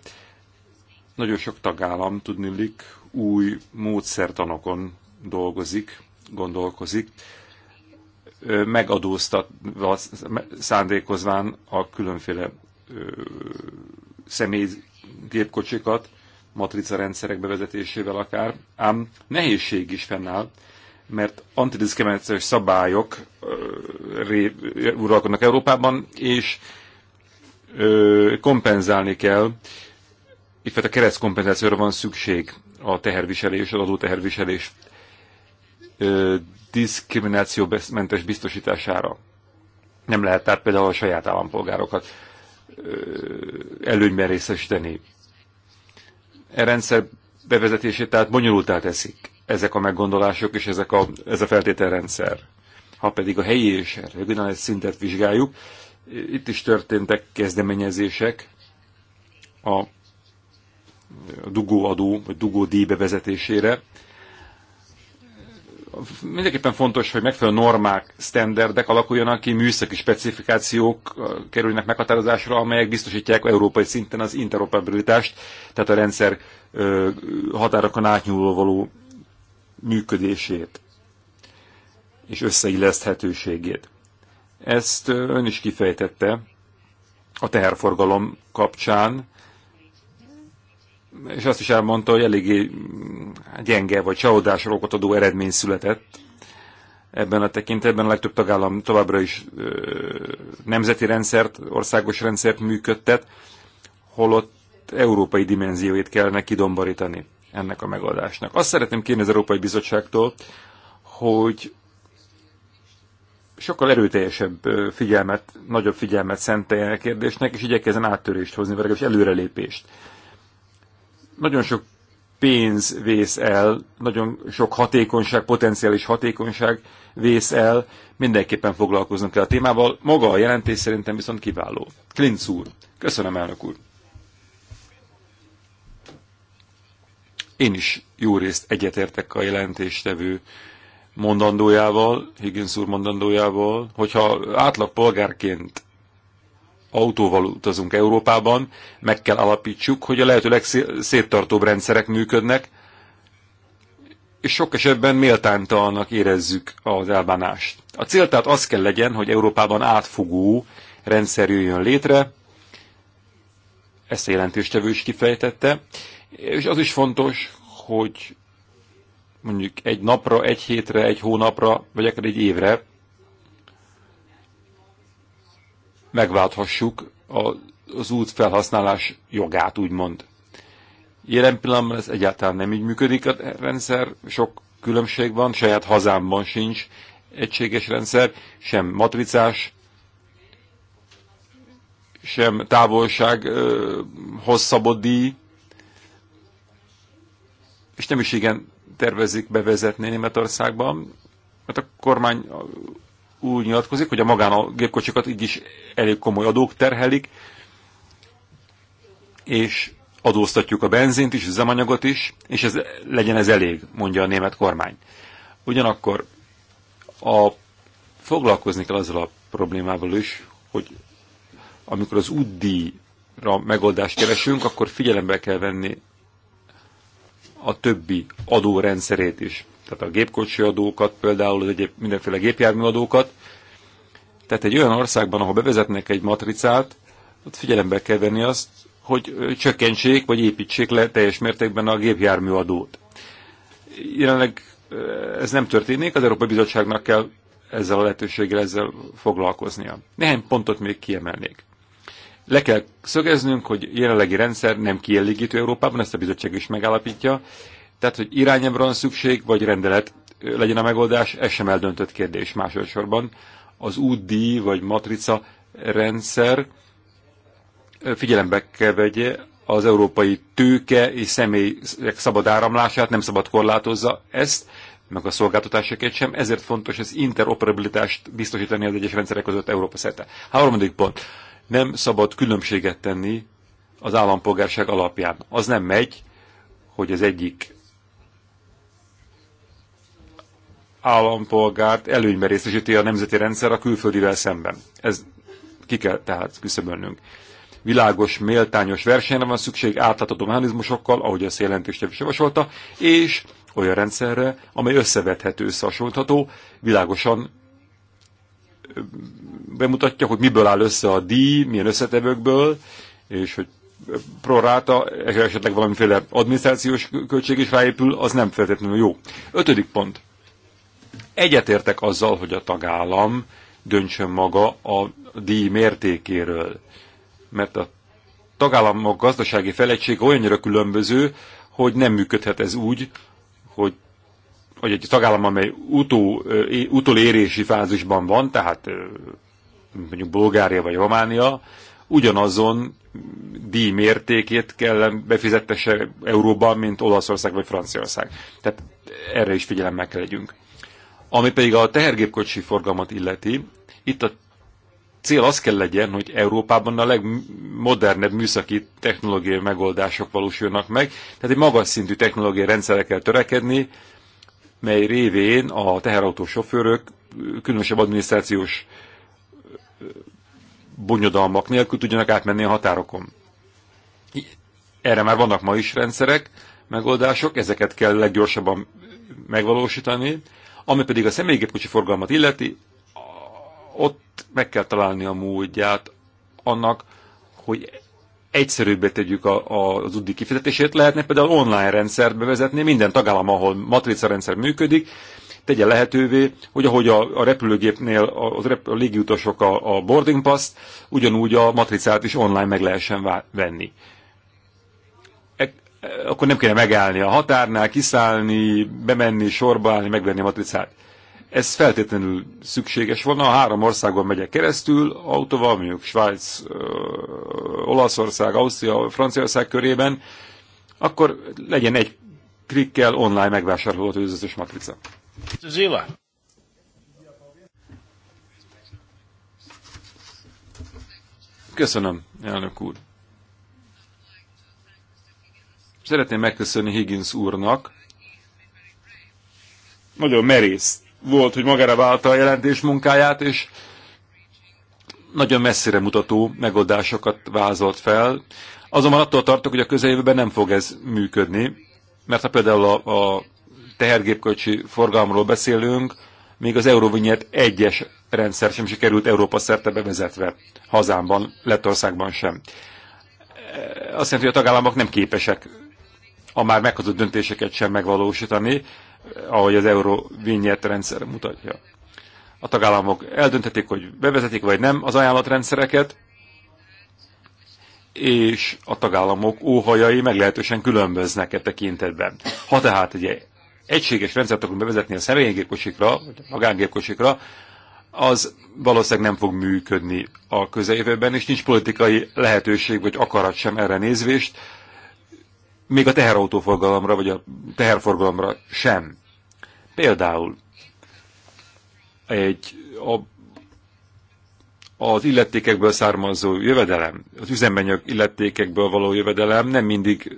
nagyon sok tagállam, tudnilik, új módszertanokon dolgozik, gondolkozik, megadóztatva szándékozván a különféle személygépkocsikat, matrica rendszerek bevezetésével akár, ám nehézség is fennáll, mert antidiszkriminációs szabályok uralkodnak Európában, és ö, kompenzálni kell itt a keresztkompenzációra van szükség a teherviselés, az adóteherviselés ö, diszkriminációmentes biztosítására. Nem lehet tehát például a saját állampolgárokat ö, előnyben részesíteni. E rendszer bevezetését tehát bonyolultá teszik ezek a meggondolások és ezek a, ez a feltételrendszer. Ha pedig a helyi és regionális szintet vizsgáljuk, itt is történtek kezdeményezések a dugóadó, vagy dugódíj bevezetésére. Mindenképpen fontos, hogy megfelelő normák, standardek alakuljanak ki, műszaki specifikációk kerülnek meghatározásra, amelyek biztosítják európai szinten az interoperabilitást, tehát a rendszer határokon átnyúló való működését és összeilleszthetőségét. Ezt ön is kifejtette a teherforgalom kapcsán, és azt is elmondta, hogy eléggé mm, gyenge vagy csalódásra okot adó eredmény született. Ebben a tekintetben a legtöbb tagállam továbbra is ö, nemzeti rendszert, országos rendszert működtet, holott európai dimenzióit kellene kidomborítani ennek a megoldásnak. Azt szeretném kérni az Európai Bizottságtól, hogy sokkal erőteljesebb figyelmet, nagyobb figyelmet szenteljen a kérdésnek, és igyekezzen áttörést hozni, vagy legalábbis előrelépést nagyon sok pénz vész el, nagyon sok hatékonyság, potenciális hatékonyság vész el, mindenképpen foglalkoznunk kell a témával. Maga a jelentés szerintem viszont kiváló. Klinc úr, köszönöm elnök úr. Én is jó részt egyetértek a jelentéstevő mondandójával, Higgins úr mondandójával, hogyha átlag polgárként autóval utazunk Európában, meg kell alapítsuk, hogy a lehető legszéttartóbb rendszerek működnek, és sok esetben méltántalannak érezzük az elbánást. A cél tehát az kell legyen, hogy Európában átfogó rendszer jöjjön létre, ezt a jelentéstevő is kifejtette, és az is fontos, hogy mondjuk egy napra, egy hétre, egy hónapra, vagy akár egy évre megválthassuk az út felhasználás jogát, úgymond. Jelen pillanatban ez egyáltalán nem így működik a rendszer, sok különbség van, saját hazámban sincs egységes rendszer, sem matricás, sem távolság, hosszabodíj, díj, és nem is igen tervezik bevezetni Németországban, mert a kormány úgy nyilatkozik, hogy a a gépkocsikat így is elég komoly adók terhelik, és adóztatjuk a benzint is, az üzemanyagot is, és ez legyen ez elég, mondja a német kormány. Ugyanakkor a, foglalkozni kell azzal a problémával is, hogy amikor az útdíjra megoldást keresünk, akkor figyelembe kell venni a többi adórendszerét is tehát a gépkocsi adókat, például az egyéb mindenféle gépjárműadókat. Tehát egy olyan országban, ahol bevezetnek egy matricát, ott figyelembe kell venni azt, hogy csökkentsék vagy építsék le teljes mértékben a gépjárműadót. Jelenleg ez nem történik, az Európai Bizottságnak kell ezzel a lehetőséggel ezzel foglalkoznia. Néhány pontot még kiemelnék. Le kell szögeznünk, hogy jelenlegi rendszer nem kielégítő Európában, ezt a bizottság is megállapítja, tehát, hogy irányemre van szükség, vagy rendelet legyen a megoldás, ez sem eldöntött kérdés másodszorban. Az UDI vagy matrica rendszer figyelembe kell vegye az európai tőke és személyek szabad áramlását, nem szabad korlátozza ezt, meg a szolgáltatásokat sem, ezért fontos az interoperabilitást biztosítani az egyes rendszerek között Európa szerte. Háromadik pont. Nem szabad különbséget tenni az állampolgárság alapján. Az nem megy, hogy az egyik állampolgárt előnyben részesíti a nemzeti rendszer a külföldivel szemben. Ez ki kell tehát küszöbölnünk. Világos, méltányos versenyre van szükség átlátható mechanizmusokkal, ahogy ezt is javasolta, és olyan rendszerre, amely összevethető, összehasonlítható, világosan bemutatja, hogy miből áll össze a díj, milyen összetevőkből, és hogy proráta, esetleg valamiféle adminisztrációs költség is ráépül, az nem feltétlenül jó. Ötödik pont. Egyetértek azzal, hogy a tagállam döntsön maga a díj mértékéről, mert a tagállamok gazdasági felegység olyannyira különböző, hogy nem működhet ez úgy, hogy, hogy egy tagállam, amely utó, utolérési fázisban van, tehát mondjuk Bulgária vagy Románia, ugyanazon díj mértékét kell befizettesse euróban, mint Olaszország vagy Franciaország. Tehát erre is figyelemmel kell legyünk. Ami pedig a tehergépkocsi forgalmat illeti, itt a cél az kell legyen, hogy Európában a legmodernebb műszaki technológiai megoldások valósulnak meg, tehát egy magas szintű technológiai rendszerre kell törekedni, mely révén a teherautó sofőrök különösebb adminisztrációs bonyodalmak nélkül tudjanak átmenni a határokon. Erre már vannak ma is rendszerek, megoldások, ezeket kell leggyorsabban megvalósítani, ami pedig a személygépkocsi forgalmat illeti, ott meg kell találni a módját annak, hogy egyszerűbbé tegyük a, a, az UDI kifizetését. Lehetne például online rendszert bevezetni, minden tagállam, ahol rendszer működik, tegye lehetővé, hogy ahogy a, a repülőgépnél a, a, a légiutasok a, a boarding pass ugyanúgy a matricát is online meg lehessen venni akkor nem kéne megállni a határnál, kiszállni, bemenni, sorba állni, megvenni a matricát. Ez feltétlenül szükséges volna, a három országon megyek keresztül, autóval, mondjuk Svájc, Olaszország, Ausztria, Franciaország körében, akkor legyen egy klikkel online megvásárolható az összes matrica. Zila. Köszönöm, elnök úr. Szeretném megköszönni Higgins úrnak. Nagyon merész volt, hogy magára válta a jelentés munkáját, és nagyon messzire mutató megoldásokat vázolt fel. Azonban attól tartok, hogy a közeljövőben nem fog ez működni, mert ha például a, a tehergépkocsi forgalomról beszélünk, még az Eurovinyet egyes rendszer sem sikerült Európa szerte bevezetve, hazámban, Lettországban sem. Azt jelenti, hogy a tagállamok nem képesek a már meghozott döntéseket sem megvalósítani, ahogy az euró vinyet rendszer mutatja. A tagállamok eldöntetik, hogy bevezetik vagy nem az ajánlatrendszereket, és a tagállamok óhajai meglehetősen különböznek e tekintetben. Ha tehát egy egységes rendszert akarunk bevezetni a személygépkocsikra, vagy a magángépkosikra, az valószínűleg nem fog működni a közeljövőben, és nincs politikai lehetőség vagy akarat sem erre nézvést, még a teherautóforgalomra, vagy a teherforgalomra sem. Például egy a, az illetékekből származó jövedelem, az üzemanyag illetékekből való jövedelem nem mindig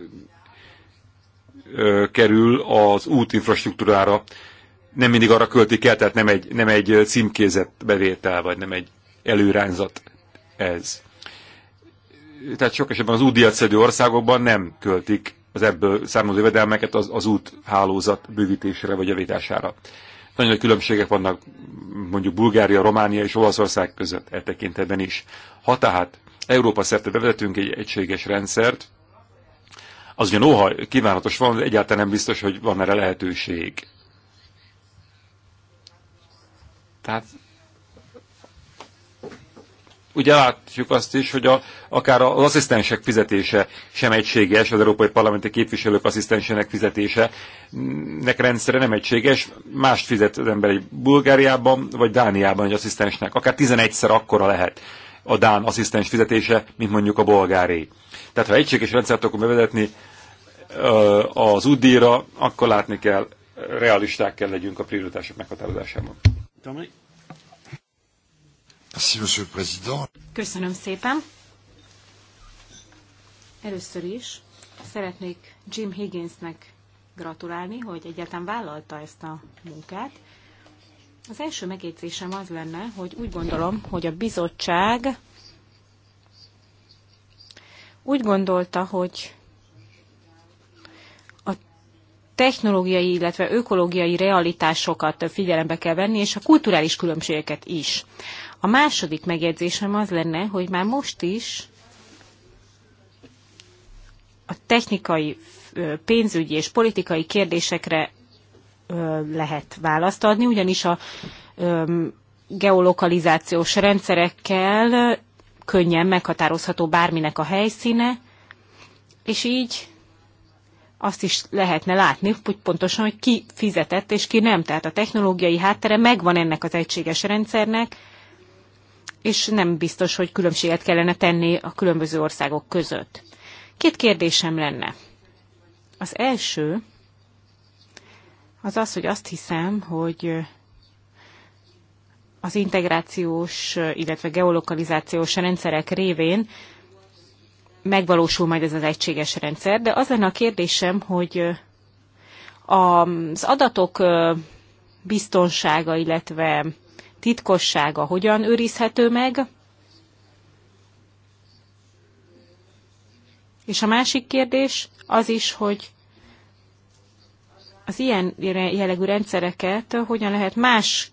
ö, kerül az infrastruktúrára, nem mindig arra költik el, tehát nem egy, nem egy címkézett bevétel, vagy nem egy előrányzat ez tehát sok esetben az útdíjat szedő országokban nem költik az ebből származó jövedelmeket az, az út hálózat bővítésére vagy javítására. Nagyon nagy különbségek vannak mondjuk Bulgária, Románia és Olaszország között e tekintetben is. Ha tehát Európa szerte bevezetünk egy egységes rendszert, az ugyan óha kívánatos van, de egyáltalán nem biztos, hogy van erre lehetőség. Tehát Ugye látjuk azt is, hogy a, akár az asszisztensek fizetése sem egységes, az európai parlamenti képviselők asszisztensének fizetése nek rendszere nem egységes, mást fizet az ember egy Bulgáriában vagy Dániában egy asszisztensnek, akár 11-szer akkora lehet a Dán asszisztens fizetése, mint mondjuk a bolgári. Tehát ha egységes rendszert akarunk bevezetni az UDI-ra, akkor látni kell, realisták kell legyünk a prioritások meghatározásában. Dominik? Merci, Monsieur le Président. Köszönöm szépen. Először is szeretnék Jim Higginsnek gratulálni, hogy egyáltalán vállalta ezt a munkát. Az első megjegyzésem az lenne, hogy úgy gondolom, hogy a bizottság úgy gondolta, hogy a technológiai, illetve ökológiai realitásokat figyelembe kell venni, és a kulturális különbségeket is. A második megjegyzésem az lenne, hogy már most is a technikai, pénzügyi és politikai kérdésekre lehet választ adni, ugyanis a geolokalizációs rendszerekkel könnyen meghatározható bárminek a helyszíne, és így azt is lehetne látni, hogy pontosan, hogy ki fizetett és ki nem. Tehát a technológiai háttere megvan ennek az egységes rendszernek, és nem biztos, hogy különbséget kellene tenni a különböző országok között. Két kérdésem lenne. Az első az az, hogy azt hiszem, hogy az integrációs, illetve geolokalizációs rendszerek révén megvalósul majd ez az egységes rendszer, de az lenne a kérdésem, hogy az adatok biztonsága, illetve titkossága hogyan őrizhető meg. És a másik kérdés az is, hogy az ilyen jellegű rendszereket hogyan lehet más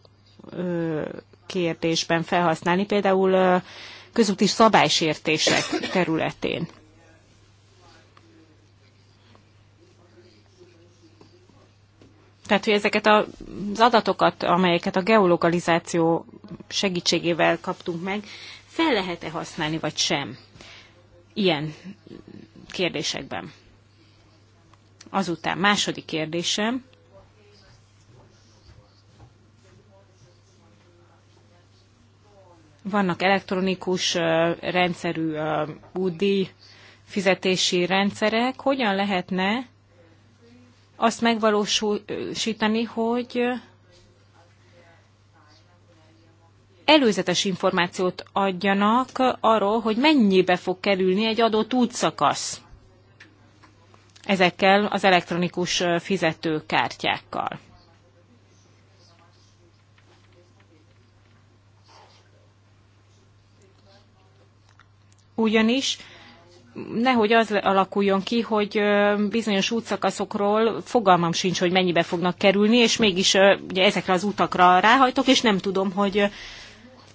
kérdésben felhasználni, például közúti szabálysértések területén. Tehát, hogy ezeket az adatokat, amelyeket a geolokalizáció segítségével kaptunk meg, fel lehet-e használni, vagy sem? Ilyen kérdésekben. Azután második kérdésem. Vannak elektronikus rendszerű útdíj fizetési rendszerek. Hogyan lehetne azt megvalósítani, hogy előzetes információt adjanak arról, hogy mennyibe fog kerülni egy adott útszakasz ezekkel az elektronikus fizetőkártyákkal. Ugyanis nehogy az alakuljon ki, hogy bizonyos útszakaszokról fogalmam sincs, hogy mennyibe fognak kerülni, és mégis ugye, ezekre az utakra ráhajtok, és nem tudom, hogy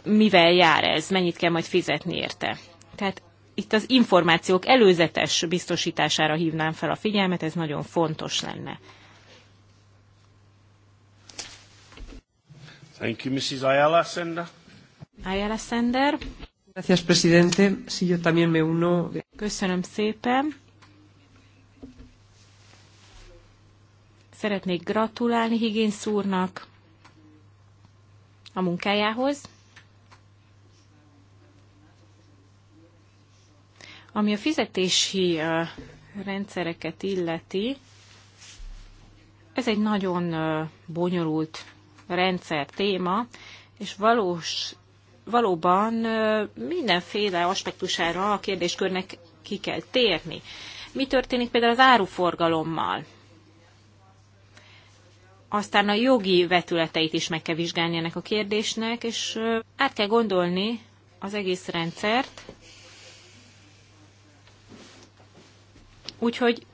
mivel jár ez, mennyit kell majd fizetni érte. Tehát itt az információk előzetes biztosítására hívnám fel a figyelmet, ez nagyon fontos lenne. Thank you, Mrs. Ayala Sender. Ayala Sender. Gracias, presidente. Sí, yo también me uno. Köszönöm szépen. Szeretnék gratulálni Higgins úrnak a munkájához. Ami a fizetési rendszereket illeti, ez egy nagyon bonyolult rendszer téma, és valós valóban mindenféle aspektusára a kérdéskörnek ki kell térni. Mi történik például az áruforgalommal? Aztán a jogi vetületeit is meg kell vizsgálni ennek a kérdésnek, és át kell gondolni az egész rendszert. Úgyhogy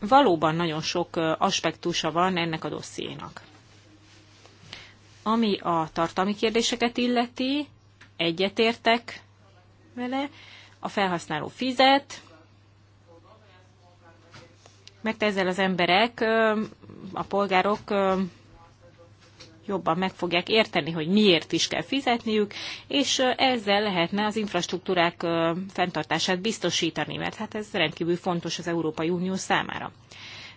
valóban nagyon sok aspektusa van ennek a dossziénak. Ami a tartalmi kérdéseket illeti, egyetértek vele, a felhasználó fizet, mert ezzel az emberek, a polgárok jobban meg fogják érteni, hogy miért is kell fizetniük, és ezzel lehetne az infrastruktúrák fenntartását biztosítani, mert hát ez rendkívül fontos az Európai Unió számára.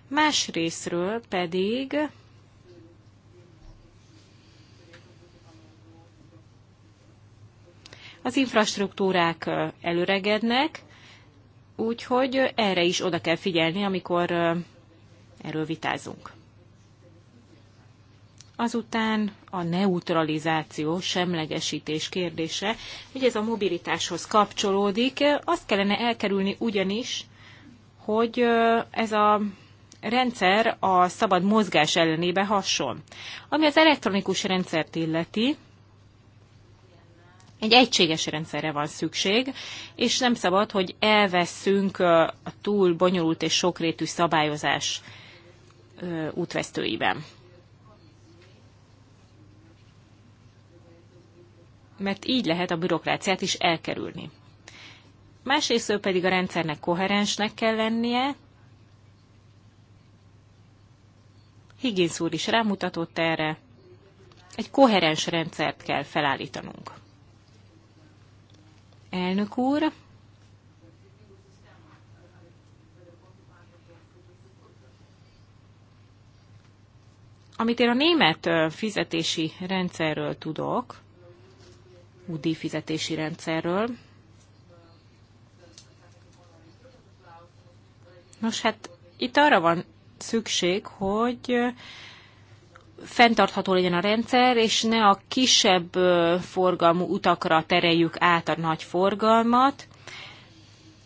Más részről pedig Az infrastruktúrák előregednek, úgyhogy erre is oda kell figyelni, amikor erről vitázunk. Azután a neutralizáció, semlegesítés kérdése, hogy ez a mobilitáshoz kapcsolódik. Azt kellene elkerülni ugyanis, hogy ez a rendszer a szabad mozgás ellenébe hason. Ami az elektronikus rendszert illeti, egy egységes rendszerre van szükség, és nem szabad, hogy elveszünk a túl bonyolult és sokrétű szabályozás útvesztőiben. Mert így lehet a bürokráciát is elkerülni. Másrészt pedig a rendszernek koherensnek kell lennie. Higgins úr is rámutatott erre. Egy koherens rendszert kell felállítanunk. Elnök úr, amit én a német fizetési rendszerről tudok, UDI fizetési rendszerről, nos hát itt arra van szükség, hogy fenntartható legyen a rendszer, és ne a kisebb forgalmú utakra tereljük át a nagy forgalmat.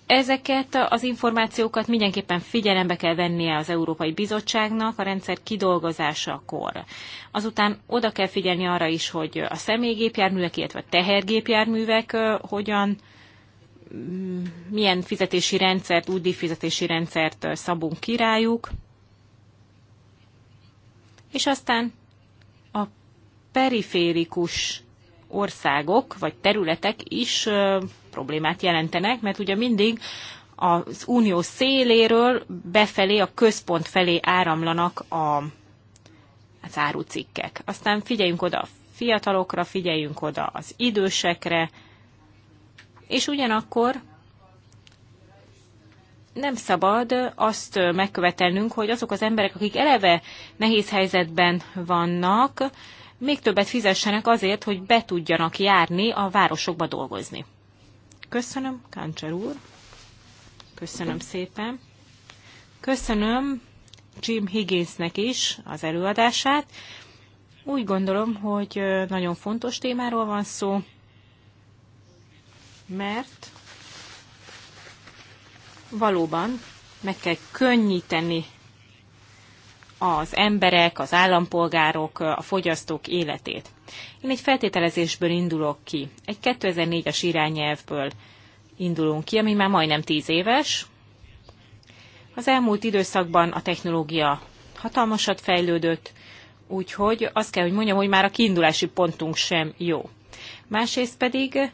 Ezeket az információkat mindenképpen figyelembe kell vennie az Európai Bizottságnak a rendszer kidolgozásakor. Azután oda kell figyelni arra is, hogy a személygépjárművek, illetve a tehergépjárművek hogyan milyen fizetési rendszert, új fizetési rendszert szabunk királyuk és aztán a periférikus országok vagy területek is problémát jelentenek, mert ugye mindig az unió széléről befelé, a központ felé áramlanak a, az árucikkek. Aztán figyeljünk oda a fiatalokra, figyeljünk oda az idősekre, és ugyanakkor nem szabad azt megkövetelnünk, hogy azok az emberek, akik eleve nehéz helyzetben vannak, még többet fizessenek azért, hogy be tudjanak járni a városokba dolgozni. Köszönöm, Káncser úr. Köszönöm szépen. Köszönöm Jim Higginsnek is az előadását. Úgy gondolom, hogy nagyon fontos témáról van szó, mert valóban meg kell könnyíteni az emberek, az állampolgárok, a fogyasztók életét. Én egy feltételezésből indulok ki, egy 2004-es irányelvből indulunk ki, ami már majdnem 10 éves. Az elmúlt időszakban a technológia hatalmasat fejlődött, úgyhogy azt kell, hogy mondjam, hogy már a kiindulási pontunk sem jó. Másrészt pedig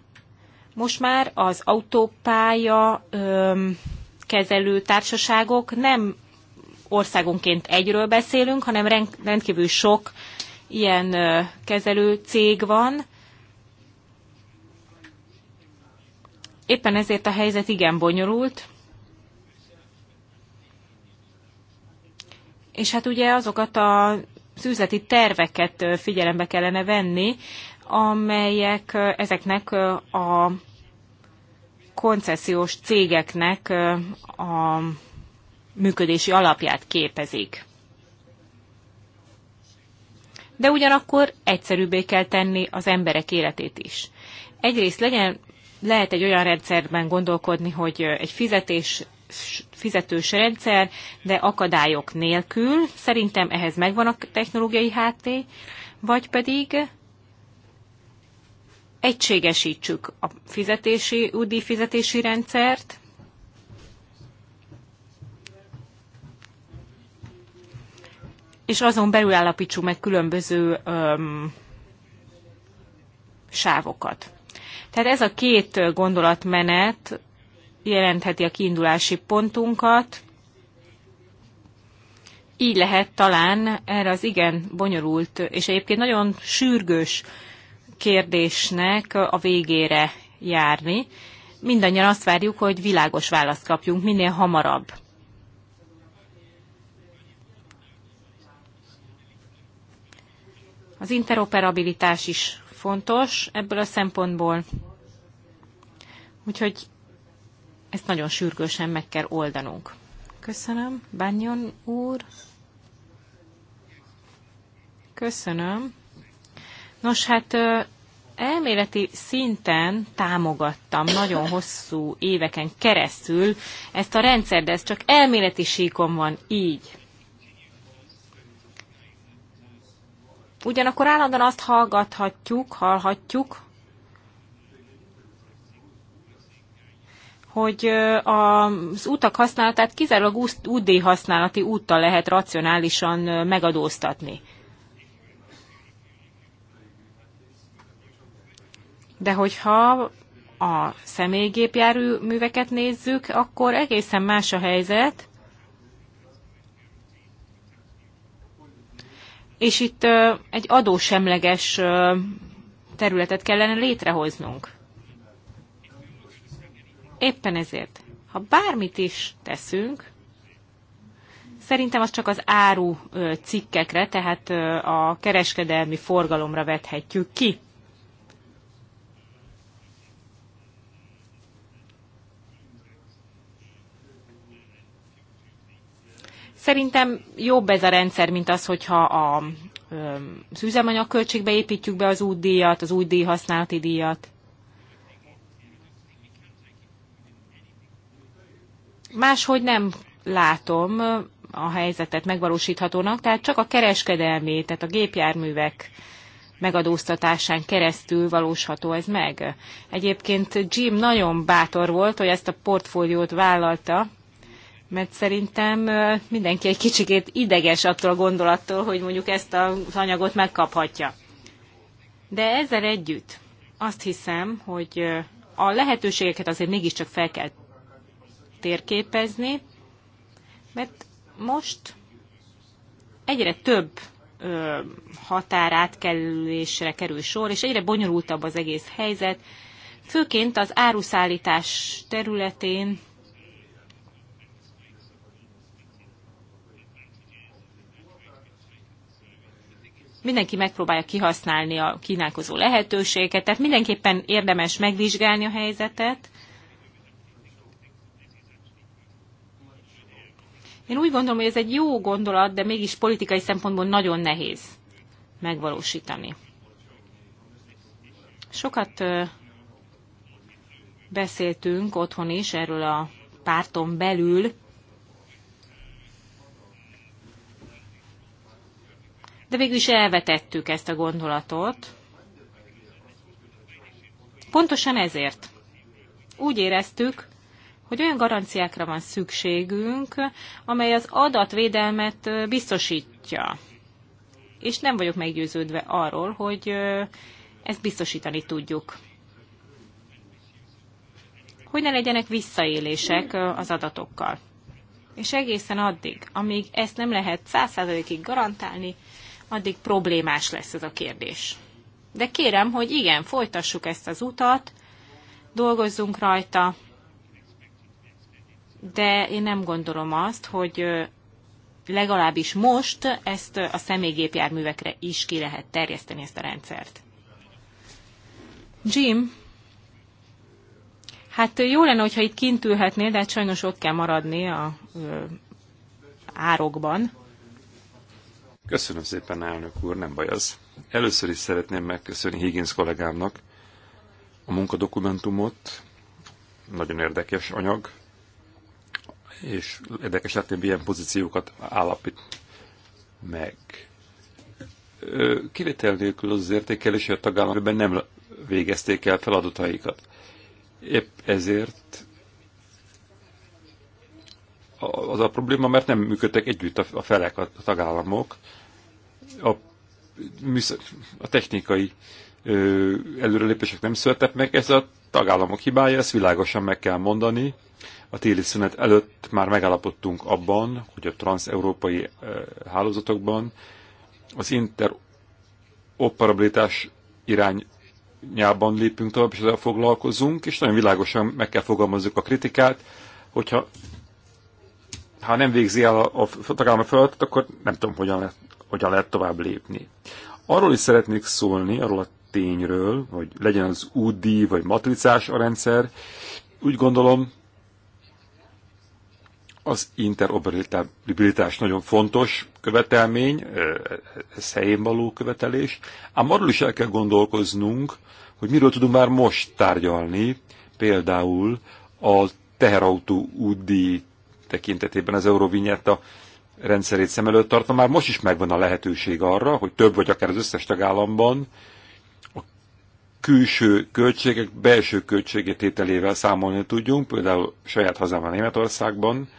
most már az autópálya öm, kezelő társaságok nem országonként egyről beszélünk, hanem rendkívül sok ilyen kezelő cég van. Éppen ezért a helyzet igen bonyolult. És hát ugye azokat a üzleti terveket figyelembe kellene venni, amelyek ezeknek a koncesziós cégeknek a működési alapját képezik. De ugyanakkor egyszerűbbé kell tenni az emberek életét is. Egyrészt legyen, lehet egy olyan rendszerben gondolkodni, hogy egy fizetés fizetős rendszer, de akadályok nélkül. Szerintem ehhez megvan a technológiai háttér, vagy pedig egységesítsük a fizetési, UDI fizetési rendszert, és azon belül állapítsuk meg különböző öm, sávokat. Tehát ez a két gondolatmenet jelentheti a kiindulási pontunkat. Így lehet talán erre az igen bonyolult, és egyébként nagyon sürgős kérdésnek a végére járni. Mindannyian azt várjuk, hogy világos választ kapjunk minél hamarabb. Az interoperabilitás is fontos ebből a szempontból, úgyhogy ezt nagyon sürgősen meg kell oldanunk. Köszönöm, Bányon úr. Köszönöm. Nos, hát elméleti szinten támogattam nagyon hosszú éveken keresztül ezt a rendszer, de ez csak elméleti síkon van így. Ugyanakkor állandóan azt hallgathatjuk, hallhatjuk, hogy az utak használatát kizárólag útdíj használati úttal lehet racionálisan megadóztatni. de hogyha a személygépjárműveket nézzük, akkor egészen más a helyzet. És itt egy adósemleges területet kellene létrehoznunk. Éppen ezért, ha bármit is teszünk, szerintem az csak az áru cikkekre, tehát a kereskedelmi forgalomra vethetjük ki. Szerintem jobb ez a rendszer, mint az, hogyha a, az üzemanyag költségbe építjük be az útdíjat, az új díj használati díjat. Máshogy nem látom a helyzetet megvalósíthatónak, tehát csak a kereskedelmi, tehát a gépjárművek megadóztatásán keresztül valósható ez meg. Egyébként Jim nagyon bátor volt, hogy ezt a portfóliót vállalta, mert szerintem mindenki egy kicsikét ideges attól a gondolattól, hogy mondjuk ezt az anyagot megkaphatja. De ezzel együtt azt hiszem, hogy a lehetőségeket azért mégiscsak fel kell térképezni, mert most egyre több határátkelésre kerül sor, és egyre bonyolultabb az egész helyzet, főként az áruszállítás területén mindenki megpróbálja kihasználni a kínálkozó lehetőséget, tehát mindenképpen érdemes megvizsgálni a helyzetet. Én úgy gondolom, hogy ez egy jó gondolat, de mégis politikai szempontból nagyon nehéz megvalósítani. Sokat beszéltünk otthon is erről a párton belül, de végül is elvetettük ezt a gondolatot. Pontosan ezért úgy éreztük, hogy olyan garanciákra van szükségünk, amely az adatvédelmet biztosítja. És nem vagyok meggyőződve arról, hogy ezt biztosítani tudjuk. Hogy ne legyenek visszaélések az adatokkal. És egészen addig, amíg ezt nem lehet százszázalékig garantálni, addig problémás lesz ez a kérdés. De kérem, hogy igen, folytassuk ezt az utat, dolgozzunk rajta, de én nem gondolom azt, hogy legalábbis most ezt a személygépjárművekre is ki lehet terjeszteni ezt a rendszert. Jim, hát jó lenne, hogyha itt kint ülhetnél, de hát sajnos ott kell maradni a árokban. Köszönöm szépen, elnök úr, nem baj az. Először is szeretném megköszönni Higgins kollégámnak a munkadokumentumot. Nagyon érdekes anyag, és érdekes látni, milyen pozíciókat állapít meg. Kivétel nélkül az értékelés, hogy a tagállamokban nem végezték el feladataikat. Épp ezért az a probléma, mert nem működtek együtt a felek, a tagállamok. A, a technikai ö, előrelépések nem születtek meg, ez a tagállamok hibája, ezt világosan meg kell mondani. A téli szünet előtt már megállapodtunk abban, hogy a transeurópai hálózatokban az interoperabilitás irányában lépünk tovább, és ezzel foglalkozunk, és nagyon világosan meg kell fogalmazzuk a kritikát, hogyha ha nem végzi el a, a tagállam feladatot, akkor nem tudom, hogyan lehet, hogyan lehet tovább lépni. Arról is szeretnék szólni, arról a tényről, hogy legyen az UD vagy matricás a rendszer. Úgy gondolom, az interoperabilitás nagyon fontos követelmény, ez helyén való követelés, ám arról is el kell gondolkoznunk, hogy miről tudunk már most tárgyalni, például a teherautó UDI tekintetében az Eurovinyetta rendszerét szem előtt tartva, már most is megvan a lehetőség arra, hogy több vagy akár az összes tagállamban a külső költségek belső költségétételével számolni tudjunk, például saját hazámban Németországban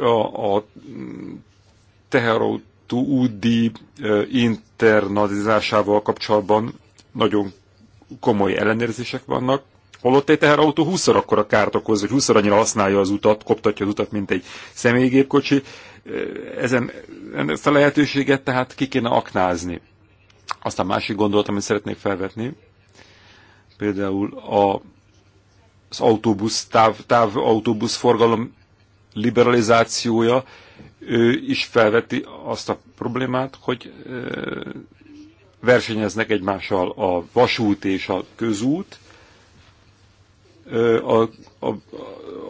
a, a teherautó úti internalizásával kapcsolatban nagyon komoly ellenőrzések vannak, Holott egy teherautó 20 akkor a kárt okoz, hogy 20 annyira használja az utat, koptatja az utat, mint egy személygépkocsi. Ezen, ezt a lehetőséget tehát ki kéne aknázni. Aztán másik gondolat, amit szeretnék felvetni, például a, az autóbusz, táv, táv autóbusz forgalom liberalizációja ő is felveti azt a problémát, hogy ö, versenyeznek egymással a vasút és a közút, a, a,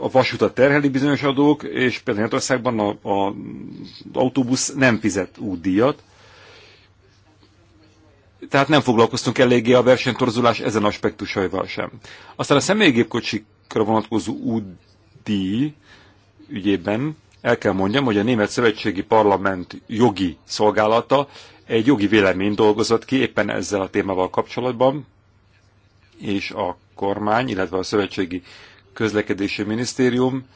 a vasutat terheli bizonyos adók, és például Németországban a, az autóbusz nem fizet útdíjat. Tehát nem foglalkoztunk eléggé a versenytorzulás ezen aspektusaival sem. Aztán a személygépkocsikra vonatkozó útdíj ügyében el kell mondjam, hogy a Német Szövetségi Parlament jogi szolgálata egy jogi vélemény dolgozott ki éppen ezzel a témával kapcsolatban, és a kormány, illetve a Szövetségi Közlekedési Minisztérium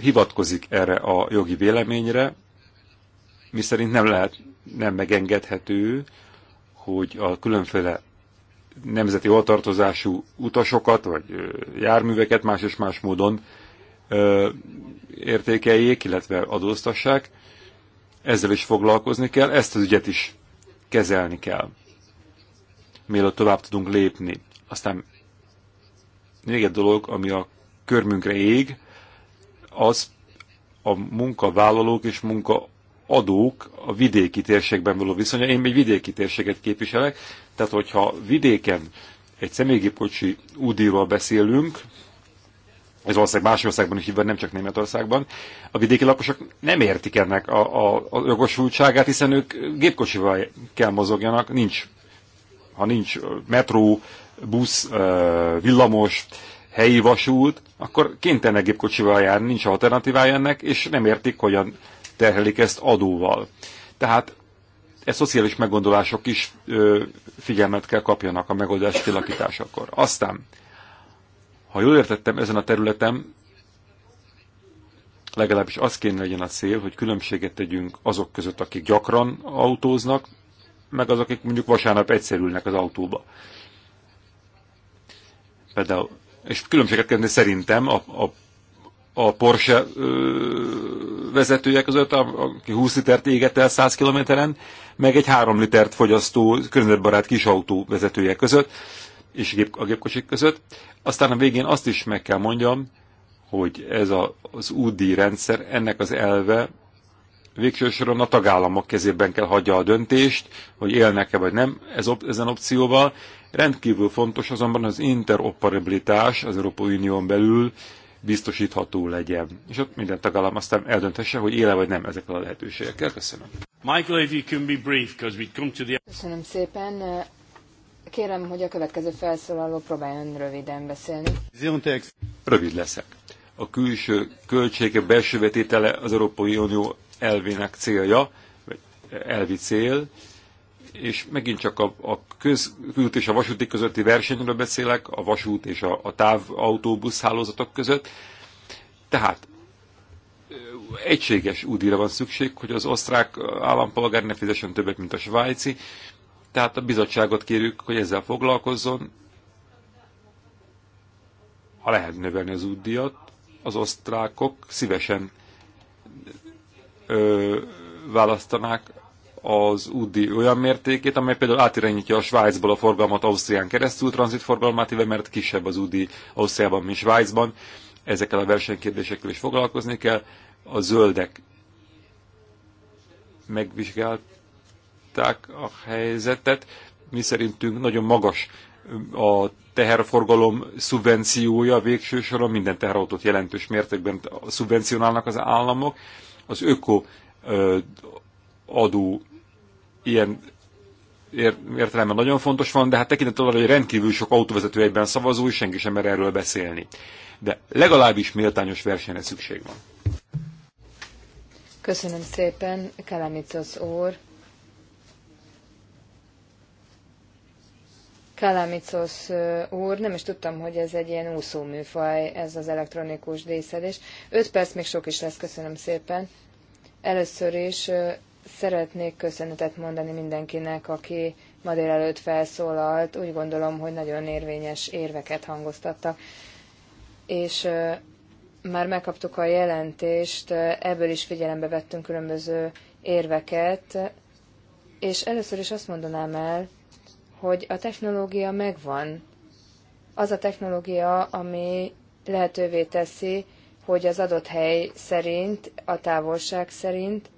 hivatkozik erre a jogi véleményre, miszerint nem lehet, nem megengedhető, hogy a különféle nemzeti oltartozású utasokat, vagy járműveket más és más módon ö, értékeljék, illetve adóztassák. Ezzel is foglalkozni kell, ezt az ügyet is kezelni kell, mielőtt tovább tudunk lépni. Aztán még egy dolog, ami a körmünkre ég, az a munkavállalók és munkaadók a vidéki térségben való viszonya. Én még vidéki térséget képviselek, tehát hogyha vidéken egy személygépkocsi údíról beszélünk, ez valószínűleg más országban is így van, nem csak Németországban, a vidéki lakosok nem értik ennek a, a, a jogosultságát, hiszen ők gépkocsival kell mozogjanak, nincs ha nincs metró, busz, villamos, helyi vasút, akkor kénytelen gépkocsival járni, nincs alternatívája ennek, és nem értik, hogyan terhelik ezt adóval. Tehát e szociális meggondolások is ö, figyelmet kell kapjanak a megoldás kilakításakor. Aztán, ha jól értettem, ezen a területen legalábbis az kéne legyen a cél, hogy különbséget tegyünk azok között, akik gyakran autóznak, meg azok, akik mondjuk vasárnap egyszerülnek az autóba. Például, és különbséget kezdeni szerintem a, a, a Porsche ö, vezetője között, aki 20 litert éget el 100 kilométeren, meg egy 3 litert fogyasztó környezetbarát kis autó vezetője között, és a, gép, a gépkocsik között. Aztán a végén azt is meg kell mondjam, hogy ez a, az UDI rendszer, ennek az elve végső soron a tagállamok kezében kell hagyja a döntést, hogy élnek-e vagy nem ez op ezen opcióval. Rendkívül fontos azonban az interoperabilitás az Európai Unión belül biztosítható legyen. És ott minden tagállam aztán eldönthesse, hogy éle vagy nem ezekkel a lehetőségekkel. Köszönöm. Michael, if you can be brief, because we come to the... Köszönöm szépen. Kérem, hogy a következő felszólaló próbáljon röviden beszélni. Rövid leszek. A külső költségek belső vetétele az Európai Unió elvének célja, vagy elvi cél, és megint csak a, a közút és a vasúti közötti versenyről beszélek, a vasút és a, a távautóbusz hálózatok között. Tehát egységes údíra van szükség, hogy az osztrák állampolgár ne fizessen többet, mint a svájci, tehát a bizottságot kérjük, hogy ezzel foglalkozzon, ha lehet növelni az útdíjat, az osztrákok szívesen ö, választanák az UDI olyan mértékét, amely például átirányítja a Svájcból a forgalmat Ausztrián keresztül, tranzitforgalmát, mert kisebb az UDI Ausztriában, mint Svájcban. Ezekkel a versenykérdésekkel is foglalkozni kell. A zöldek megvizsgálták a helyzetet, mi szerintünk nagyon magas a teherforgalom szubvenciója végső soron, minden teherautót jelentős mértékben szubvencionálnak az államok, az öko adó ilyen értelemben nagyon fontos van, de hát tekintettel arra, hogy rendkívül sok autóvezető egyben szavazó, és senki sem mer erről beszélni. De legalábbis méltányos versenyre szükség van. Köszönöm szépen, Kalamicos úr. Kalamicos úr, nem is tudtam, hogy ez egy ilyen úszó műfaj, ez az elektronikus díszedés. Öt perc még sok is lesz, köszönöm szépen. Először is szeretnék köszönetet mondani mindenkinek, aki ma délelőtt felszólalt. Úgy gondolom, hogy nagyon érvényes érveket hangoztattak. És már megkaptuk a jelentést, ebből is figyelembe vettünk különböző érveket, és először is azt mondanám el, hogy a technológia megvan. Az a technológia, ami lehetővé teszi, hogy az adott hely szerint, a távolság szerint,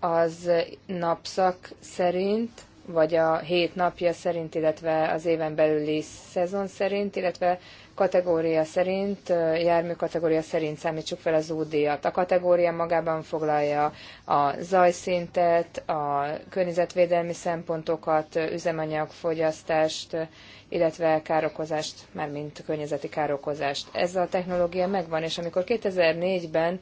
az napszak szerint, vagy a hét napja szerint, illetve az éven belüli szezon szerint, illetve kategória szerint, jármű kategória szerint számítsuk fel az útdíjat. A kategória magában foglalja a zajszintet, a környezetvédelmi szempontokat, üzemanyagfogyasztást, illetve károkozást, mármint környezeti károkozást. Ez a technológia megvan, és amikor 2004-ben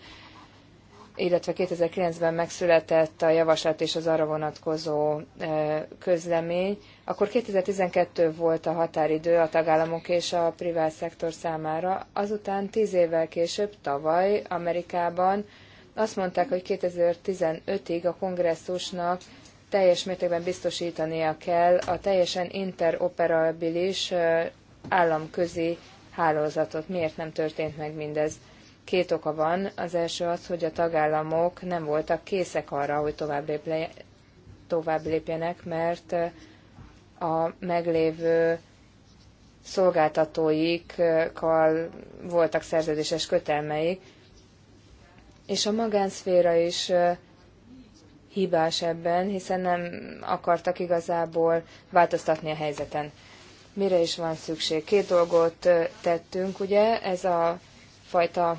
illetve 2009-ben megszületett a javaslat és az arra vonatkozó e, közlemény, akkor 2012 volt a határidő a tagállamok és a privát szektor számára. Azután 10 évvel később, tavaly Amerikában azt mondták, hogy 2015-ig a kongresszusnak teljes mértékben biztosítania kell a teljesen interoperabilis e, államközi hálózatot. Miért nem történt meg mindez? Két oka van. Az első az, hogy a tagállamok nem voltak készek arra, hogy tovább, tovább lépjenek, mert eh, a meglévő szolgáltatóikkal voltak szerződéses kötelmeik, és a magánszféra is eh, hibás ebben, hiszen nem akartak igazából változtatni a helyzeten. Mire is van szükség? Két dolgot eh, tettünk, ugye, ez a fajta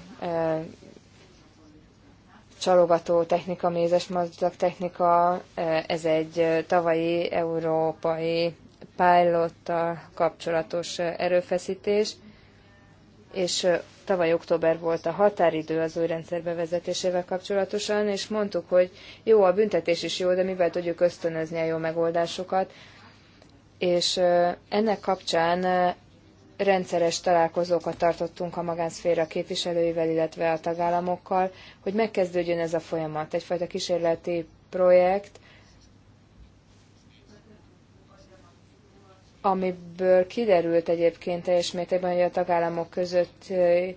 csalogató technika, mézes mozdulat technika, ez egy tavalyi európai pilottal kapcsolatos erőfeszítés, és tavaly október volt a határidő az új rendszer bevezetésével kapcsolatosan, és mondtuk, hogy jó, a büntetés is jó, de mivel tudjuk ösztönözni a jó megoldásokat, és ennek kapcsán rendszeres találkozókat tartottunk a magánszféra képviselőivel, illetve a tagállamokkal, hogy megkezdődjön ez a folyamat, egyfajta kísérleti projekt, amiből kiderült egyébként teljes mértékben, hogy a tagállamok között eh,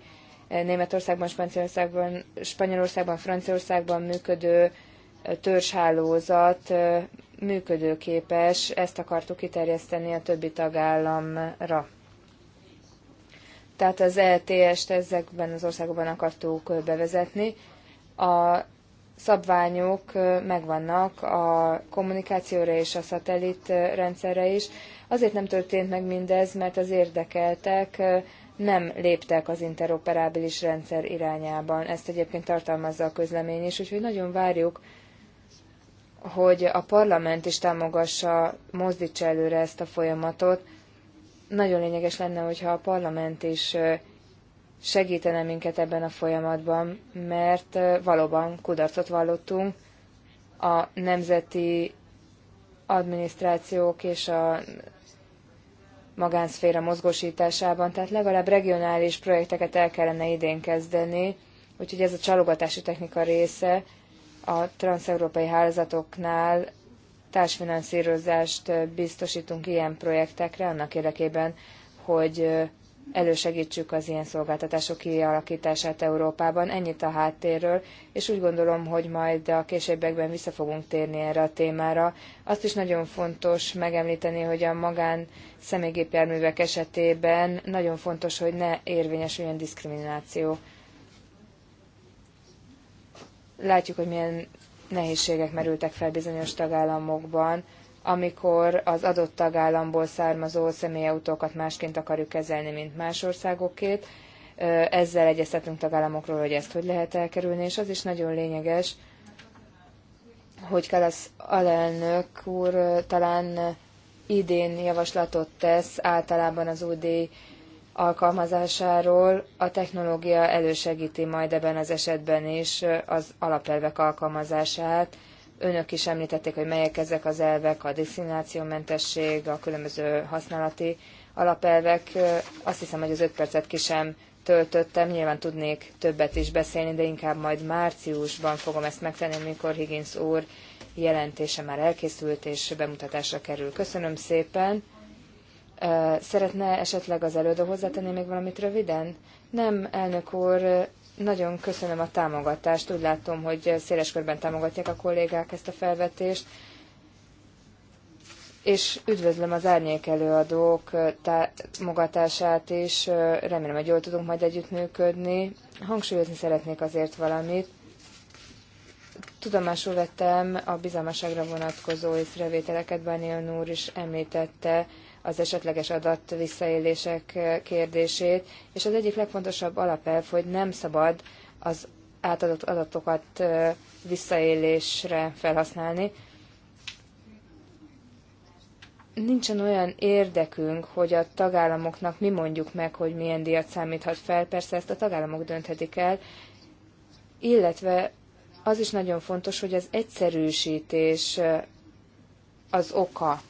Németországban, Spanyolországban, Spanyolországban Franciaországban működő eh, törzshálózat eh, működőképes, ezt akartuk kiterjeszteni a többi tagállamra. Tehát az ETS-t ezekben az országokban akartuk bevezetni. A szabványok megvannak a kommunikációra és a szatellit rendszerre is. Azért nem történt meg mindez, mert az érdekeltek nem léptek az interoperábilis rendszer irányában. Ezt egyébként tartalmazza a közlemény is, úgyhogy nagyon várjuk, hogy a parlament is támogassa, mozdítsa előre ezt a folyamatot, nagyon lényeges lenne, hogyha a parlament is segítene minket ebben a folyamatban, mert valóban kudarcot vallottunk a nemzeti adminisztrációk és a magánszféra mozgósításában, tehát legalább regionális projekteket el kellene idén kezdeni, úgyhogy ez a csalogatási technika része a transeurópai hálózatoknál társfinanszírozást biztosítunk ilyen projektekre annak érdekében, hogy elősegítsük az ilyen szolgáltatások kialakítását Európában. Ennyit a háttérről, és úgy gondolom, hogy majd a későbbiekben vissza fogunk térni erre a témára. Azt is nagyon fontos megemlíteni, hogy a magán személygépjárművek esetében nagyon fontos, hogy ne érvényesüljön diszkrimináció. Látjuk, hogy milyen nehézségek merültek fel bizonyos tagállamokban, amikor az adott tagállamból származó személyautókat másként akarjuk kezelni, mint más országokét. Ezzel egyeztetünk tagállamokról, hogy ezt hogy lehet elkerülni, és az is nagyon lényeges, hogy Kalasz alelnök úr talán idén javaslatot tesz általában az új alkalmazásáról, a technológia elősegíti majd ebben az esetben is az alapelvek alkalmazását. Önök is említették, hogy melyek ezek az elvek, a diszkriminációmentesség, a különböző használati alapelvek. Azt hiszem, hogy az öt percet ki sem töltöttem, nyilván tudnék többet is beszélni, de inkább majd márciusban fogom ezt megtenni, amikor Higgins úr jelentése már elkészült és bemutatásra kerül. Köszönöm szépen! Szeretne esetleg az előadó hozzátenni még valamit röviden? Nem, elnök úr, nagyon köszönöm a támogatást. Úgy látom, hogy széles körben támogatják a kollégák ezt a felvetést, és üdvözlöm az árnyék előadók támogatását is. Remélem, hogy jól tudunk majd együttműködni. Hangsúlyozni szeretnék azért valamit. Tudomásul vettem a bizalmaságra vonatkozó észrevételeket, Bányon úr is említette, az esetleges adat visszaélések kérdését, és az egyik legfontosabb alapelv, hogy nem szabad az átadott adatokat visszaélésre felhasználni. Nincsen olyan érdekünk, hogy a tagállamoknak mi mondjuk meg, hogy milyen díjat számíthat fel, persze ezt a tagállamok dönthetik el, illetve az is nagyon fontos, hogy az egyszerűsítés az oka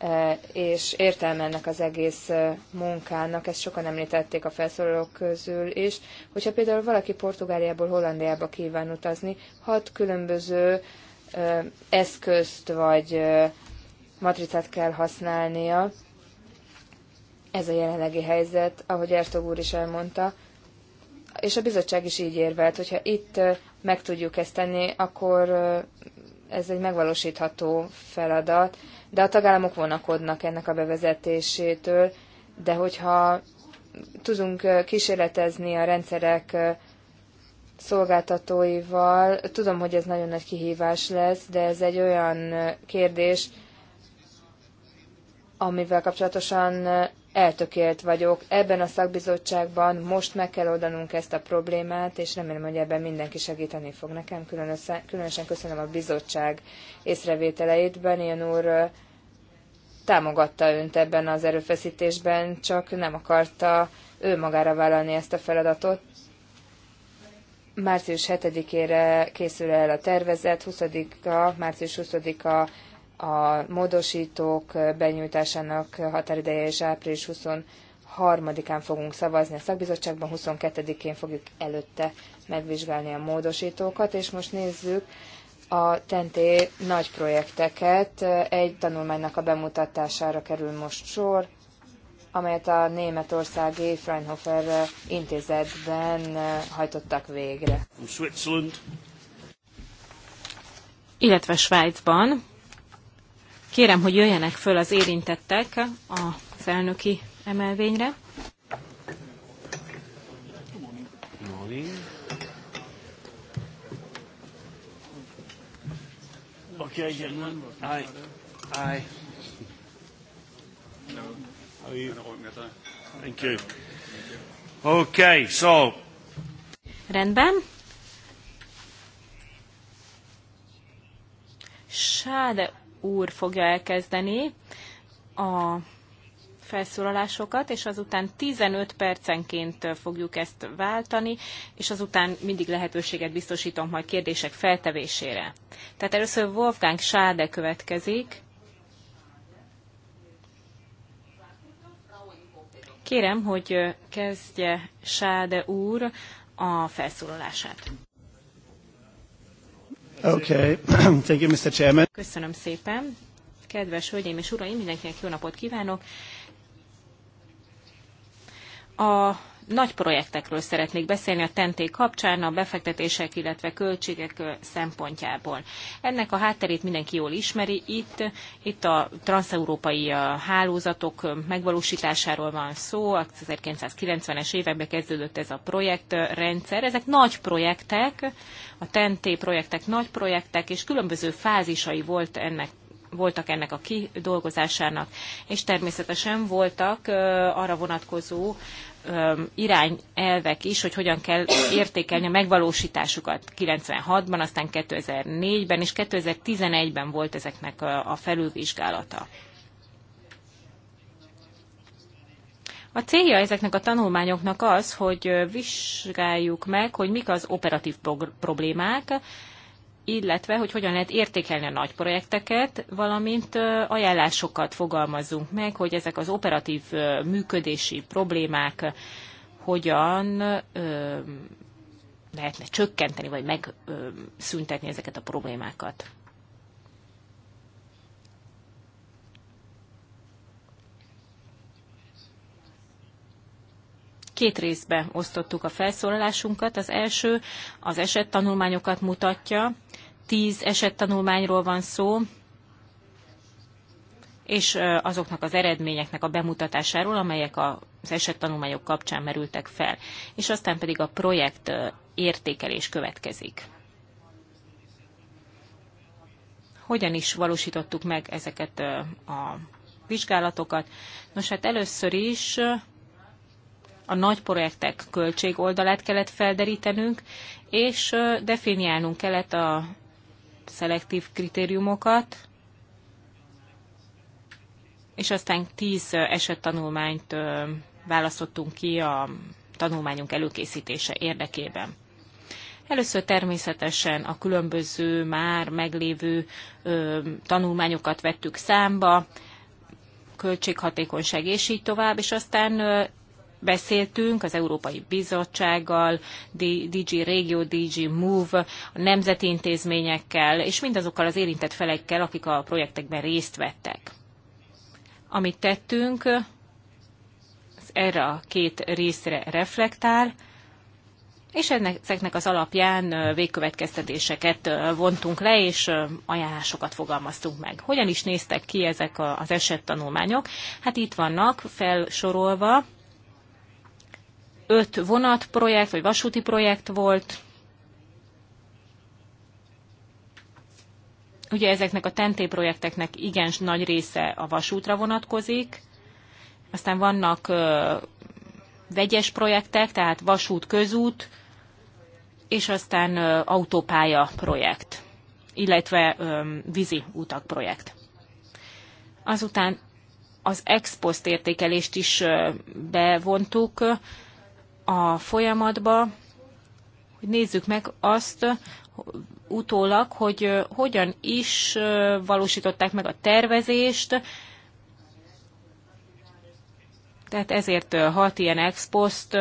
E, és értelme ennek az egész e, munkának, ezt sokan említették a felszólalók közül is, hogyha például valaki Portugáliából Hollandiába kíván utazni, hat különböző e, eszközt vagy matricát kell használnia, ez a jelenlegi helyzet, ahogy Ertog úr is elmondta, és a bizottság is így érvelt, hogyha itt meg tudjuk ezt tenni, akkor ez egy megvalósítható feladat, de a tagállamok vonakodnak ennek a bevezetésétől, de hogyha tudunk kísérletezni a rendszerek szolgáltatóival, tudom, hogy ez nagyon nagy kihívás lesz, de ez egy olyan kérdés, amivel kapcsolatosan eltökélt vagyok. Ebben a szakbizottságban most meg kell oldanunk ezt a problémát, és remélem, hogy ebben mindenki segíteni fog nekem. Különösen, különösen köszönöm a bizottság észrevételeit. Benén úr támogatta önt ebben az erőfeszítésben, csak nem akarta ő magára vállalni ezt a feladatot. Március 7-ére készül el a tervezet, 20-a, március 20-a a módosítók benyújtásának határideje és április 23-án fogunk szavazni a szakbizottságban, 22-én fogjuk előtte megvizsgálni a módosítókat, és most nézzük a TNT nagy projekteket. Egy tanulmánynak a bemutatására kerül most sor, amelyet a németországi Fraunhofer intézetben hajtottak végre. Illetve Svájcban, Kérem, hogy jöjjenek föl az érintettek a felnöki emelvényre. Okay, Thank you. Okay, so. Rendben. Sáde úr fogja elkezdeni a felszólalásokat, és azután 15 percenként fogjuk ezt váltani, és azután mindig lehetőséget biztosítom, majd kérdések feltevésére. Tehát először Wolfgang Sáde következik. Kérem, hogy kezdje Sáde úr a felszólalását. Okay. Thank you, Mr. Chairman. Köszönöm szépen. Kedves hölgyeim és uraim, mindenkinek jó napot kívánok. A nagy projektekről szeretnék beszélni a tenté kapcsán, a befektetések, illetve költségek szempontjából. Ennek a hátterét mindenki jól ismeri. Itt, itt a transeurópai hálózatok megvalósításáról van szó. A 1990-es években kezdődött ez a projektrendszer. Ezek nagy projektek, a tenté projektek nagy projektek, és különböző fázisai volt ennek voltak ennek a kidolgozásának, és természetesen voltak arra vonatkozó irányelvek is, hogy hogyan kell értékelni a megvalósításukat 96-ban, aztán 2004-ben és 2011-ben volt ezeknek a felülvizsgálata. A célja ezeknek a tanulmányoknak az, hogy vizsgáljuk meg, hogy mik az operatív problémák, illetve hogy hogyan lehet értékelni a nagy projekteket, valamint ajánlásokat fogalmazzunk meg, hogy ezek az operatív működési problémák hogyan lehetne csökkenteni, vagy megszüntetni ezeket a problémákat. két részbe osztottuk a felszólalásunkat. Az első az esettanulmányokat mutatja, tíz esettanulmányról van szó, és azoknak az eredményeknek a bemutatásáról, amelyek az esettanulmányok kapcsán merültek fel. És aztán pedig a projekt értékelés következik. Hogyan is valósítottuk meg ezeket a vizsgálatokat? Nos, hát először is a nagy projektek oldalát kellett felderítenünk, és definiálnunk kellett a szelektív kritériumokat, és aztán tíz esettanulmányt választottunk ki a tanulmányunk előkészítése érdekében. Először természetesen a különböző már meglévő ö, tanulmányokat vettük számba, költséghatékonyság és így tovább, és aztán beszéltünk az Európai Bizottsággal, DG Régió, DG Move, a nemzeti intézményekkel, és mindazokkal az érintett felekkel, akik a projektekben részt vettek. Amit tettünk, az erre a két részre reflektál, és ezeknek az alapján végkövetkeztetéseket vontunk le, és ajánlásokat fogalmaztunk meg. Hogyan is néztek ki ezek az esettanulmányok? Hát itt vannak felsorolva, öt vonatprojekt, vagy vasúti projekt volt. Ugye ezeknek a TNT projekteknek igen nagy része a vasútra vonatkozik, aztán vannak ö, vegyes projektek, tehát vasút, közút, és aztán ö, autópálya projekt, illetve ö, vízi utak projekt. Azután az exposzt értékelést is bevontuk, a folyamatba, hogy nézzük meg azt utólag, hogy hogyan is valósították meg a tervezést, tehát ezért hat ilyen ex post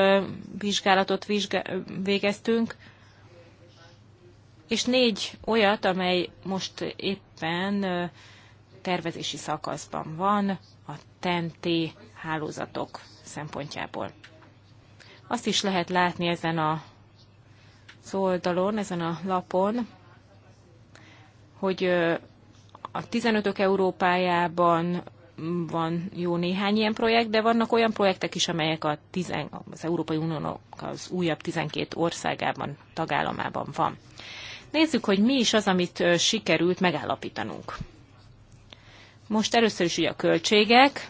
vizsgálatot vizsgá- végeztünk, és négy olyat, amely most éppen tervezési szakaszban van a TNT e hálózatok szempontjából. Azt is lehet látni ezen a oldalon, ezen a lapon, hogy a 15-ök Európájában van jó néhány ilyen projekt, de vannak olyan projektek is, amelyek a tizen, az Európai Uniónak az újabb 12 országában, tagállamában van. Nézzük, hogy mi is az, amit sikerült megállapítanunk. Most először is ugye a költségek,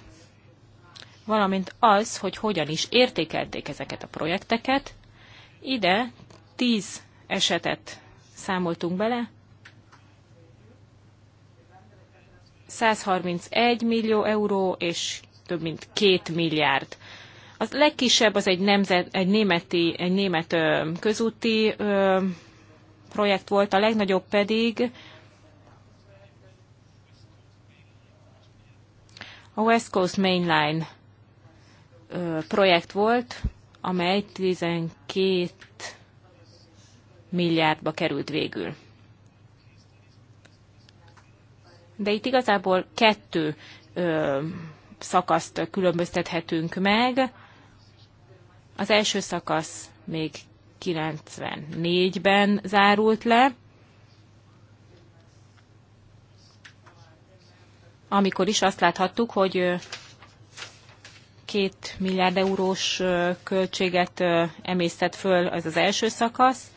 valamint az, hogy hogyan is értékelték ezeket a projekteket. Ide tíz esetet számoltunk bele, 131 millió euró és több mint 2 milliárd. Az legkisebb az egy, nemzet, egy, németi, egy német közúti projekt volt, a legnagyobb pedig a West Coast Main Line projekt volt, amely 12 milliárdba került végül. De itt igazából kettő ö, szakaszt különböztethetünk meg. Az első szakasz még 94-ben zárult le, amikor is azt láthattuk, hogy két milliárd eurós költséget emésztett föl, ez az első szakasz.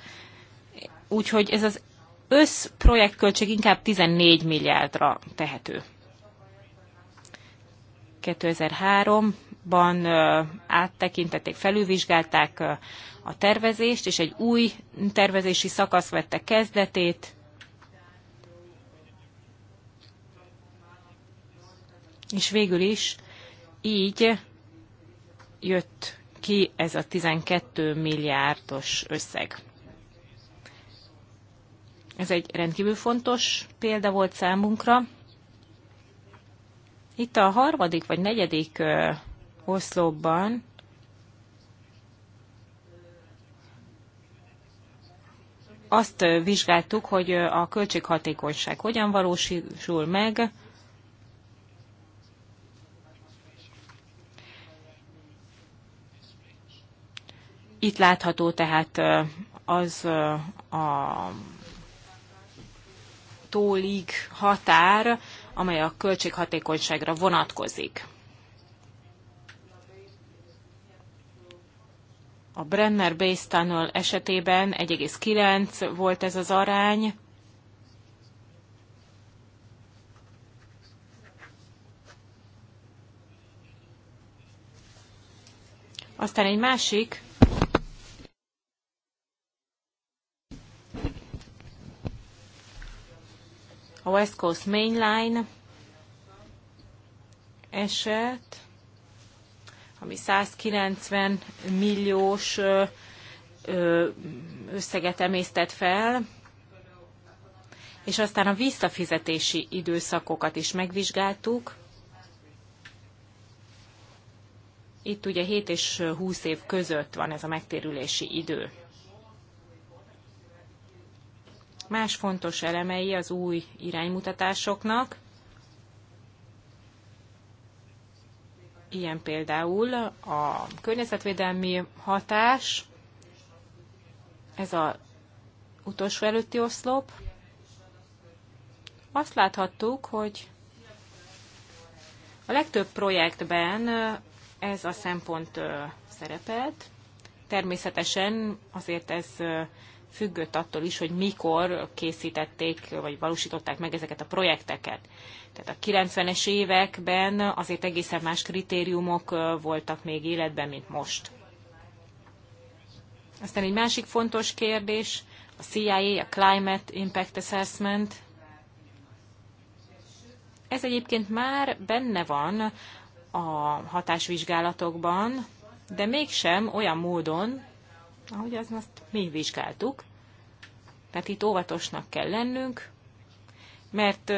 Úgyhogy ez az összprojektköltség inkább 14 milliárdra tehető. 2003-ban áttekintették, felülvizsgálták a tervezést, és egy új tervezési szakasz vette kezdetét. És végül is így jött ki ez a 12 milliárdos összeg. Ez egy rendkívül fontos példa volt számunkra. Itt a harmadik vagy negyedik oszlopban azt vizsgáltuk, hogy a költséghatékonyság hogyan valósul meg, Itt látható tehát az a tólig határ, amely a költséghatékonyságra vonatkozik. A Brenner Base Tunnel esetében 1,9 volt ez az arány, Aztán egy másik a West Coast Mainline eset, ami 190 milliós összeget emésztett fel, és aztán a visszafizetési időszakokat is megvizsgáltuk. Itt ugye 7 és 20 év között van ez a megtérülési idő. más fontos elemei az új iránymutatásoknak, ilyen például a környezetvédelmi hatás, ez az utolsó előtti oszlop. Azt láthattuk, hogy a legtöbb projektben ez a szempont szerepelt. Természetesen azért ez függött attól is, hogy mikor készítették, vagy valósították meg ezeket a projekteket. Tehát a 90-es években azért egészen más kritériumok voltak még életben, mint most. Aztán egy másik fontos kérdés, a CIA, a Climate Impact Assessment. Ez egyébként már benne van a hatásvizsgálatokban, de mégsem olyan módon, ahogy az, azt mi vizsgáltuk. Tehát itt óvatosnak kell lennünk, mert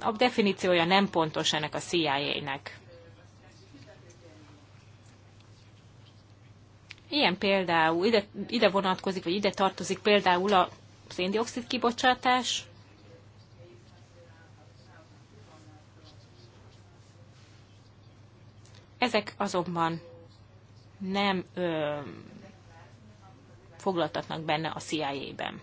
a definíciója nem pontos ennek a CIA-nek. Ilyen például, ide, ide vonatkozik, vagy ide tartozik például a széndiokszid kibocsátás, Ezek azonban nem ö, foglaltatnak benne a CIA-ben.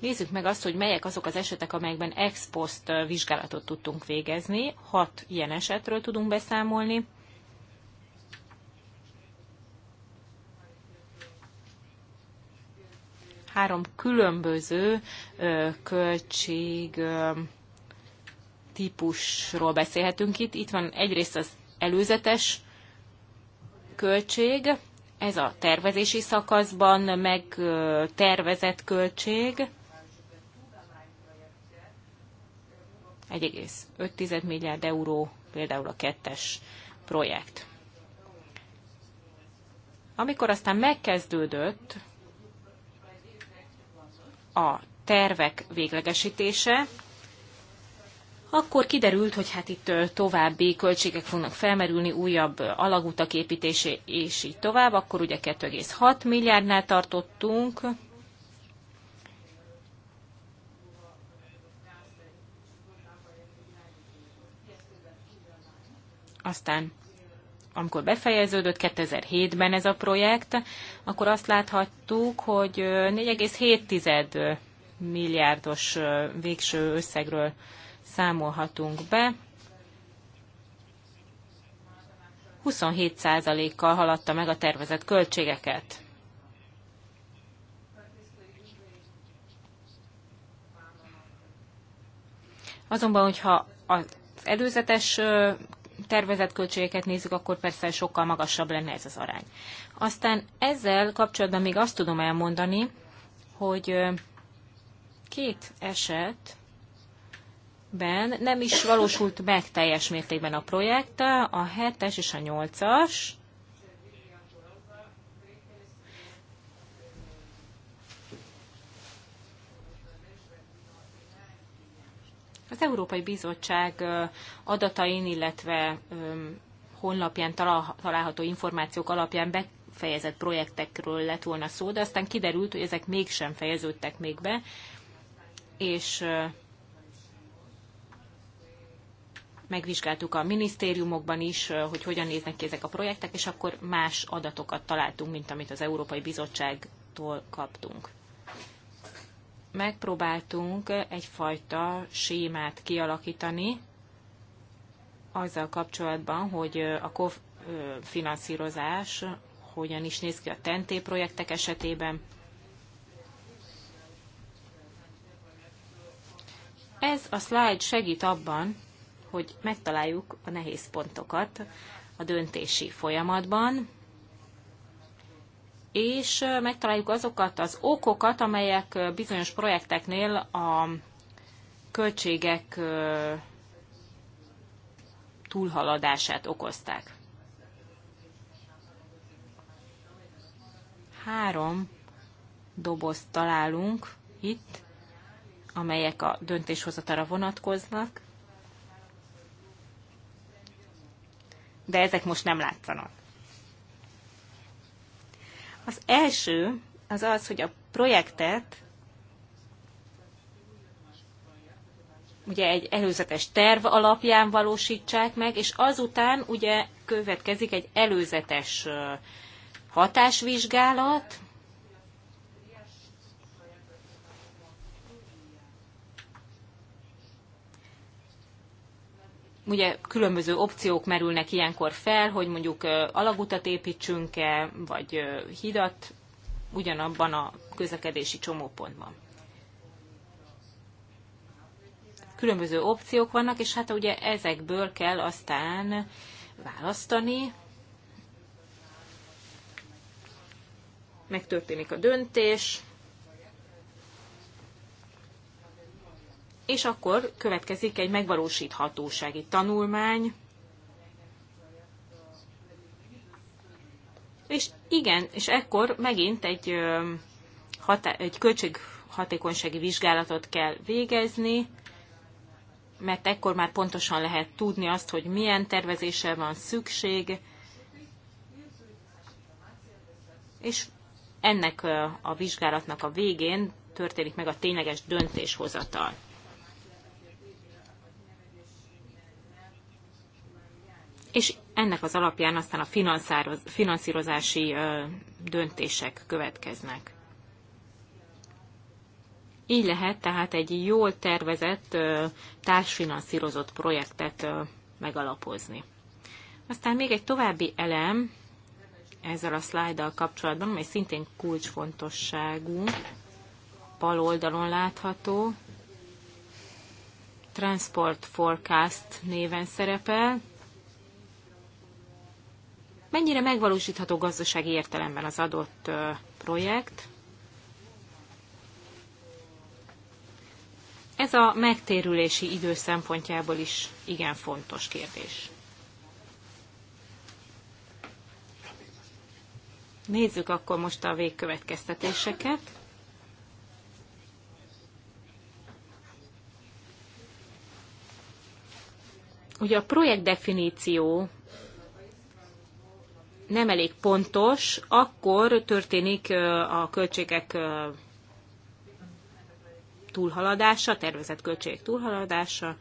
Nézzük meg azt, hogy melyek azok az esetek, amelyekben ex post vizsgálatot tudtunk végezni. Hat ilyen esetről tudunk beszámolni. Három különböző ö, költség ö, típusról beszélhetünk itt. Itt van egyrészt az előzetes költség, ez a tervezési szakaszban megtervezett költség, 1,5 milliárd euró például a kettes projekt. Amikor aztán megkezdődött a tervek véglegesítése, akkor kiderült, hogy hát itt további költségek fognak felmerülni, újabb alagutak építése és így tovább, akkor ugye 2,6 milliárdnál tartottunk, aztán amikor befejeződött 2007-ben ez a projekt, akkor azt láthattuk, hogy 4,7 milliárdos végső összegről számolhatunk be. 27%-kal haladta meg a tervezett költségeket. Azonban, hogyha az előzetes tervezett költségeket nézzük, akkor persze sokkal magasabb lenne ez az arány. Aztán ezzel kapcsolatban még azt tudom elmondani, hogy két eset ben nem is valósult meg teljes mértékben a projekt, a 7-es és a 8-as. Az Európai Bizottság adatain, illetve honlapján található információk alapján befejezett projektekről lett volna szó, de aztán kiderült, hogy ezek mégsem fejeződtek még be, és megvizsgáltuk a minisztériumokban is, hogy hogyan néznek ki ezek a projektek, és akkor más adatokat találtunk, mint amit az Európai Bizottságtól kaptunk. Megpróbáltunk egyfajta sémát kialakítani azzal kapcsolatban, hogy a COV finanszírozás hogyan is néz ki a TENTÉ projektek esetében, Ez a slide segít abban, hogy megtaláljuk a nehéz pontokat a döntési folyamatban, és megtaláljuk azokat az okokat, amelyek bizonyos projekteknél a költségek túlhaladását okozták. Három dobozt találunk itt, amelyek a döntéshozatára vonatkoznak, de ezek most nem látszanak. Az első az az, hogy a projektet ugye egy előzetes terv alapján valósítsák meg, és azután ugye következik egy előzetes hatásvizsgálat, ugye különböző opciók merülnek ilyenkor fel, hogy mondjuk alagutat építsünk-e, vagy hidat ugyanabban a közlekedési csomópontban. Különböző opciók vannak, és hát ugye ezekből kell aztán választani. Megtörténik a döntés, és akkor következik egy megvalósíthatósági tanulmány, és igen, és ekkor megint egy, hatá- egy költséghatékonysági vizsgálatot kell végezni, mert ekkor már pontosan lehet tudni azt, hogy milyen tervezésre van szükség, és ennek a vizsgálatnak a végén történik meg a tényleges döntéshozatal. és ennek az alapján aztán a finanszírozási döntések következnek. Így lehet tehát egy jól tervezett, társfinanszírozott projektet megalapozni. Aztán még egy további elem ezzel a szlájddal kapcsolatban, mely szintén kulcsfontosságú, bal oldalon látható, Transport Forecast néven szerepel, Mennyire megvalósítható gazdasági értelemben az adott projekt? Ez a megtérülési idő szempontjából is igen fontos kérdés. Nézzük akkor most a végkövetkeztetéseket. Ugye a projekt definíció nem elég pontos, akkor történik a költségek túlhaladása, tervezett költségek túlhaladása,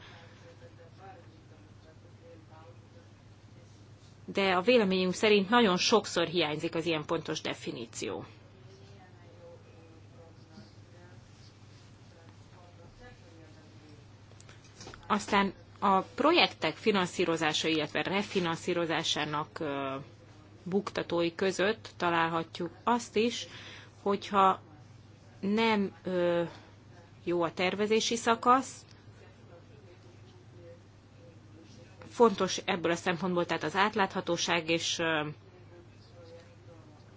de a véleményünk szerint nagyon sokszor hiányzik az ilyen pontos definíció. Aztán a projektek finanszírozása, illetve refinanszírozásának buktatói között találhatjuk azt is, hogyha nem ö, jó a tervezési szakasz, fontos ebből a szempontból, tehát az átláthatóság és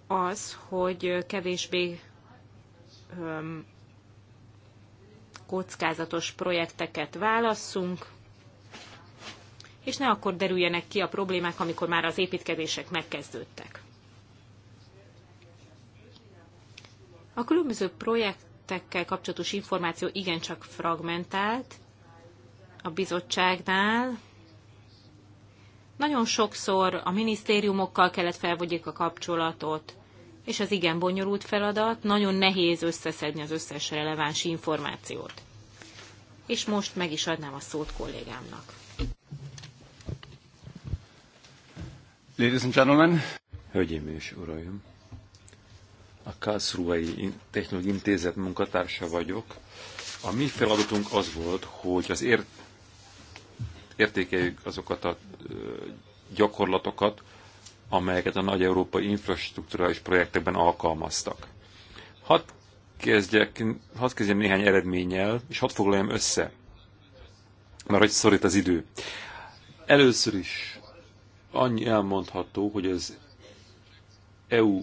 az, hogy kevésbé kockázatos projekteket válasszunk, és ne akkor derüljenek ki a problémák, amikor már az építkezések megkezdődtek. A különböző projektekkel kapcsolatos információ igencsak fragmentált a bizottságnál. Nagyon sokszor a minisztériumokkal kellett felvegyék a kapcsolatot, és az igen bonyolult feladat, nagyon nehéz összeszedni az összes releváns információt. És most meg is adnám a szót kollégámnak. Ladies and gentlemen. Hölgyeim és uraim. A Kászruai Technológiai Intézet munkatársa vagyok. A mi feladatunk az volt, hogy az ért értékeljük azokat a gyakorlatokat, amelyeket a nagy európai infrastruktúrális projektekben alkalmaztak. Hadd kezdjek, hadd kezdjem néhány eredménnyel, és hadd foglaljam össze, mert hogy szorít az idő. Először is annyi elmondható, hogy az EU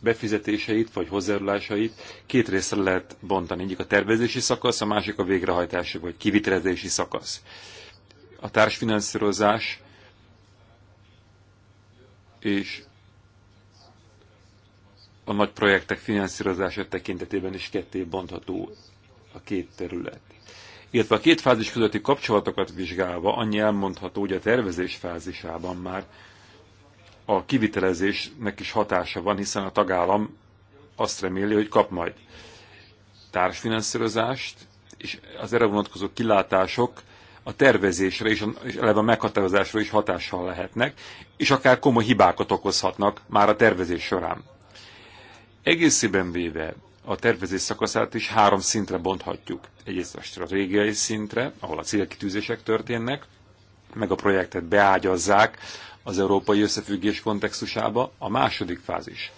befizetéseit vagy hozzájárulásait két részre lehet bontani. Egyik a tervezési szakasz, a másik a végrehajtási vagy kivitelezési szakasz. A társfinanszírozás és a nagy projektek finanszírozása tekintetében is ketté bontható a két terület illetve a két fázis közötti kapcsolatokat vizsgálva annyi elmondható, hogy a tervezés fázisában már a kivitelezésnek is hatása van, hiszen a tagállam azt reméli, hogy kap majd társfinanszírozást, és az erre vonatkozó kilátások a tervezésre és, a, és eleve a meghatározásra is hatással lehetnek, és akár komoly hibákat okozhatnak már a tervezés során. Egészében véve a tervezés szakaszát is három szintre bonthatjuk. Egyrészt a stratégiai szintre, ahol a célkitűzések történnek, meg a projektet beágyazzák az európai összefüggés kontextusába. A második fázis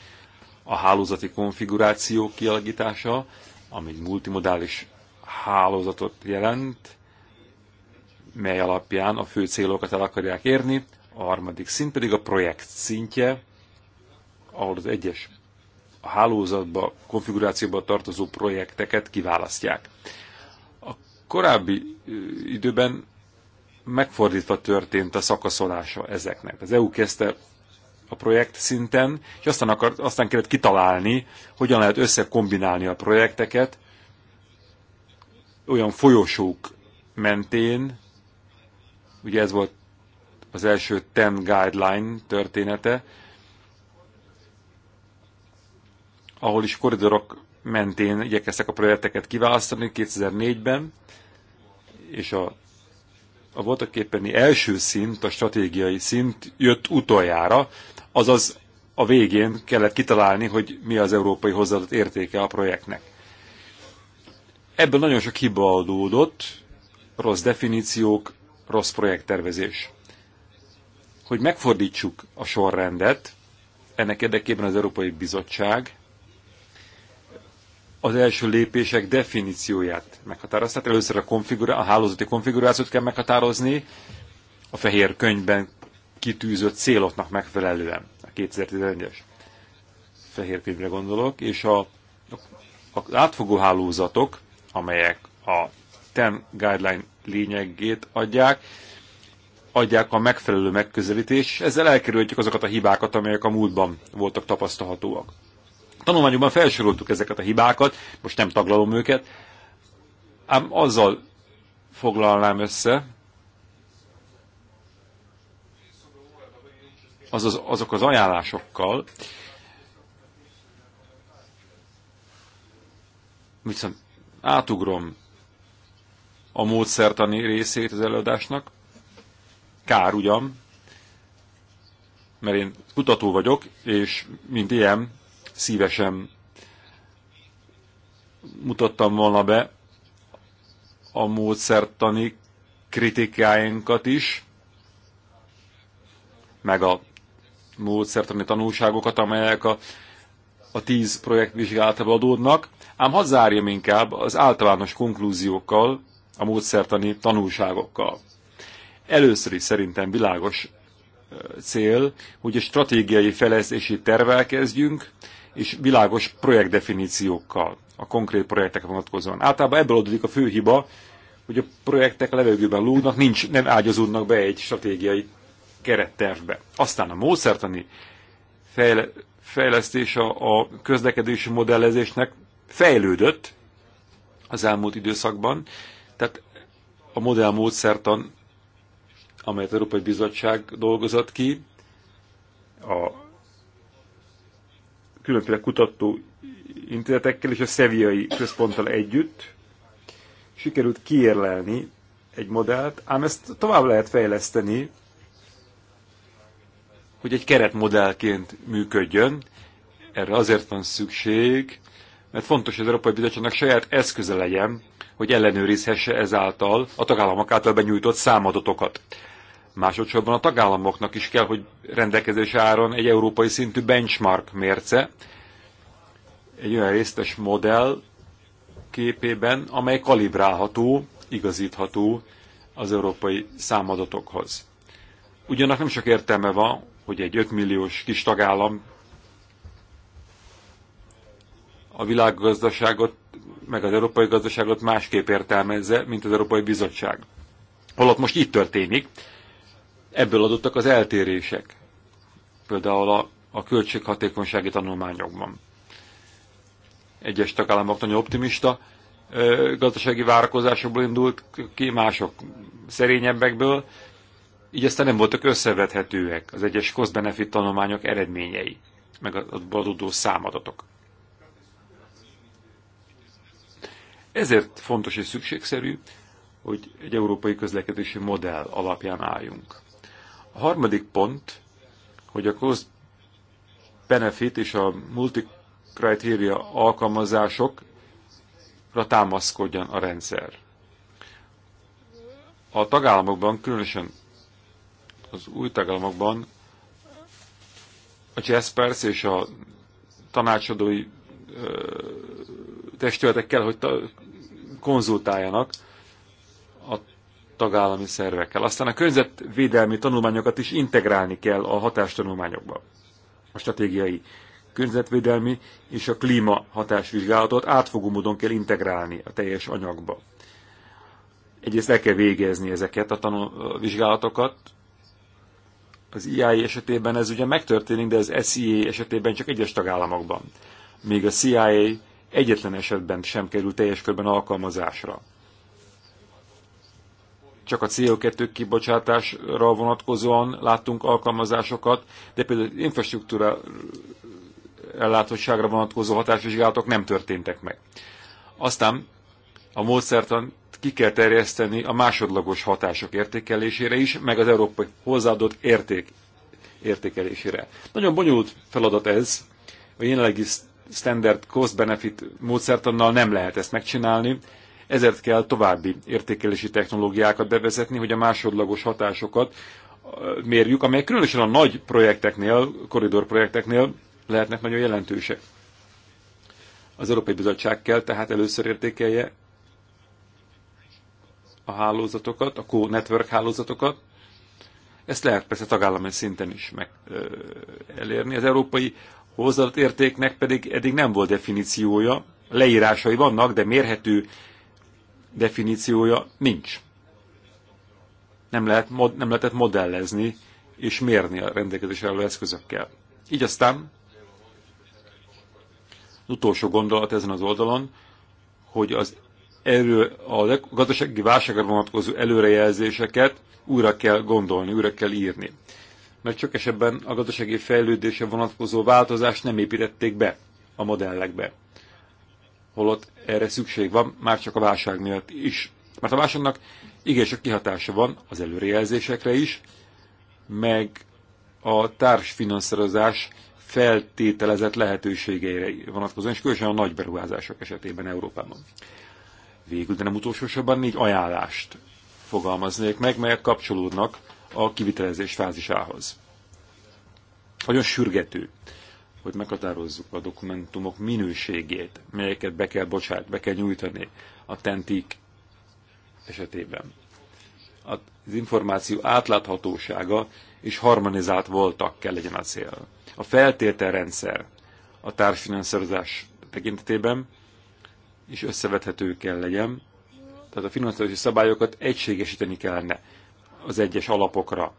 a hálózati konfiguráció kialakítása, ami egy multimodális hálózatot jelent, mely alapján a fő célokat el akarják érni. A harmadik szint pedig a projekt szintje, ahol az egyes a hálózatba, konfigurációba tartozó projekteket kiválasztják. A korábbi időben megfordítva történt a szakaszolása ezeknek. Az EU kezdte a projekt szinten, és aztán, akart, aztán kellett kitalálni, hogyan lehet összekombinálni a projekteket olyan folyosók mentén, ugye ez volt az első TEN guideline története, ahol is koridorok mentén igyekeztek a projekteket kiválasztani 2004-ben, és a, a voltak éppeni első szint, a stratégiai szint jött utoljára, azaz a végén kellett kitalálni, hogy mi az európai hozzáadott értéke a projektnek. Ebből nagyon sok hiba adódott, rossz definíciók, rossz projekttervezés. Hogy megfordítsuk a sorrendet, ennek érdekében az Európai Bizottság az első lépések definícióját Tehát Először a, konfigura- a hálózati konfigurációt kell meghatározni, a fehér könyvben kitűzött céloknak megfelelően, a 2011-es fehér könyvre gondolok, és a, a, a átfogó hálózatok, amelyek a TEN guideline lényegét adják, adják a megfelelő megközelítés, ezzel elkerülhetjük azokat a hibákat, amelyek a múltban voltak tapasztalhatóak. Tanulmányokban felsoroltuk ezeket a hibákat, most nem taglalom őket, ám azzal foglalnám össze, azaz, azok az ajánlásokkal, viszont átugrom a módszertani részét az előadásnak. Kár ugyan, mert én kutató vagyok, és mint ilyen szívesen mutattam volna be a módszertani kritikáinkat is, meg a módszertani tanulságokat, amelyek a, a tíz projekt vizsgálatába adódnak, ám hadd inkább az általános konklúziókkal, a módszertani tanulságokkal. Először is szerintem világos cél, hogy a stratégiai fejlesztési tervel kezdjünk, és világos projektdefiníciókkal a konkrét projektek vonatkozóan. Általában ebből adódik a fő hiba, hogy a projektek levegőben lógnak, nincs, nem ágyazódnak be egy stratégiai kerettervbe. Aztán a módszertani fejle, fejlesztés a, a közlekedési modellezésnek fejlődött az elmúlt időszakban, tehát a modell módszertan, amelyet Európai Bizottság dolgozott ki, a különféle kutató intézetekkel és a szeviai központtal együtt sikerült kiérlelni egy modellt, ám ezt tovább lehet fejleszteni, hogy egy keretmodellként működjön. Erre azért van szükség, mert fontos, hogy az Európai Bizottságnak saját eszköze legyen, hogy ellenőrizhesse ezáltal a tagállamok által benyújtott számadatokat. Másodszorban a tagállamoknak is kell, hogy rendelkezés áron egy európai szintű benchmark mérce, egy olyan résztes modell képében, amely kalibrálható, igazítható az európai számadatokhoz. Ugyanak nem sok értelme van, hogy egy 5 milliós kis tagállam a világgazdaságot, meg az európai gazdaságot másképp értelmezze, mint az Európai Bizottság. Holott most így történik, Ebből adottak az eltérések, például a, a költséghatékonysági tanulmányokban. Egyes tagállamok nagyon optimista ö, gazdasági várakozásokból indult ki, mások szerényebbekből, így aztán nem voltak összevethetőek az egyes cost-benefit tanulmányok eredményei, meg az adódó számadatok. Ezért fontos és szükségszerű, hogy egy európai közlekedési modell alapján álljunk. A harmadik pont, hogy a cost benefit és a multi-criteria alkalmazásokra támaszkodjon a rendszer. A tagállamokban, különösen az új tagállamokban a Jaspers és a tanácsadói testületekkel, hogy konzultáljanak tagállami szervekkel. Aztán a környezetvédelmi tanulmányokat is integrálni kell a hatástanulmányokba. A stratégiai környezetvédelmi és a klíma hatásvizsgálatot átfogó módon kell integrálni a teljes anyagba. Egyrészt el kell végezni ezeket a, tanul, a vizsgálatokat. Az IAI e esetében ez ugye megtörténik, de az SIA esetében csak egyes tagállamokban. Még a CIA egyetlen esetben sem kerül teljes körben alkalmazásra csak a CO2 kibocsátásra vonatkozóan láttunk alkalmazásokat, de például infrastruktúra ellátottságra vonatkozó hatásvizsgálatok nem történtek meg. Aztán a módszertan ki kell terjeszteni a másodlagos hatások értékelésére is, meg az európai hozzáadott érték értékelésére. Nagyon bonyolult feladat ez, a jelenlegi standard cost-benefit módszertannal nem lehet ezt megcsinálni, ezért kell további értékelési technológiákat bevezetni, hogy a másodlagos hatásokat mérjük, amelyek különösen a nagy projekteknél, koridorprojekteknél lehetnek nagyon jelentősek. Az Európai Bizottság kell tehát először értékelje a hálózatokat, a co-network hálózatokat. Ezt lehet persze tagállami szinten is meg, ö, elérni. Az európai hozzáadott értéknek pedig eddig nem volt definíciója, leírásai vannak, de mérhető definíciója nincs. Nem, lehet, nem lehetett modellezni és mérni a rendelkezés álló eszközökkel. Így aztán az utolsó gondolat ezen az oldalon, hogy az erő, a gazdasági válságra vonatkozó előrejelzéseket újra kell gondolni, újra kell írni. Mert csak esetben a gazdasági fejlődése vonatkozó változást nem építették be a modellekbe holott erre szükség van, már csak a válság miatt is. Mert a válságnak igen sok kihatása van az előrejelzésekre is, meg a társfinanszírozás feltételezett lehetőségeire vonatkozóan, és különösen a nagy beruházások esetében Európában. Végül, de nem utolsó sorban négy ajánlást fogalmaznék meg, melyek kapcsolódnak a kivitelezés fázisához. Nagyon sürgető hogy meghatározzuk a dokumentumok minőségét, melyeket be kell bocsát, be kell nyújtani a tentik esetében. Az információ átláthatósága és harmonizált voltak kell legyen a cél. A feltételrendszer a társfinanszírozás tekintetében is összevethető kell legyen, tehát a finanszírozási szabályokat egységesíteni kellene az egyes alapokra.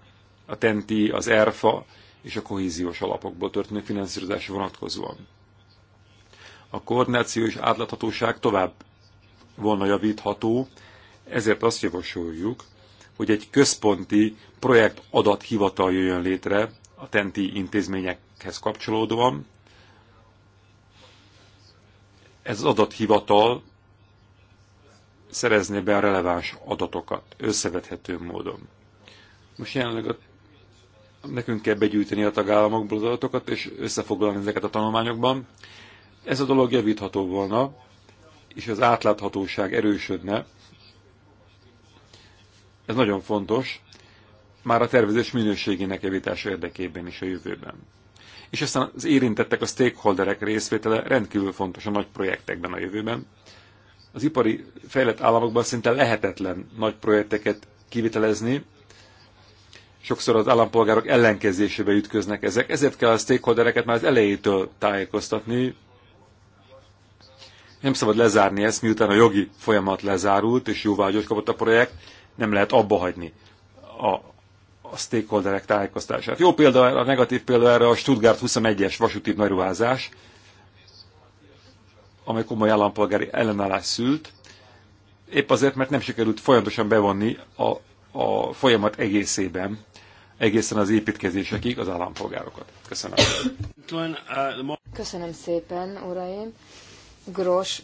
A TENTI, az ERFA és a kohéziós alapokból történő finanszírozás vonatkozóan. A koordináció és átláthatóság tovább volna javítható, ezért azt javasoljuk, hogy egy központi projekt adathivatal jöjjön létre a tenti intézményekhez kapcsolódóan. Ez az adathivatal szerezné be a releváns adatokat összevethető módon. Most jelenleg a nekünk kell begyűjteni a tagállamokból az adatokat, és összefoglalni ezeket a tanulmányokban. Ez a dolog javítható volna, és az átláthatóság erősödne. Ez nagyon fontos, már a tervezés minőségének javítása érdekében is a jövőben. És aztán az érintettek, a stakeholderek részvétele rendkívül fontos a nagy projektekben a jövőben. Az ipari fejlett államokban szinte lehetetlen nagy projekteket kivitelezni, sokszor az állampolgárok ellenkezésébe ütköznek ezek. Ezért kell a stakeholdereket már az elejétől tájékoztatni. Nem szabad lezárni ezt, miután a jogi folyamat lezárult, és jóvágyot kapott a projekt, nem lehet abba hagyni a, a stakeholderek tájékoztását. Jó példa, a negatív példa erre a Stuttgart 21-es vasúti nagyruházás, amely komoly állampolgári ellenállás szült, épp azért, mert nem sikerült folyamatosan bevonni a, a folyamat egészében egészen az építkezésekig az állampolgárokat. Köszönöm. Köszönöm szépen, uraim. Gros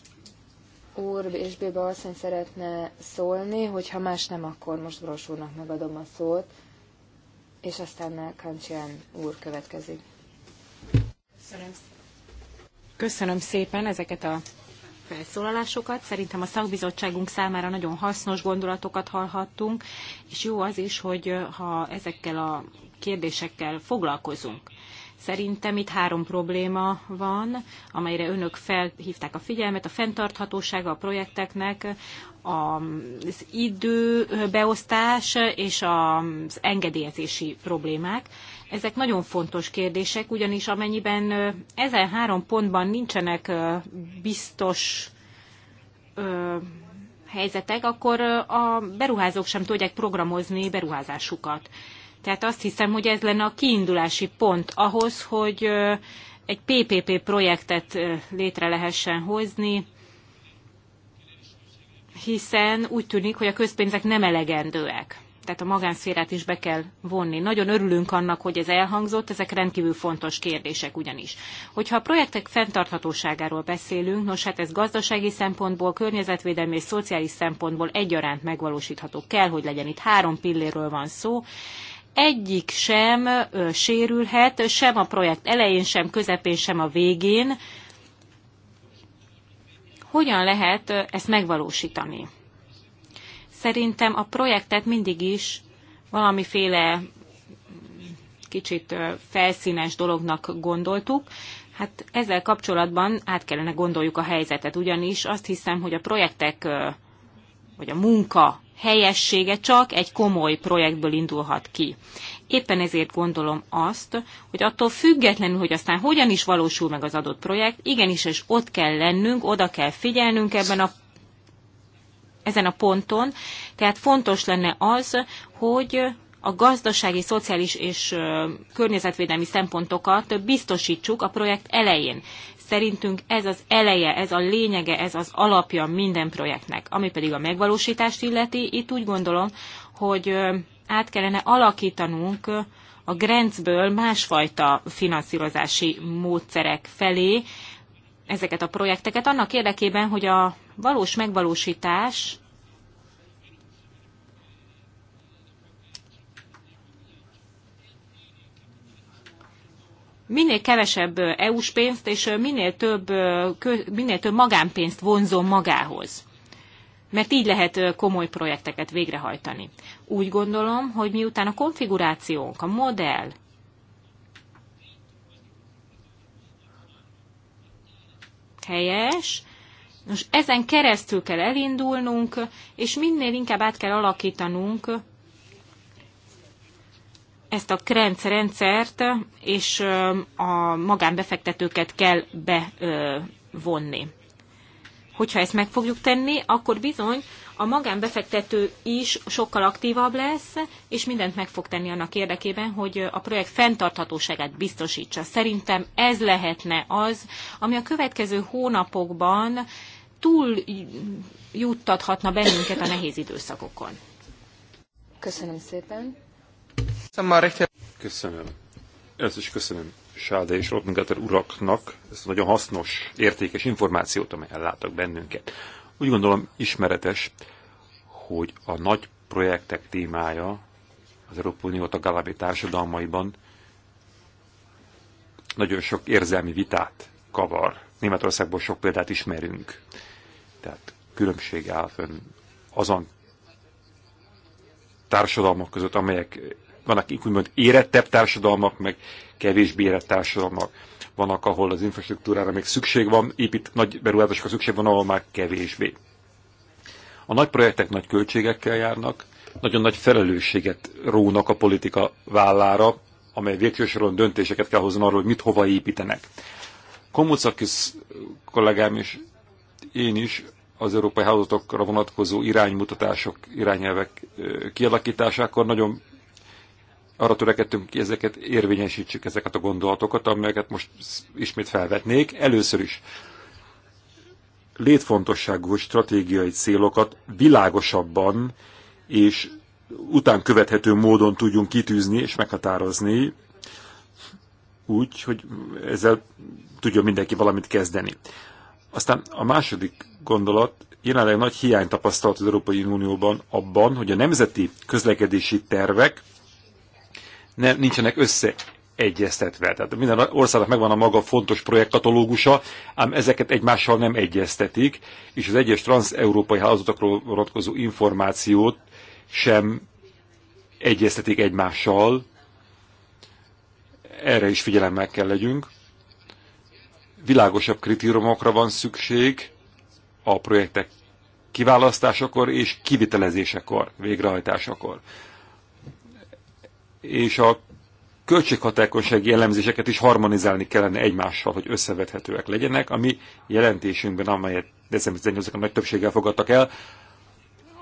úr és Béba asszony szeretne szólni, hogyha más nem, akkor most Gros úrnak megadom a szót, és aztán Kancsián úr következik. Köszönöm. Köszönöm szépen ezeket a felszólalásokat. Szerintem a szakbizottságunk számára nagyon hasznos gondolatokat hallhattunk, és jó az is, hogy ha ezekkel a kérdésekkel foglalkozunk. Szerintem itt három probléma van, amelyre önök felhívták a figyelmet. A fenntarthatósága a projekteknek, az időbeosztás és az engedélyezési problémák. Ezek nagyon fontos kérdések, ugyanis amennyiben ezen három pontban nincsenek biztos helyzetek, akkor a beruházók sem tudják programozni beruházásukat. Tehát azt hiszem, hogy ez lenne a kiindulási pont ahhoz, hogy egy PPP projektet létre lehessen hozni, hiszen úgy tűnik, hogy a közpénzek nem elegendőek. Tehát a magánszférát is be kell vonni. Nagyon örülünk annak, hogy ez elhangzott, ezek rendkívül fontos kérdések ugyanis. Hogyha a projektek fenntarthatóságáról beszélünk, nos hát ez gazdasági szempontból, környezetvédelmi és szociális szempontból egyaránt megvalósítható kell, hogy legyen. Itt három pillérről van szó, egyik sem ö, sérülhet, sem a projekt elején, sem közepén, sem a végén. Hogyan lehet ezt megvalósítani? Szerintem a projektet mindig is valamiféle mm, kicsit felszínes dolognak gondoltuk. Hát ezzel kapcsolatban át kellene gondoljuk a helyzetet, ugyanis azt hiszem, hogy a projektek vagy a munka helyessége csak egy komoly projektből indulhat ki. Éppen ezért gondolom azt, hogy attól függetlenül, hogy aztán hogyan is valósul meg az adott projekt, igenis, és ott kell lennünk, oda kell figyelnünk ebben a ezen a ponton. Tehát fontos lenne az, hogy a gazdasági, szociális és környezetvédelmi szempontokat biztosítsuk a projekt elején. Szerintünk ez az eleje, ez a lényege, ez az alapja minden projektnek. Ami pedig a megvalósítást illeti, itt úgy gondolom, hogy át kellene alakítanunk a Grenzből másfajta finanszírozási módszerek felé ezeket a projekteket, annak érdekében, hogy a valós megvalósítás minél kevesebb EU-s pénzt és minél több, minél több magánpénzt vonzon magához. Mert így lehet komoly projekteket végrehajtani. Úgy gondolom, hogy miután a konfigurációnk, a modell, helyes, most ezen keresztül kell elindulnunk, és minél inkább át kell alakítanunk ezt a KRENC rendszert és a magánbefektetőket kell bevonni. Hogyha ezt meg fogjuk tenni, akkor bizony a magánbefektető is sokkal aktívabb lesz, és mindent meg fog tenni annak érdekében, hogy a projekt fenntarthatóságát biztosítsa. Szerintem ez lehetne az, ami a következő hónapokban túl juttathatna bennünket a nehéz időszakokon. Köszönöm szépen. Köszönöm. Ez is köszönöm Sáde és Rottengater uraknak ezt a nagyon hasznos, értékes információt, amely elláttak bennünket. Úgy gondolom ismeretes, hogy a nagy projektek témája az Európai Unió tagállami társadalmaiban nagyon sok érzelmi vitát kavar. Németországból sok példát ismerünk. Tehát különbség áll fönn azon társadalmak között, amelyek vannak úgymond érettebb társadalmak, meg kevésbé érett társadalmak. Vannak, ahol az infrastruktúrára még szükség van, épít nagy beruházásokra szükség van, ahol már kevésbé. A nagy projektek nagy költségekkel járnak, nagyon nagy felelősséget rónak a politika vállára, amely végső soron döntéseket kell hozni arról, hogy mit hova építenek. Komucakis kollégám is, én is az európai hálózatokra vonatkozó iránymutatások, irányelvek kialakításakor nagyon arra törekedtünk ki, ezeket érvényesítsük, ezeket a gondolatokat, amelyeket most ismét felvetnék. Először is létfontosságú stratégiai célokat világosabban és után követhető módon tudjunk kitűzni és meghatározni, úgy, hogy ezzel tudjon mindenki valamit kezdeni. Aztán a második gondolat, jelenleg nagy hiány tapasztalt az Európai Unióban abban, hogy a nemzeti közlekedési tervek nem, nincsenek összeegyeztetve. Tehát minden országnak megvan a maga fontos projektkatalógusa, ám ezeket egymással nem egyeztetik, és az egyes transeurópai hálózatokról vonatkozó információt sem egyeztetik egymással. Erre is figyelemmel kell legyünk. Világosabb kritériumokra van szükség, a projektek kiválasztásakor és kivitelezésekor, végrehajtásakor. És a költséghatékonysági elemzéseket is harmonizálni kellene egymással, hogy összevethetőek legyenek. A mi jelentésünkben, amelyet december 18 a nagy többséggel fogadtak el,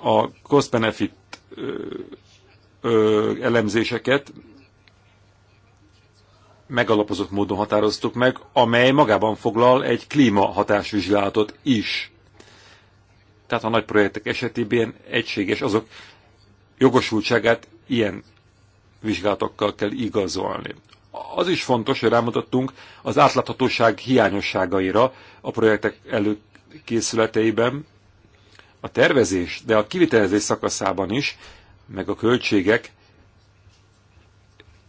a cost-benefit elemzéseket megalapozott módon határoztuk meg, amely magában foglal egy klímahatásvizsgálatot is tehát a nagy projektek esetében egységes azok jogosultságát ilyen vizsgálatokkal kell igazolni. Az is fontos, hogy rámutattunk az átláthatóság hiányosságaira a projektek előkészületeiben, a tervezés, de a kivitelezés szakaszában is, meg a költségek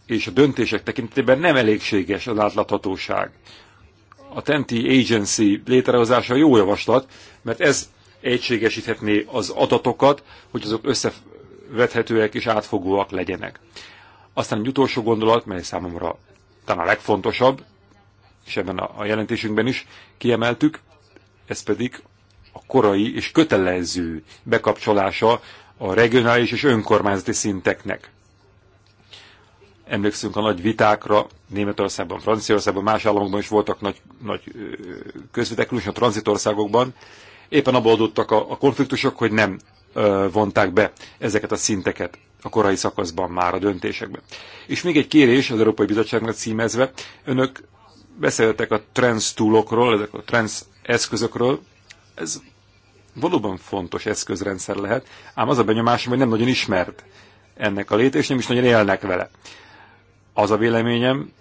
és a döntések tekintetében nem elégséges az átláthatóság. A Tenti Agency létrehozása jó javaslat, mert ez egységesíthetné az adatokat, hogy azok összevethetőek és átfogóak legyenek. Aztán egy utolsó gondolat, mely számomra talán a legfontosabb, és ebben a jelentésünkben is kiemeltük, ez pedig a korai és kötelező bekapcsolása a regionális és önkormányzati szinteknek. Emlékszünk a nagy vitákra, Németországban, Franciaországban, más államokban is voltak nagy, nagy közvitek, különösen a tranzitországokban, éppen abból adottak a, a konfliktusok, hogy nem ö, vonták be ezeket a szinteket a korai szakaszban már a döntésekben. És még egy kérés az Európai Bizottságnak címezve, önök beszéltek a trans túlokról, ezek a trans eszközökről, ez valóban fontos eszközrendszer lehet, ám az a benyomásom, hogy nem nagyon ismert ennek a léte, és nem is nagyon élnek vele. Az a véleményem,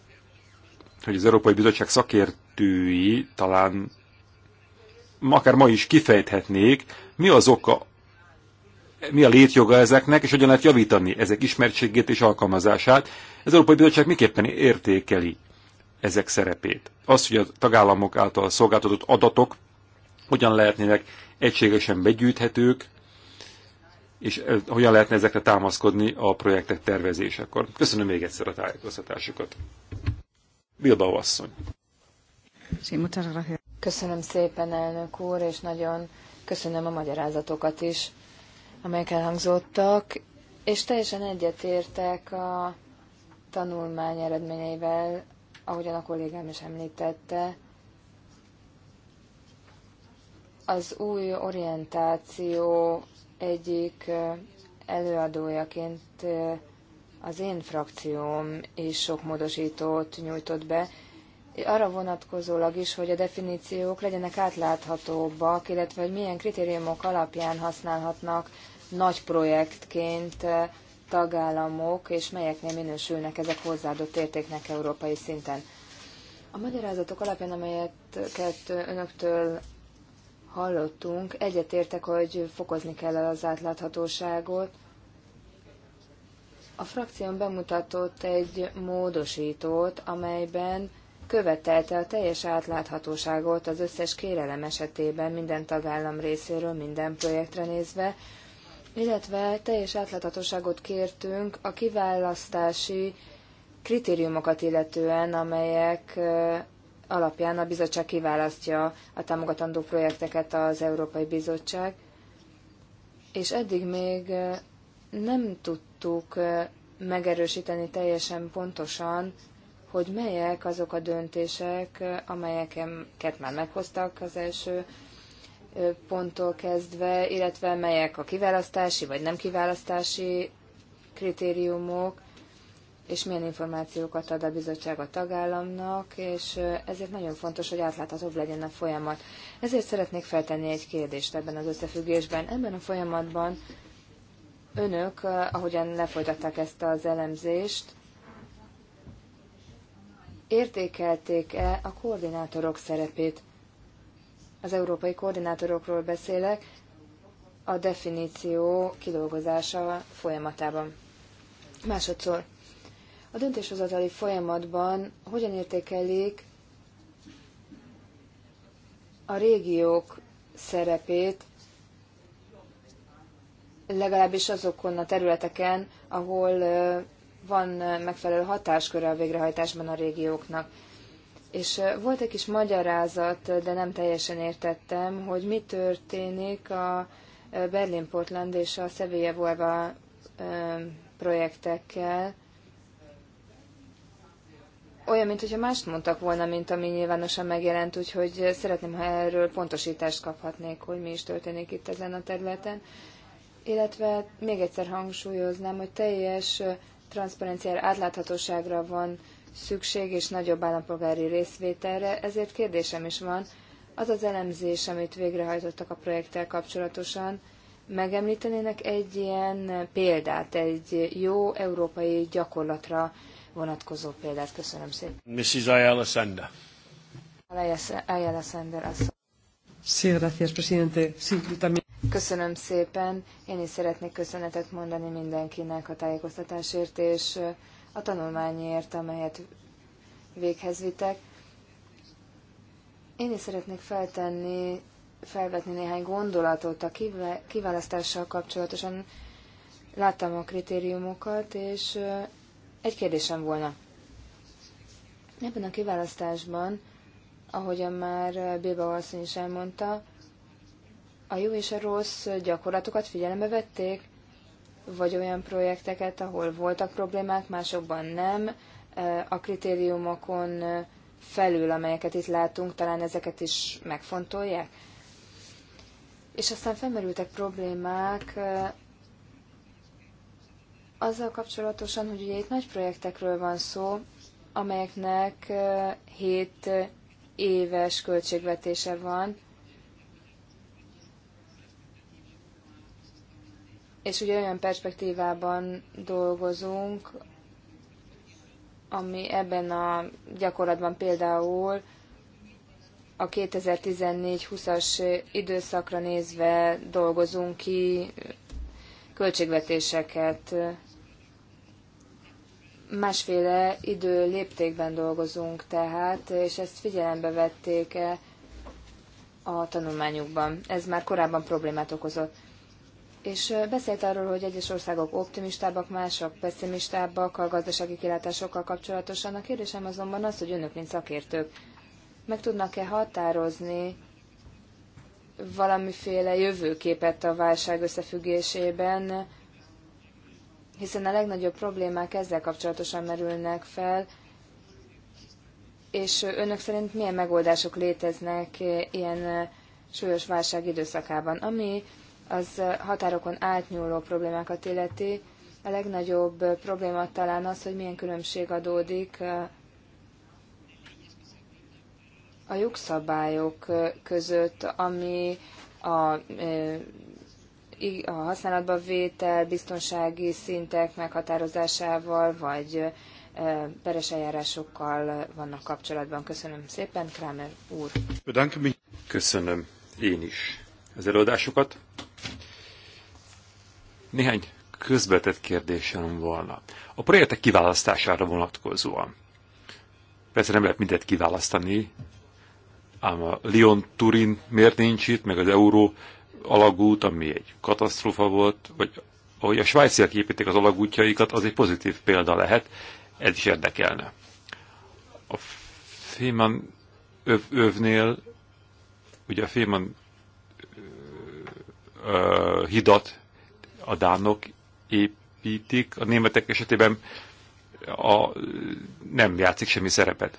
hogy az Európai Bizottság szakértői talán akár ma is kifejthetnék, mi az oka, mi a létjoga ezeknek, és hogyan lehet javítani ezek ismertségét és alkalmazását. Az Európai Bizottság miképpen értékeli ezek szerepét. Az, hogy a tagállamok által szolgáltatott adatok hogyan lehetnének egységesen begyűjthetők, és hogyan lehetne ezekre támaszkodni a projektek tervezésekor. Köszönöm még egyszer a tájékoztatásukat. Bilbao asszony. Köszönöm szépen, elnök úr, és nagyon köszönöm a magyarázatokat is, amelyek elhangzottak, és teljesen egyetértek a tanulmány eredményeivel, ahogyan a kollégám is említette. Az új orientáció egyik előadójaként az én frakcióm is sok módosítót nyújtott be, arra vonatkozólag is, hogy a definíciók legyenek átláthatóbbak, illetve hogy milyen kritériumok alapján használhatnak nagy projektként eh, tagállamok, és melyeknél minősülnek ezek hozzáadott értéknek európai szinten. A magyarázatok alapján, amelyeket önöktől hallottunk, egyetértek, hogy fokozni kell az átláthatóságot. A frakción bemutatott egy módosítót, amelyben követelte a teljes átláthatóságot az összes kérelem esetében minden tagállam részéről, minden projektre nézve, illetve teljes átláthatóságot kértünk a kiválasztási kritériumokat illetően, amelyek alapján a bizottság kiválasztja a támogatandó projekteket az Európai Bizottság, és eddig még nem tudtuk megerősíteni teljesen pontosan hogy melyek azok a döntések, amelyeket már meghoztak az első ponttól kezdve, illetve melyek a kiválasztási vagy nem kiválasztási kritériumok, és milyen információkat ad a bizottság a tagállamnak, és ezért nagyon fontos, hogy átláthatóbb legyen a folyamat. Ezért szeretnék feltenni egy kérdést ebben az összefüggésben. Ebben a folyamatban önök, ahogyan lefolytatták ezt az elemzést, értékelték-e a koordinátorok szerepét? Az európai koordinátorokról beszélek, a definíció kidolgozása folyamatában. Másodszor, a döntéshozatali folyamatban hogyan értékelik a régiók szerepét, legalábbis azokon a területeken, ahol van megfelelő hatásköre a végrehajtásban a régióknak. És volt egy kis magyarázat, de nem teljesen értettem, hogy mi történik a Berlin-Portland és a Sevilla Volva projektekkel. Olyan, mintha mást mondtak volna, mint ami nyilvánosan megjelent, úgyhogy szeretném, ha erről pontosítást kaphatnék, hogy mi is történik itt ezen a területen. Illetve még egyszer hangsúlyoznám, hogy teljes transzparenciára, átláthatóságra van szükség, és nagyobb állampolgári részvételre, ezért kérdésem is van, az az elemzés, amit végrehajtottak a projekttel kapcsolatosan, megemlítenének egy ilyen példát, egy jó európai gyakorlatra vonatkozó példát. Köszönöm szépen. Mrs. Ayala Sender. Ayala Sender asszony. presidente. Sí, también. Köszönöm szépen. Én is szeretnék köszönetet mondani mindenkinek a tájékoztatásért és a tanulmányért, amelyet véghez vitek. Én is szeretnék feltenni, felvetni néhány gondolatot a kiválasztással kapcsolatosan. Láttam a kritériumokat, és egy kérdésem volna. Ebben a kiválasztásban, ahogyan már Béba asszony is elmondta, a jó és a rossz gyakorlatokat figyelembe vették, vagy olyan projekteket, ahol voltak problémák, másokban nem, a kritériumokon felül, amelyeket itt látunk, talán ezeket is megfontolják. És aztán felmerültek problémák azzal kapcsolatosan, hogy ugye itt nagy projektekről van szó, amelyeknek 7 éves költségvetése van, és ugye olyan perspektívában dolgozunk, ami ebben a gyakorlatban például a 2014-20-as időszakra nézve dolgozunk ki költségvetéseket. Másféle idő léptékben dolgozunk tehát, és ezt figyelembe vették -e a tanulmányukban. Ez már korábban problémát okozott. És beszélt arról, hogy egyes országok optimistábbak, mások pessimistábbak a gazdasági kilátásokkal kapcsolatosan. A kérdésem azonban az, hogy önök, mint szakértők, meg tudnak-e határozni valamiféle jövőképet a válság összefüggésében, hiszen a legnagyobb problémák ezzel kapcsolatosan merülnek fel, és önök szerint milyen megoldások léteznek ilyen súlyos válság időszakában, ami az határokon átnyúló problémákat illeti. A legnagyobb probléma talán az, hogy milyen különbség adódik a jogszabályok között, ami a, a használatba vétel, biztonsági szintek meghatározásával, vagy peres eljárásokkal vannak kapcsolatban. Köszönöm szépen, Kramer úr. Köszönöm én is az előadásokat. Néhány közvetett kérdésem volna. A projektek kiválasztására vonatkozóan. Persze nem lehet mindet kiválasztani, ám a Lyon-Turin miért nincs itt, meg az Euró alagút, ami egy katasztrófa volt, vagy ahogy a svájciak építik az alagútjaikat, az egy pozitív példa lehet, ez is érdekelne. A Féman öv, övnél, ugye a Féman ö, ö, hidat a dánok építik, a németek esetében a, nem játszik semmi szerepet.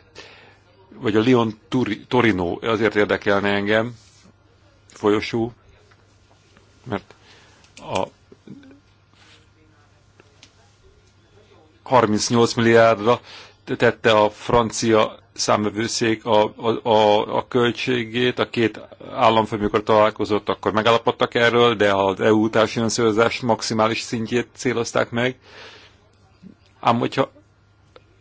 Vagy a Lyon Torino azért érdekelne engem, folyosó, mert a 38 milliárdra tette a francia számvevőszék a, a, a, a költségét, a két államfő, amikor találkozott, akkor megállapodtak erről, de az EU társadalmi maximális szintjét célozták meg. Ám hogyha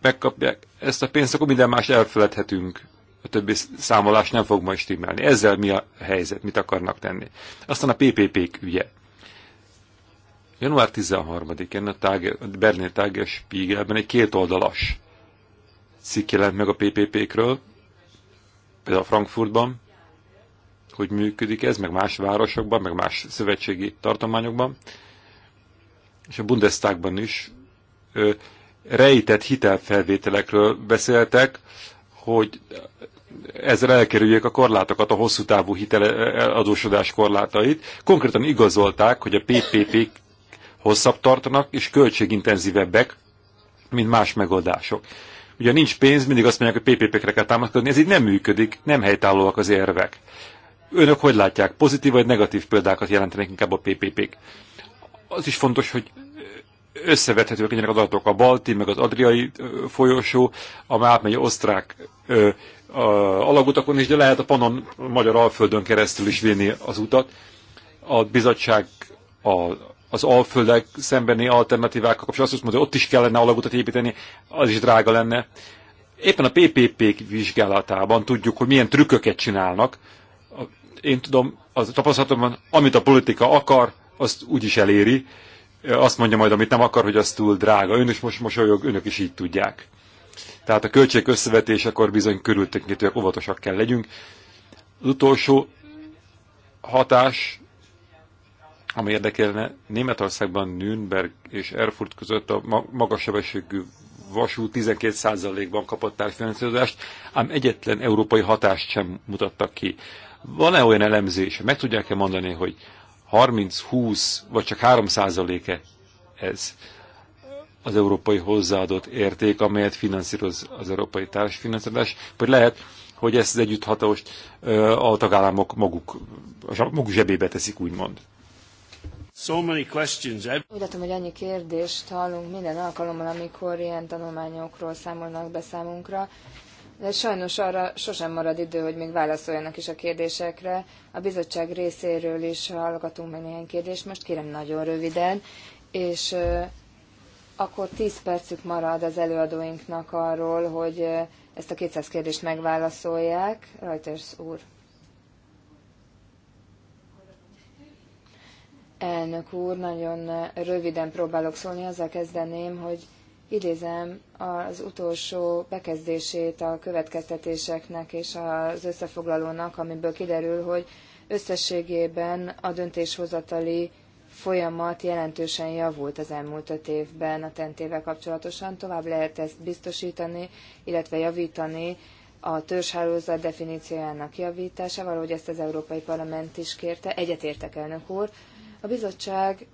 megkapják ezt a pénzt, akkor minden más elfeledhetünk. A többi számolás nem fog majd stimmelni. Ezzel mi a helyzet, mit akarnak tenni. Aztán a PPP-k ügye. Január 13-án a, Tage, a Berlin egy kétoldalas cikk jelent meg a PPP-kről, például Frankfurtban, hogy működik ez, meg más városokban, meg más szövetségi tartományokban, és a Bundestagban is ö, rejtett hitelfelvételekről beszéltek, hogy ezzel elkerüljék a korlátokat, a hosszú távú hiteladósodás korlátait. Konkrétan igazolták, hogy a ppp hosszabb tartanak és költségintenzívebbek, mint más megoldások. Ugye nincs pénz, mindig azt mondják, hogy PPP-kre kell támaszkodni, ez így nem működik, nem helytállóak az érvek. Önök hogy látják, pozitív vagy negatív példákat jelentenek inkább a PPP-k? Az is fontos, hogy összevethetőek legyenek adatok a balti, meg az adriai folyosó, ami átmegy osztrák ö, a alagutakon is, de lehet a panon a magyar alföldön keresztül is vinni az utat. A bizottság a, az alföldek szembeni alternatívákkal kapcsolatban azt mondja, hogy ott is kellene alagutat építeni, az is drága lenne. Éppen a PPP vizsgálatában tudjuk, hogy milyen trükköket csinálnak. Én tudom, az tapasztalatomban, amit a politika akar, azt úgy is eléri. Azt mondja majd, amit nem akar, hogy az túl drága. Ön is most mosolyog, önök is így tudják. Tehát a költség összevetésekor bizony körültekintőek, óvatosak kell legyünk. Az utolsó hatás ami érdekelne, Németországban Nürnberg és Erfurt között a magas sebességű vasút 12%-ban kapott társfinanszírozást, ám egyetlen európai hatást sem mutattak ki. Van-e olyan elemzés, meg tudják-e mondani, hogy 30-20 vagy csak 3%-e ez az európai hozzáadott érték, amelyet finanszíroz az európai társfinanszírozás, vagy lehet, hogy ezt az együtthatóst a tagállamok maguk, maguk zsebébe teszik, úgymond. So many questions. Úgy látom, hogy annyi kérdést hallunk minden alkalommal, amikor ilyen tanulmányokról számolnak be számunkra, de sajnos arra sosem marad idő, hogy még válaszoljanak is a kérdésekre. A bizottság részéről is hallgatunk meg néhány kérdést, most kérem nagyon röviden, és akkor 10 percük marad az előadóinknak arról, hogy ezt a 200 kérdést megválaszolják. Reuters úr. Elnök úr, nagyon röviden próbálok szólni, azzal kezdeném, hogy idézem az utolsó bekezdését a következtetéseknek és az összefoglalónak, amiből kiderül, hogy összességében a döntéshozatali folyamat jelentősen javult az elmúlt öt évben a tentével kapcsolatosan. Tovább lehet ezt biztosítani, illetve javítani a törzshálózat definíciójának javításával, ahogy ezt az Európai Parlament is kérte. Egyetértek, elnök úr. A bizottság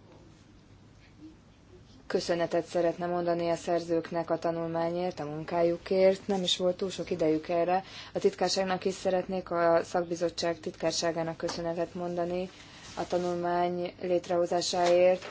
köszönetet szeretne mondani a szerzőknek a tanulmányért, a munkájukért. Nem is volt túl sok idejük erre. A titkárságnak is szeretnék a szakbizottság titkárságának köszönetet mondani a tanulmány létrehozásáért.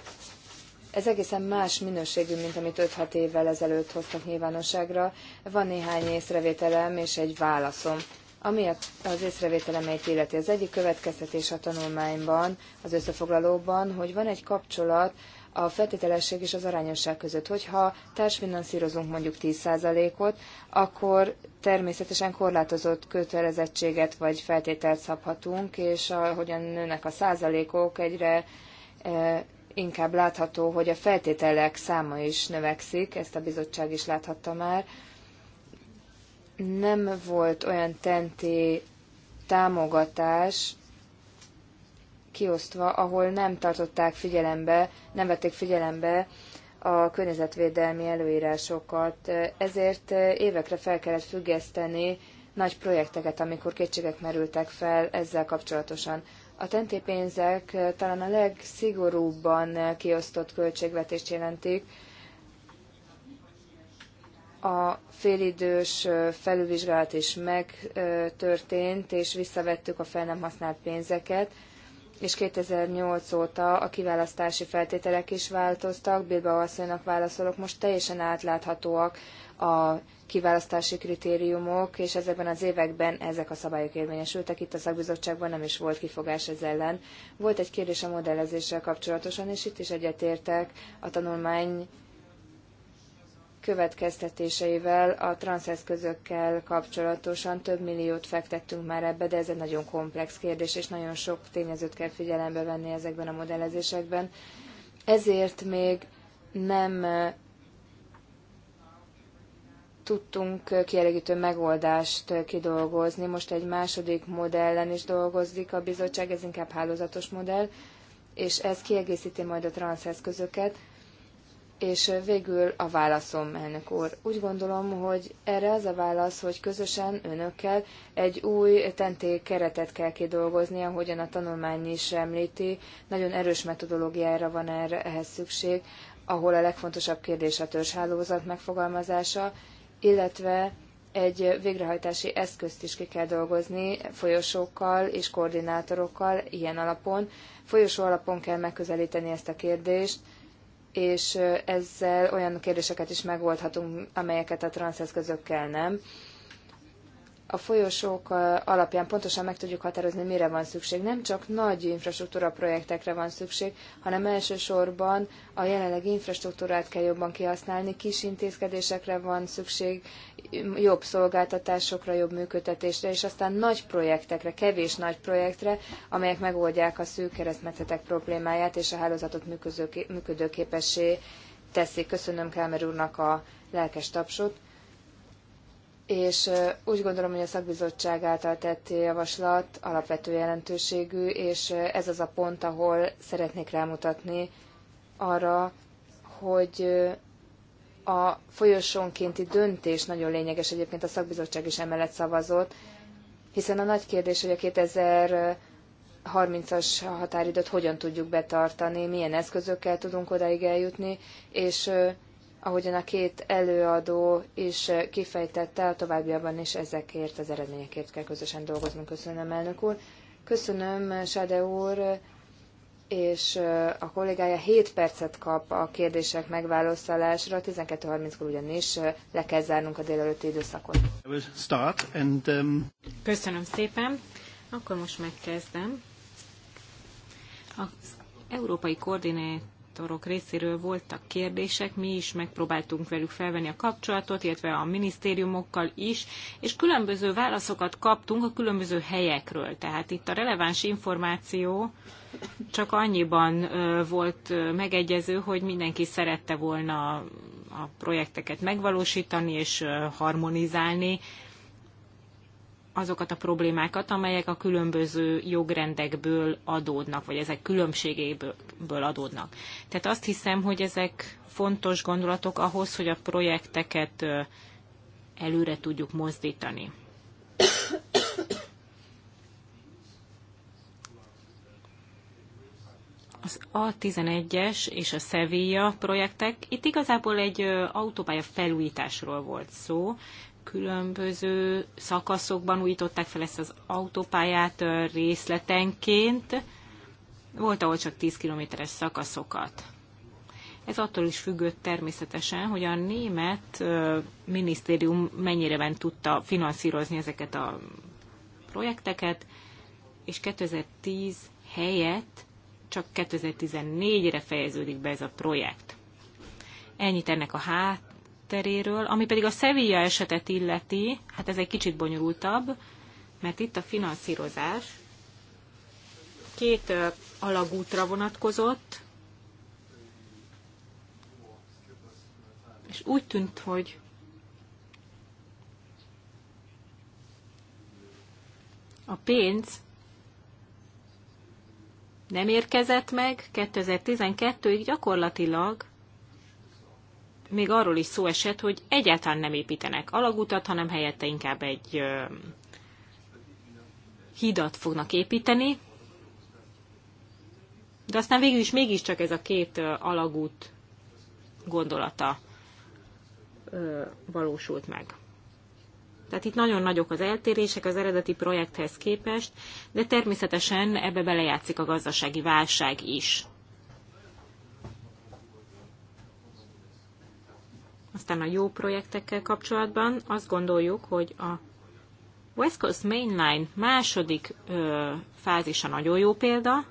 Ez egészen más minőségű, mint amit 5-6 évvel ezelőtt hoztak nyilvánosságra. Van néhány észrevételem és egy válaszom. Ami az észrevételemeit illeti, az egyik következtetés a tanulmányban, az összefoglalóban, hogy van egy kapcsolat a feltételesség és az arányosság között. Hogyha társfinanszírozunk mondjuk 10%-ot, akkor természetesen korlátozott kötelezettséget vagy feltételt szabhatunk, és ahogyan nőnek a százalékok, egyre e, inkább látható, hogy a feltételek száma is növekszik, ezt a bizottság is láthatta már, nem volt olyan tenti támogatás kiosztva, ahol nem tartották figyelembe, nem vették figyelembe a környezetvédelmi előírásokat. Ezért évekre fel kellett függeszteni nagy projekteket, amikor kétségek merültek fel ezzel kapcsolatosan. A tentépénzek pénzek talán a legszigorúbban kiosztott költségvetést jelentik, a félidős felülvizsgálat is megtörtént, és visszavettük a fel nem használt pénzeket, és 2008 óta a kiválasztási feltételek is változtak. Bilbao asszonynak válaszolok, most teljesen átláthatóak a kiválasztási kritériumok, és ezekben az években ezek a szabályok érvényesültek. Itt a szakbizottságban nem is volt kifogás ez ellen. Volt egy kérdés a modellezéssel kapcsolatosan, és itt is egyetértek a tanulmány következtetéseivel a transzeszközökkel kapcsolatosan több milliót fektettünk már ebbe, de ez egy nagyon komplex kérdés, és nagyon sok tényezőt kell figyelembe venni ezekben a modellezésekben. Ezért még nem eh, tudtunk eh, kielégítő megoldást eh, kidolgozni. Most egy második modellen is dolgozik a bizottság, ez inkább hálózatos modell, és ez kiegészíti majd a transzeszközöket. közöket és végül a válaszom, elnök úr. Úgy gondolom, hogy erre az a válasz, hogy közösen önökkel egy új tenté keretet kell kidolgozni, ahogyan a tanulmány is említi. Nagyon erős metodológiára van erre, ehhez szükség, ahol a legfontosabb kérdés a törzshálózat megfogalmazása, illetve egy végrehajtási eszközt is ki kell dolgozni folyosókkal és koordinátorokkal ilyen alapon. Folyosó alapon kell megközelíteni ezt a kérdést, és ezzel olyan kérdéseket is megoldhatunk, amelyeket a transzeszközökkel nem a folyosók alapján pontosan meg tudjuk határozni, mire van szükség. Nem csak nagy infrastruktúra projektekre van szükség, hanem elsősorban a jelenlegi infrastruktúrát kell jobban kihasználni, kis intézkedésekre van szükség, jobb szolgáltatásokra, jobb működtetésre, és aztán nagy projektekre, kevés nagy projektre, amelyek megoldják a szűk keresztmetszetek problémáját, és a hálózatot működőképessé teszik. Köszönöm Kámer úrnak a lelkes tapsot és úgy gondolom, hogy a szakbizottság által tett javaslat alapvető jelentőségű, és ez az a pont, ahol szeretnék rámutatni arra, hogy a folyosónkénti döntés nagyon lényeges, egyébként a szakbizottság is emellett szavazott, hiszen a nagy kérdés, hogy a 2030-as határidőt hogyan tudjuk betartani, milyen eszközökkel tudunk odáig eljutni, és ahogyan a két előadó is eh, kifejtette, a továbbiakban is ezekért az eredményekért kell közösen dolgoznunk. Köszönöm, elnök úr. Köszönöm, Sade úr, és eh, a kollégája 7 percet kap a kérdések megválaszolására. 12.30-kor ugyanis eh, le kell zárnunk a délelőtti időszakot. Um, Köszönöm szépen. Akkor most megkezdem. Az európai koordinátor koordinátorok részéről voltak kérdések, mi is megpróbáltunk velük felvenni a kapcsolatot, illetve a minisztériumokkal is, és különböző válaszokat kaptunk a különböző helyekről. Tehát itt a releváns információ csak annyiban volt megegyező, hogy mindenki szerette volna a projekteket megvalósítani és harmonizálni azokat a problémákat, amelyek a különböző jogrendekből adódnak, vagy ezek különbségéből adódnak. Tehát azt hiszem, hogy ezek fontos gondolatok ahhoz, hogy a projekteket előre tudjuk mozdítani. Az A11-es és a Sevilla projektek, itt igazából egy autópálya felújításról volt szó, különböző szakaszokban újították fel ezt az autópályát részletenként. Volt, ahol csak 10 kilométeres szakaszokat. Ez attól is függött természetesen, hogy a német minisztérium mennyire ben tudta finanszírozni ezeket a projekteket, és 2010 helyett csak 2014-re fejeződik be ez a projekt. Ennyit ennek a hát, hátteréről, ami pedig a Sevilla esetet illeti, hát ez egy kicsit bonyolultabb, mert itt a finanszírozás két alagútra vonatkozott, és úgy tűnt, hogy a pénz nem érkezett meg 2012-ig gyakorlatilag még arról is szó esett, hogy egyáltalán nem építenek alagutat, hanem helyette inkább egy hidat fognak építeni. De aztán végül is mégiscsak ez a két alagút gondolata valósult meg. Tehát itt nagyon nagyok az eltérések az eredeti projekthez képest, de természetesen ebbe belejátszik a gazdasági válság is. Aztán a jó projektekkel kapcsolatban azt gondoljuk, hogy a West Coast Mainline második ö, fázisa nagyon jó példa,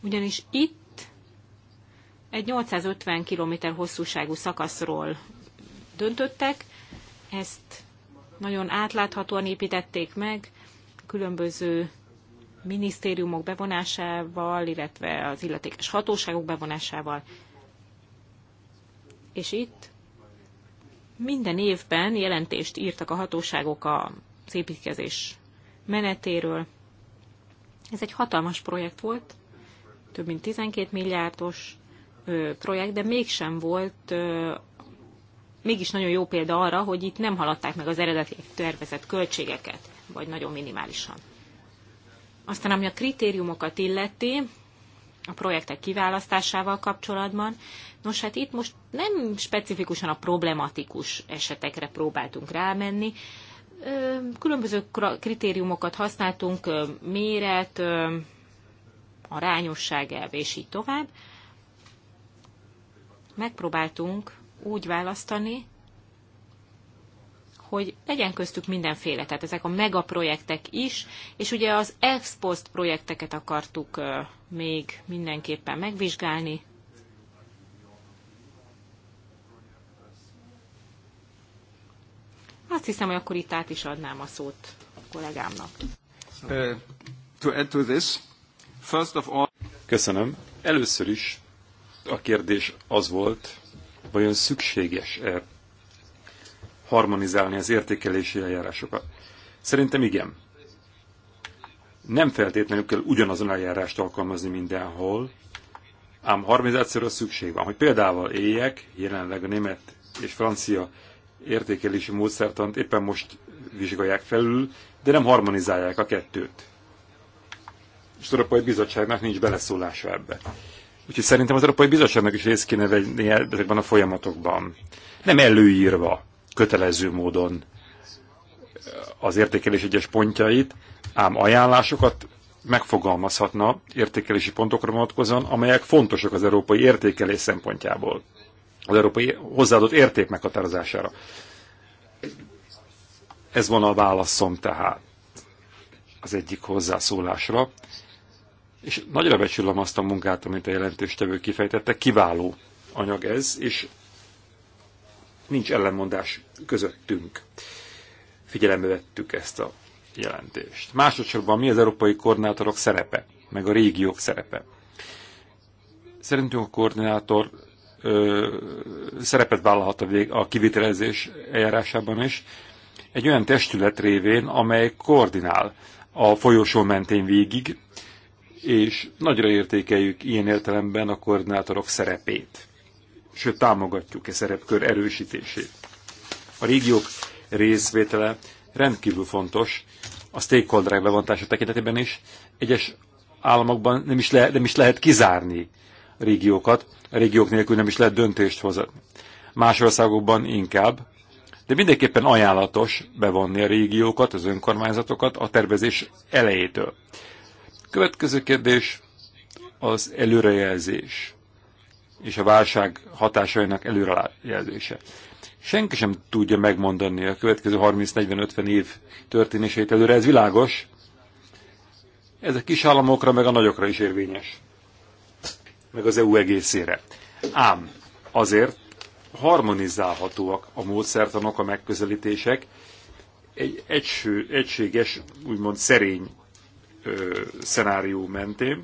ugyanis itt egy 850 km hosszúságú szakaszról döntöttek, ezt nagyon átláthatóan építették meg, különböző minisztériumok bevonásával, illetve az illetékes hatóságok bevonásával. És itt minden évben jelentést írtak a hatóságok a építkezés menetéről. Ez egy hatalmas projekt volt, több mint 12 milliárdos projekt, de mégsem volt, mégis nagyon jó példa arra, hogy itt nem haladták meg az eredeti tervezett költségeket, vagy nagyon minimálisan. Aztán ami a kritériumokat illeti, a projektek kiválasztásával kapcsolatban, Nos, hát itt most nem specifikusan a problematikus esetekre próbáltunk rámenni, különböző kritériumokat használtunk, méret, arányosság elv, és így tovább. Megpróbáltunk úgy választani, hogy legyen köztük mindenféle, tehát ezek a megaprojektek is, és ugye az ex-post projekteket akartuk még mindenképpen megvizsgálni, Azt hiszem, hogy akkor itt át is adnám a szót a kollégámnak. Uh, to add to this, first of all... Köszönöm. Először is a kérdés az volt, vajon szükséges-e harmonizálni az értékelési eljárásokat? Szerintem igen. Nem feltétlenül kell ugyanazon eljárást alkalmazni mindenhol, ám harmonizációra szükség van. Hogy példával éljek, jelenleg a német és francia értékelési módszertant éppen most vizsgálják felül, de nem harmonizálják a kettőt. És az Európai Bizottságnak nincs beleszólása ebbe. Úgyhogy szerintem az Európai Bizottságnak is részt kéne venni ezekben a folyamatokban. Nem előírva, kötelező módon az értékelés egyes pontjait, ám ajánlásokat megfogalmazhatna értékelési pontokra vonatkozóan, amelyek fontosak az európai értékelés szempontjából az európai hozzáadott érték meghatározására. Ez van a válaszom tehát az egyik hozzászólásra, és nagyra becsülöm azt a munkát, amit a jelentéstevő kifejtette, kiváló anyag ez, és nincs ellenmondás közöttünk. Figyelembe vettük ezt a jelentést. Másodszorban mi az európai koordinátorok szerepe, meg a régiók szerepe? Szerintünk a koordinátor ö, szerepet vállalhat a, vég, a kivitelezés eljárásában is, egy olyan testület révén, amely koordinál a folyosó mentén végig, és nagyra értékeljük ilyen értelemben a koordinátorok szerepét, sőt támogatjuk e szerepkör erősítését. A régiók részvétele rendkívül fontos, a stakeholderek bevontása tekintetében is egyes államokban nem is, le, nem is lehet kizárni régiókat, a régiók nélkül nem is lehet döntést hozatni. Más országokban inkább, de mindenképpen ajánlatos bevonni a régiókat, az önkormányzatokat a tervezés elejétől. Következő kérdés az előrejelzés és a válság hatásainak előrejelzése. Senki sem tudja megmondani a következő 30-40-50 év történéseit előre, ez világos. Ez a kis államokra meg a nagyokra is érvényes meg az EU egészére. Ám azért harmonizálhatóak a módszertanok, a megközelítések, egy egyső, egységes, úgymond szerény ö, szenárió mentén.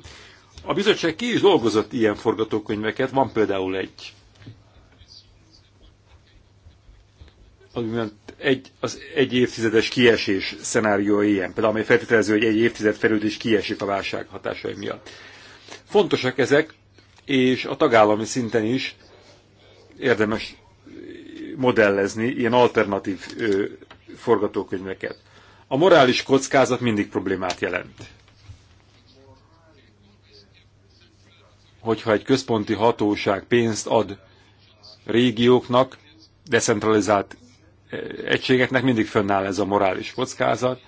A bizottság ki is dolgozott ilyen forgatókönyveket, van például egy, egy az egy évtizedes kiesés szenárió ilyen, például amely feltételező, hogy egy évtized felül is kiesik a válság hatásai miatt. Fontosak ezek, és a tagállami szinten is érdemes modellezni ilyen alternatív ö, forgatókönyveket. A morális kockázat mindig problémát jelent. Hogyha egy központi hatóság pénzt ad régióknak, decentralizált egységeknek mindig fönnáll ez a morális kockázat,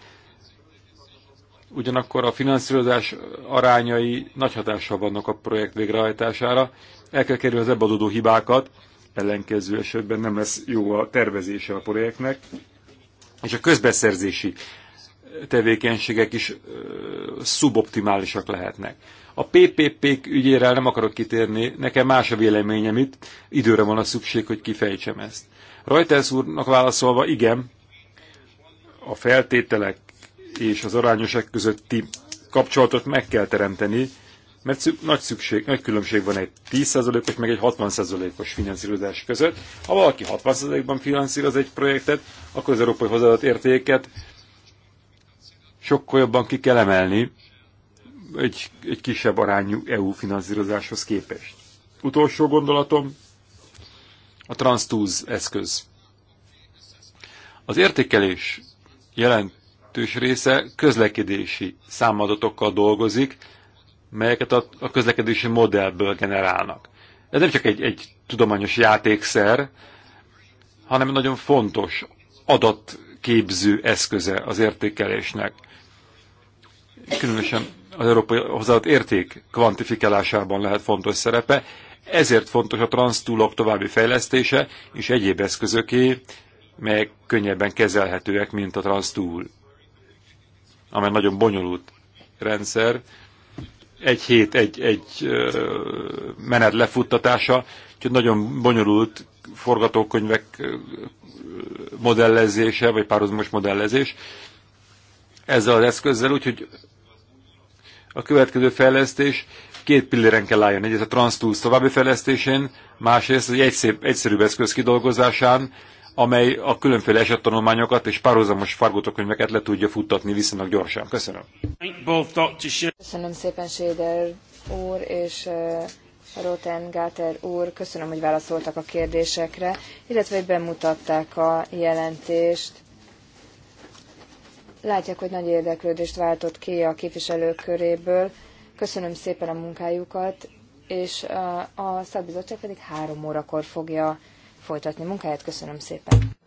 ugyanakkor a finanszírozás arányai nagy hatással vannak a projekt végrehajtására. El kell kerülni az ebből adódó hibákat, ellenkező esetben nem lesz jó a tervezése a projektnek, és a közbeszerzési tevékenységek is szuboptimálisak lehetnek. A PPP-k ügyére nem akarok kitérni, nekem más a véleményem itt, időre van a szükség, hogy kifejtsem ezt. Reuters úrnak válaszolva, igen, a feltételek és az arányosak közötti kapcsolatot meg kell teremteni, mert nagy, szükség, nagy különbség van egy 10%-os, meg egy 60%-os finanszírozás között. Ha valaki 60%-ban finanszíroz egy projektet, akkor az európai hozzáadott értéket sokkal jobban ki kell emelni egy, egy kisebb arányú EU finanszírozáshoz képest. Utolsó gondolatom, a TransTools eszköz. Az értékelés jelent jelentős része közlekedési számadatokkal dolgozik, melyeket a, a közlekedési modellből generálnak. Ez nem csak egy, egy tudományos játékszer, hanem nagyon fontos adatképző eszköze az értékelésnek. Különösen az európai hozzáadott érték kvantifikálásában lehet fontos szerepe, ezért fontos a transztúlok további fejlesztése és egyéb eszközöké, melyek könnyebben kezelhetőek, mint a transztúl amely nagyon bonyolult rendszer, egy hét, egy, egy menet lefuttatása, úgyhogy nagyon bonyolult forgatókönyvek modellezése, vagy párhuzamos modellezés ezzel az eszközzel, úgyhogy a következő fejlesztés két pilléren kell álljon. Egyrészt a TransTools további fejlesztésén, másrészt az egy szép, egyszerűbb eszköz kidolgozásán, amely a különféle esettanulmányokat és párhuzamos fargótokönyveket le tudja futtatni viszonylag gyorsan. Köszönöm. Köszönöm szépen, Séder úr, és Roten Gáter úr, köszönöm, hogy válaszoltak a kérdésekre, illetve hogy bemutatták a jelentést. Látják, hogy nagy érdeklődést váltott ki a képviselők köréből. Köszönöm szépen a munkájukat, és a szakbizottság pedig három órakor fogja folytatni munkáját. Köszönöm szépen!